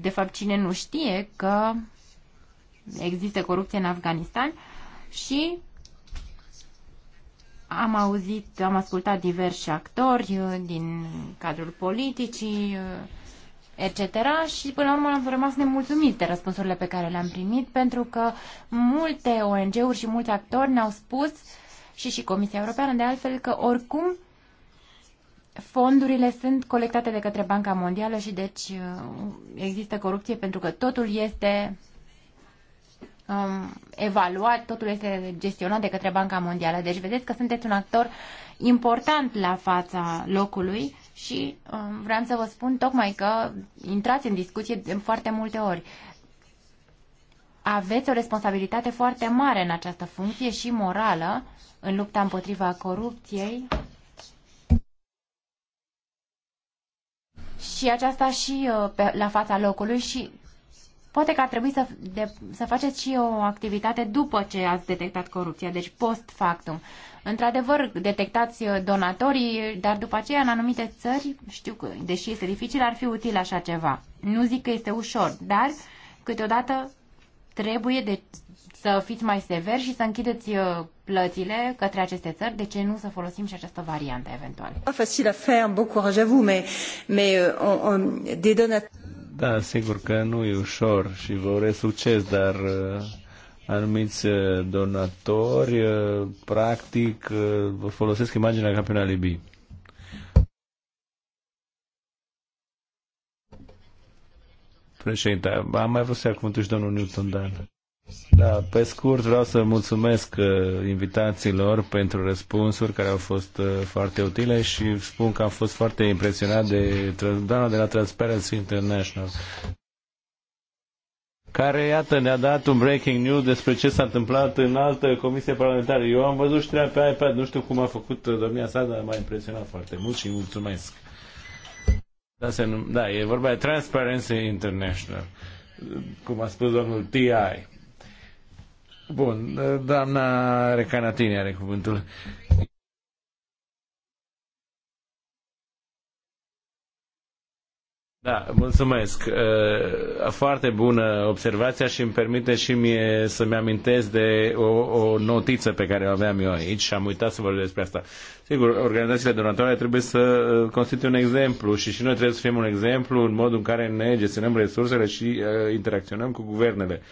De fapt, cine nu știe că există corupție în Afganistan și am auzit, am ascultat diversi actori uh, din cadrul politicii, uh, etc. și până la urmă am rămas nemulțumit de răspunsurile pe care le-am primit pentru că multe ONG-uri și mulți actori ne-au spus uh, și și Comisia Europeană, de altfel că oricum fondurile sunt colectate de către Banca Mondială și deci uh, există corupție pentru că totul este um, evaluat, totul este gestionat de către Banca Mondială. Deci vedeți că sunteți un actor important la fața locului și um, vreau să vă spun tocmai că intrați în discuție de foarte multe ori. Aveți o responsabilitate foarte mare în această funcție și morală în lupta împotriva corupției și aceasta și uh, pe, la fața locului și poate că ar trebui să, de, să faceți și o activitate după ce ați detectat corupția, deci post factum. Într-adevăr, detectați uh, donatorii, dar după aceea, în anumite țări, știu că, deși este dificil, ar fi util așa ceva. Nu zic că este ușor, dar câteodată trebuie de deci, să fiți mai severi și să închideți uh, plățile către aceste țări, de ce nu să folosim și această variantă eventual? Facil à faire, bon courage à vous, mais, mais euh, on, on, des Da, sigur că nu e ușor și vă urez succes, dar uh, anumiți uh, donatori practic vă folosesc imaginea ca pe un alibi. Președinte, am mai vrut să ia cuvântul și domnul Newton dar... Da, pe scurt vreau să mulțumesc uh, invitațiilor pentru răspunsuri care au fost uh, foarte utile și spun că am fost foarte impresionat de doamna de la Transparency International care, iată, ne-a dat un breaking news despre ce s-a întâmplat în altă comisie parlamentară. Eu am văzut știrea pe iPad, nu știu cum a făcut uh, domnia sa, dar m-a impresionat foarte mult și mulțumesc. Da, se num- da e vorba de Transparency International, cum a spus domnul T.I. Bun, doamna Recanatini are cuvântul. Da, mulțumesc. Foarte bună observația și îmi permite și mie să-mi amintesc de o, o notiță pe care o aveam eu aici și am uitat să vorbesc despre asta. Sigur, organizațiile donatoare trebuie să constituie un exemplu și și noi trebuie să fim un exemplu în modul în care ne gestionăm resursele și interacționăm cu guvernele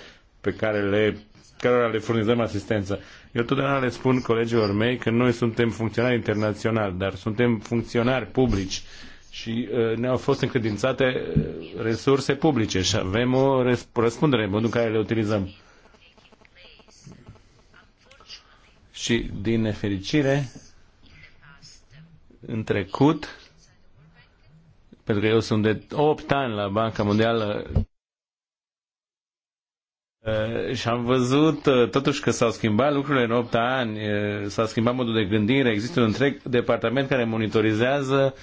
pe care le cărora le furnizăm asistență. Eu totdeauna le spun colegilor mei că noi suntem funcționari internaționali, dar suntem funcționari publici și uh, ne-au fost încredințate uh, resurse publice și avem o răspundere în modul în care le utilizăm. Și, din nefericire, în trecut, pentru că eu sunt de 8 ani la Banca Mondială Uh, și am văzut uh, totuși că s-au schimbat lucrurile în 8 ani, uh, s-a schimbat modul de gândire, există un întreg departament care monitorizează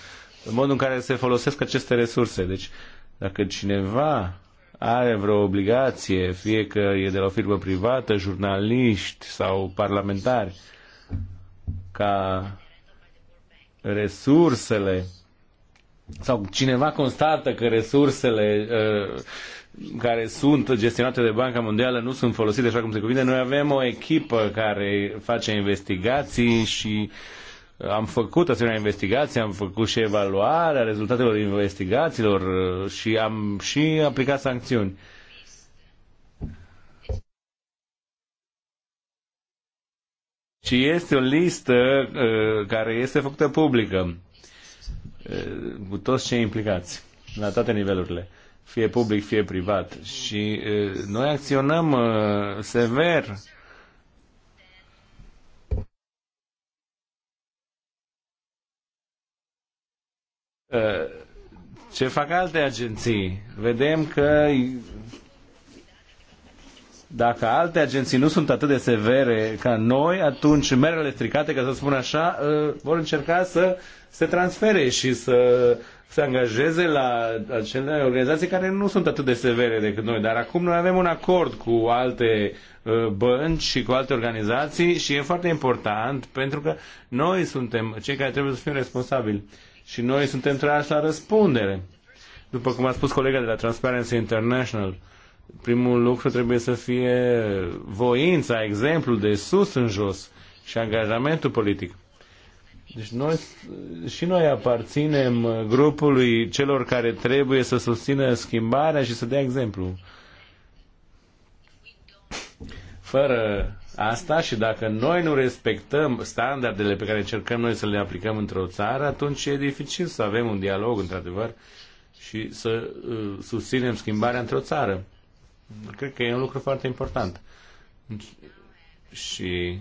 modul în care se folosesc aceste resurse. Deci, dacă cineva are vreo obligație, fie că e de la o firmă privată, jurnaliști sau parlamentari, ca resursele sau cineva constată că resursele uh, care sunt gestionate de Banca Mondială nu sunt folosite așa cum se cuvine. Noi avem o echipă care face investigații și uh, am făcut asemenea investigații, am făcut și evaluarea rezultatelor investigațiilor uh, și am și aplicat sancțiuni. Și este o listă uh, care este făcută publică uh, cu toți cei implicați, la toate nivelurile fie public, fie privat. Și noi acționăm sever. Ce fac alte agenții? Vedem că dacă alte agenții nu sunt atât de severe ca noi, atunci merele stricate, ca să spun așa, vor încerca să se transfere și să se angajeze la acele organizații care nu sunt atât de severe decât noi. Dar acum noi avem un acord cu alte uh, bănci și cu alte organizații și e foarte important pentru că noi suntem cei care trebuie să fim responsabili și noi suntem trași la răspundere. După cum a spus colega de la Transparency International, primul lucru trebuie să fie voința, exemplul de sus în jos și angajamentul politic. Deci noi, și noi aparținem grupului celor care trebuie să susțină schimbarea și să dea exemplu. Fără asta și dacă noi nu respectăm standardele pe care încercăm noi să le aplicăm într-o țară, atunci e dificil să avem un dialog, într-adevăr, și să uh, susținem schimbarea într-o țară. Cred că e un lucru foarte important. Și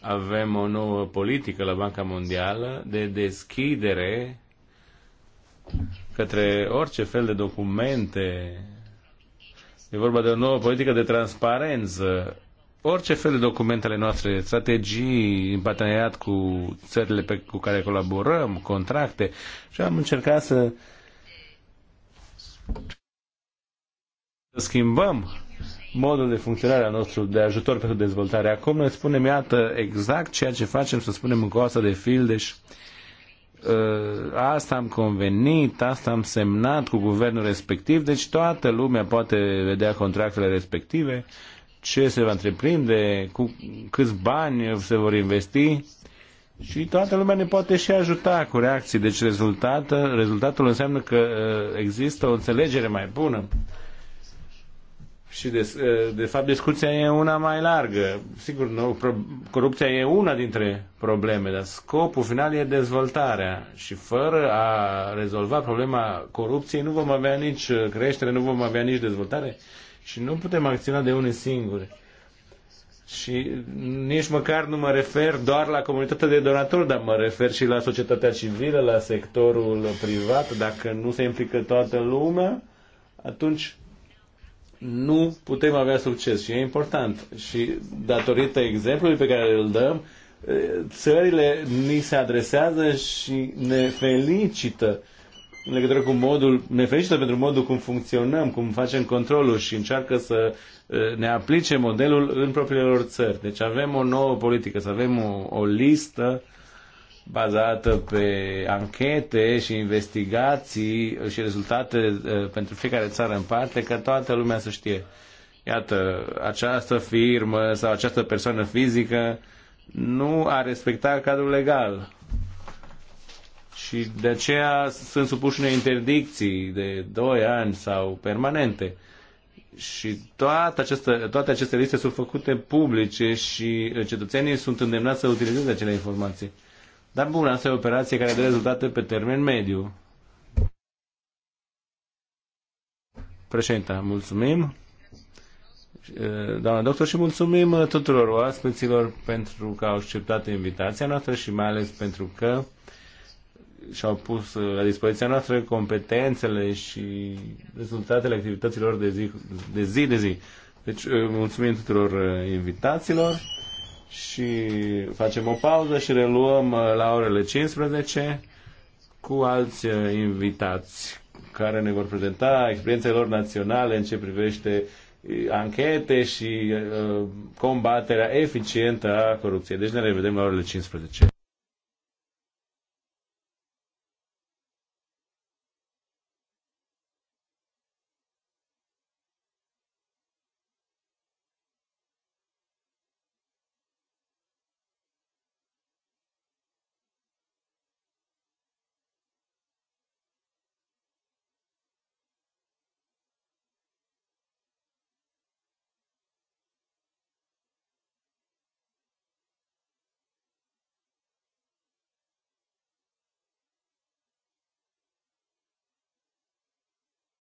avem o nouă politică la Banca Mondială de deschidere către orice fel de documente. E vorba de o nouă politică de transparență. Orice fel de documente ale noastre, strategii în parteneriat cu țările pe, cu care colaborăm, contracte și am încercat să schimbăm modul de funcționare al nostru de ajutor pentru dezvoltare. Acum noi spunem, iată, exact ceea ce facem, să spunem în coasta de Fildeș, uh, asta am convenit, asta am semnat cu guvernul respectiv, deci toată lumea poate vedea contractele respective, ce se va întreprinde, cu câți bani se vor investi și toată lumea ne poate și ajuta cu reacții. Deci rezultat, rezultatul înseamnă că uh, există o înțelegere mai bună și, de, de fapt, discuția e una mai largă. Sigur, nu, pro, corupția e una dintre probleme, dar scopul final e dezvoltarea. Și fără a rezolva problema corupției, nu vom avea nici creștere, nu vom avea nici dezvoltare și nu putem acționa de unii singuri. Și nici măcar nu mă refer doar la comunitatea de donatori, dar mă refer și la societatea civilă, la sectorul privat. Dacă nu se implică toată lumea, atunci nu putem avea succes și e important. Și datorită exemplului pe care îl dăm, țările ni se adresează și ne felicită în legătură cu modul, ne felicită pentru modul cum funcționăm, cum facem controlul și încearcă să ne aplice modelul în propriile lor țări. Deci avem o nouă politică, să avem o, o listă bazată pe anchete și investigații și rezultate uh, pentru fiecare țară în parte, ca toată lumea să știe. Iată, această firmă sau această persoană fizică nu a respectat cadrul legal. Și de aceea sunt supuși unei interdicții de 2 ani sau permanente. Și toată această, toate aceste liste sunt făcute publice și cetățenii sunt îndemnați să utilizeze acele informații. Dar bun, asta e o operație care dă rezultate pe termen mediu. Președinte, mulțumim. Doamna doctor și mulțumim tuturor oaspeților pentru că au acceptat invitația noastră și mai ales pentru că și-au pus la dispoziția noastră competențele și rezultatele activităților de zi de zi. De zi. Deci, mulțumim tuturor invitaților și facem o pauză și reluăm uh, la orele 15 cu alți uh, invitați care ne vor prezenta experiențele lor naționale în ce privește uh, anchete și combaterea eficientă a corupției. Deci ne revedem la orele 15.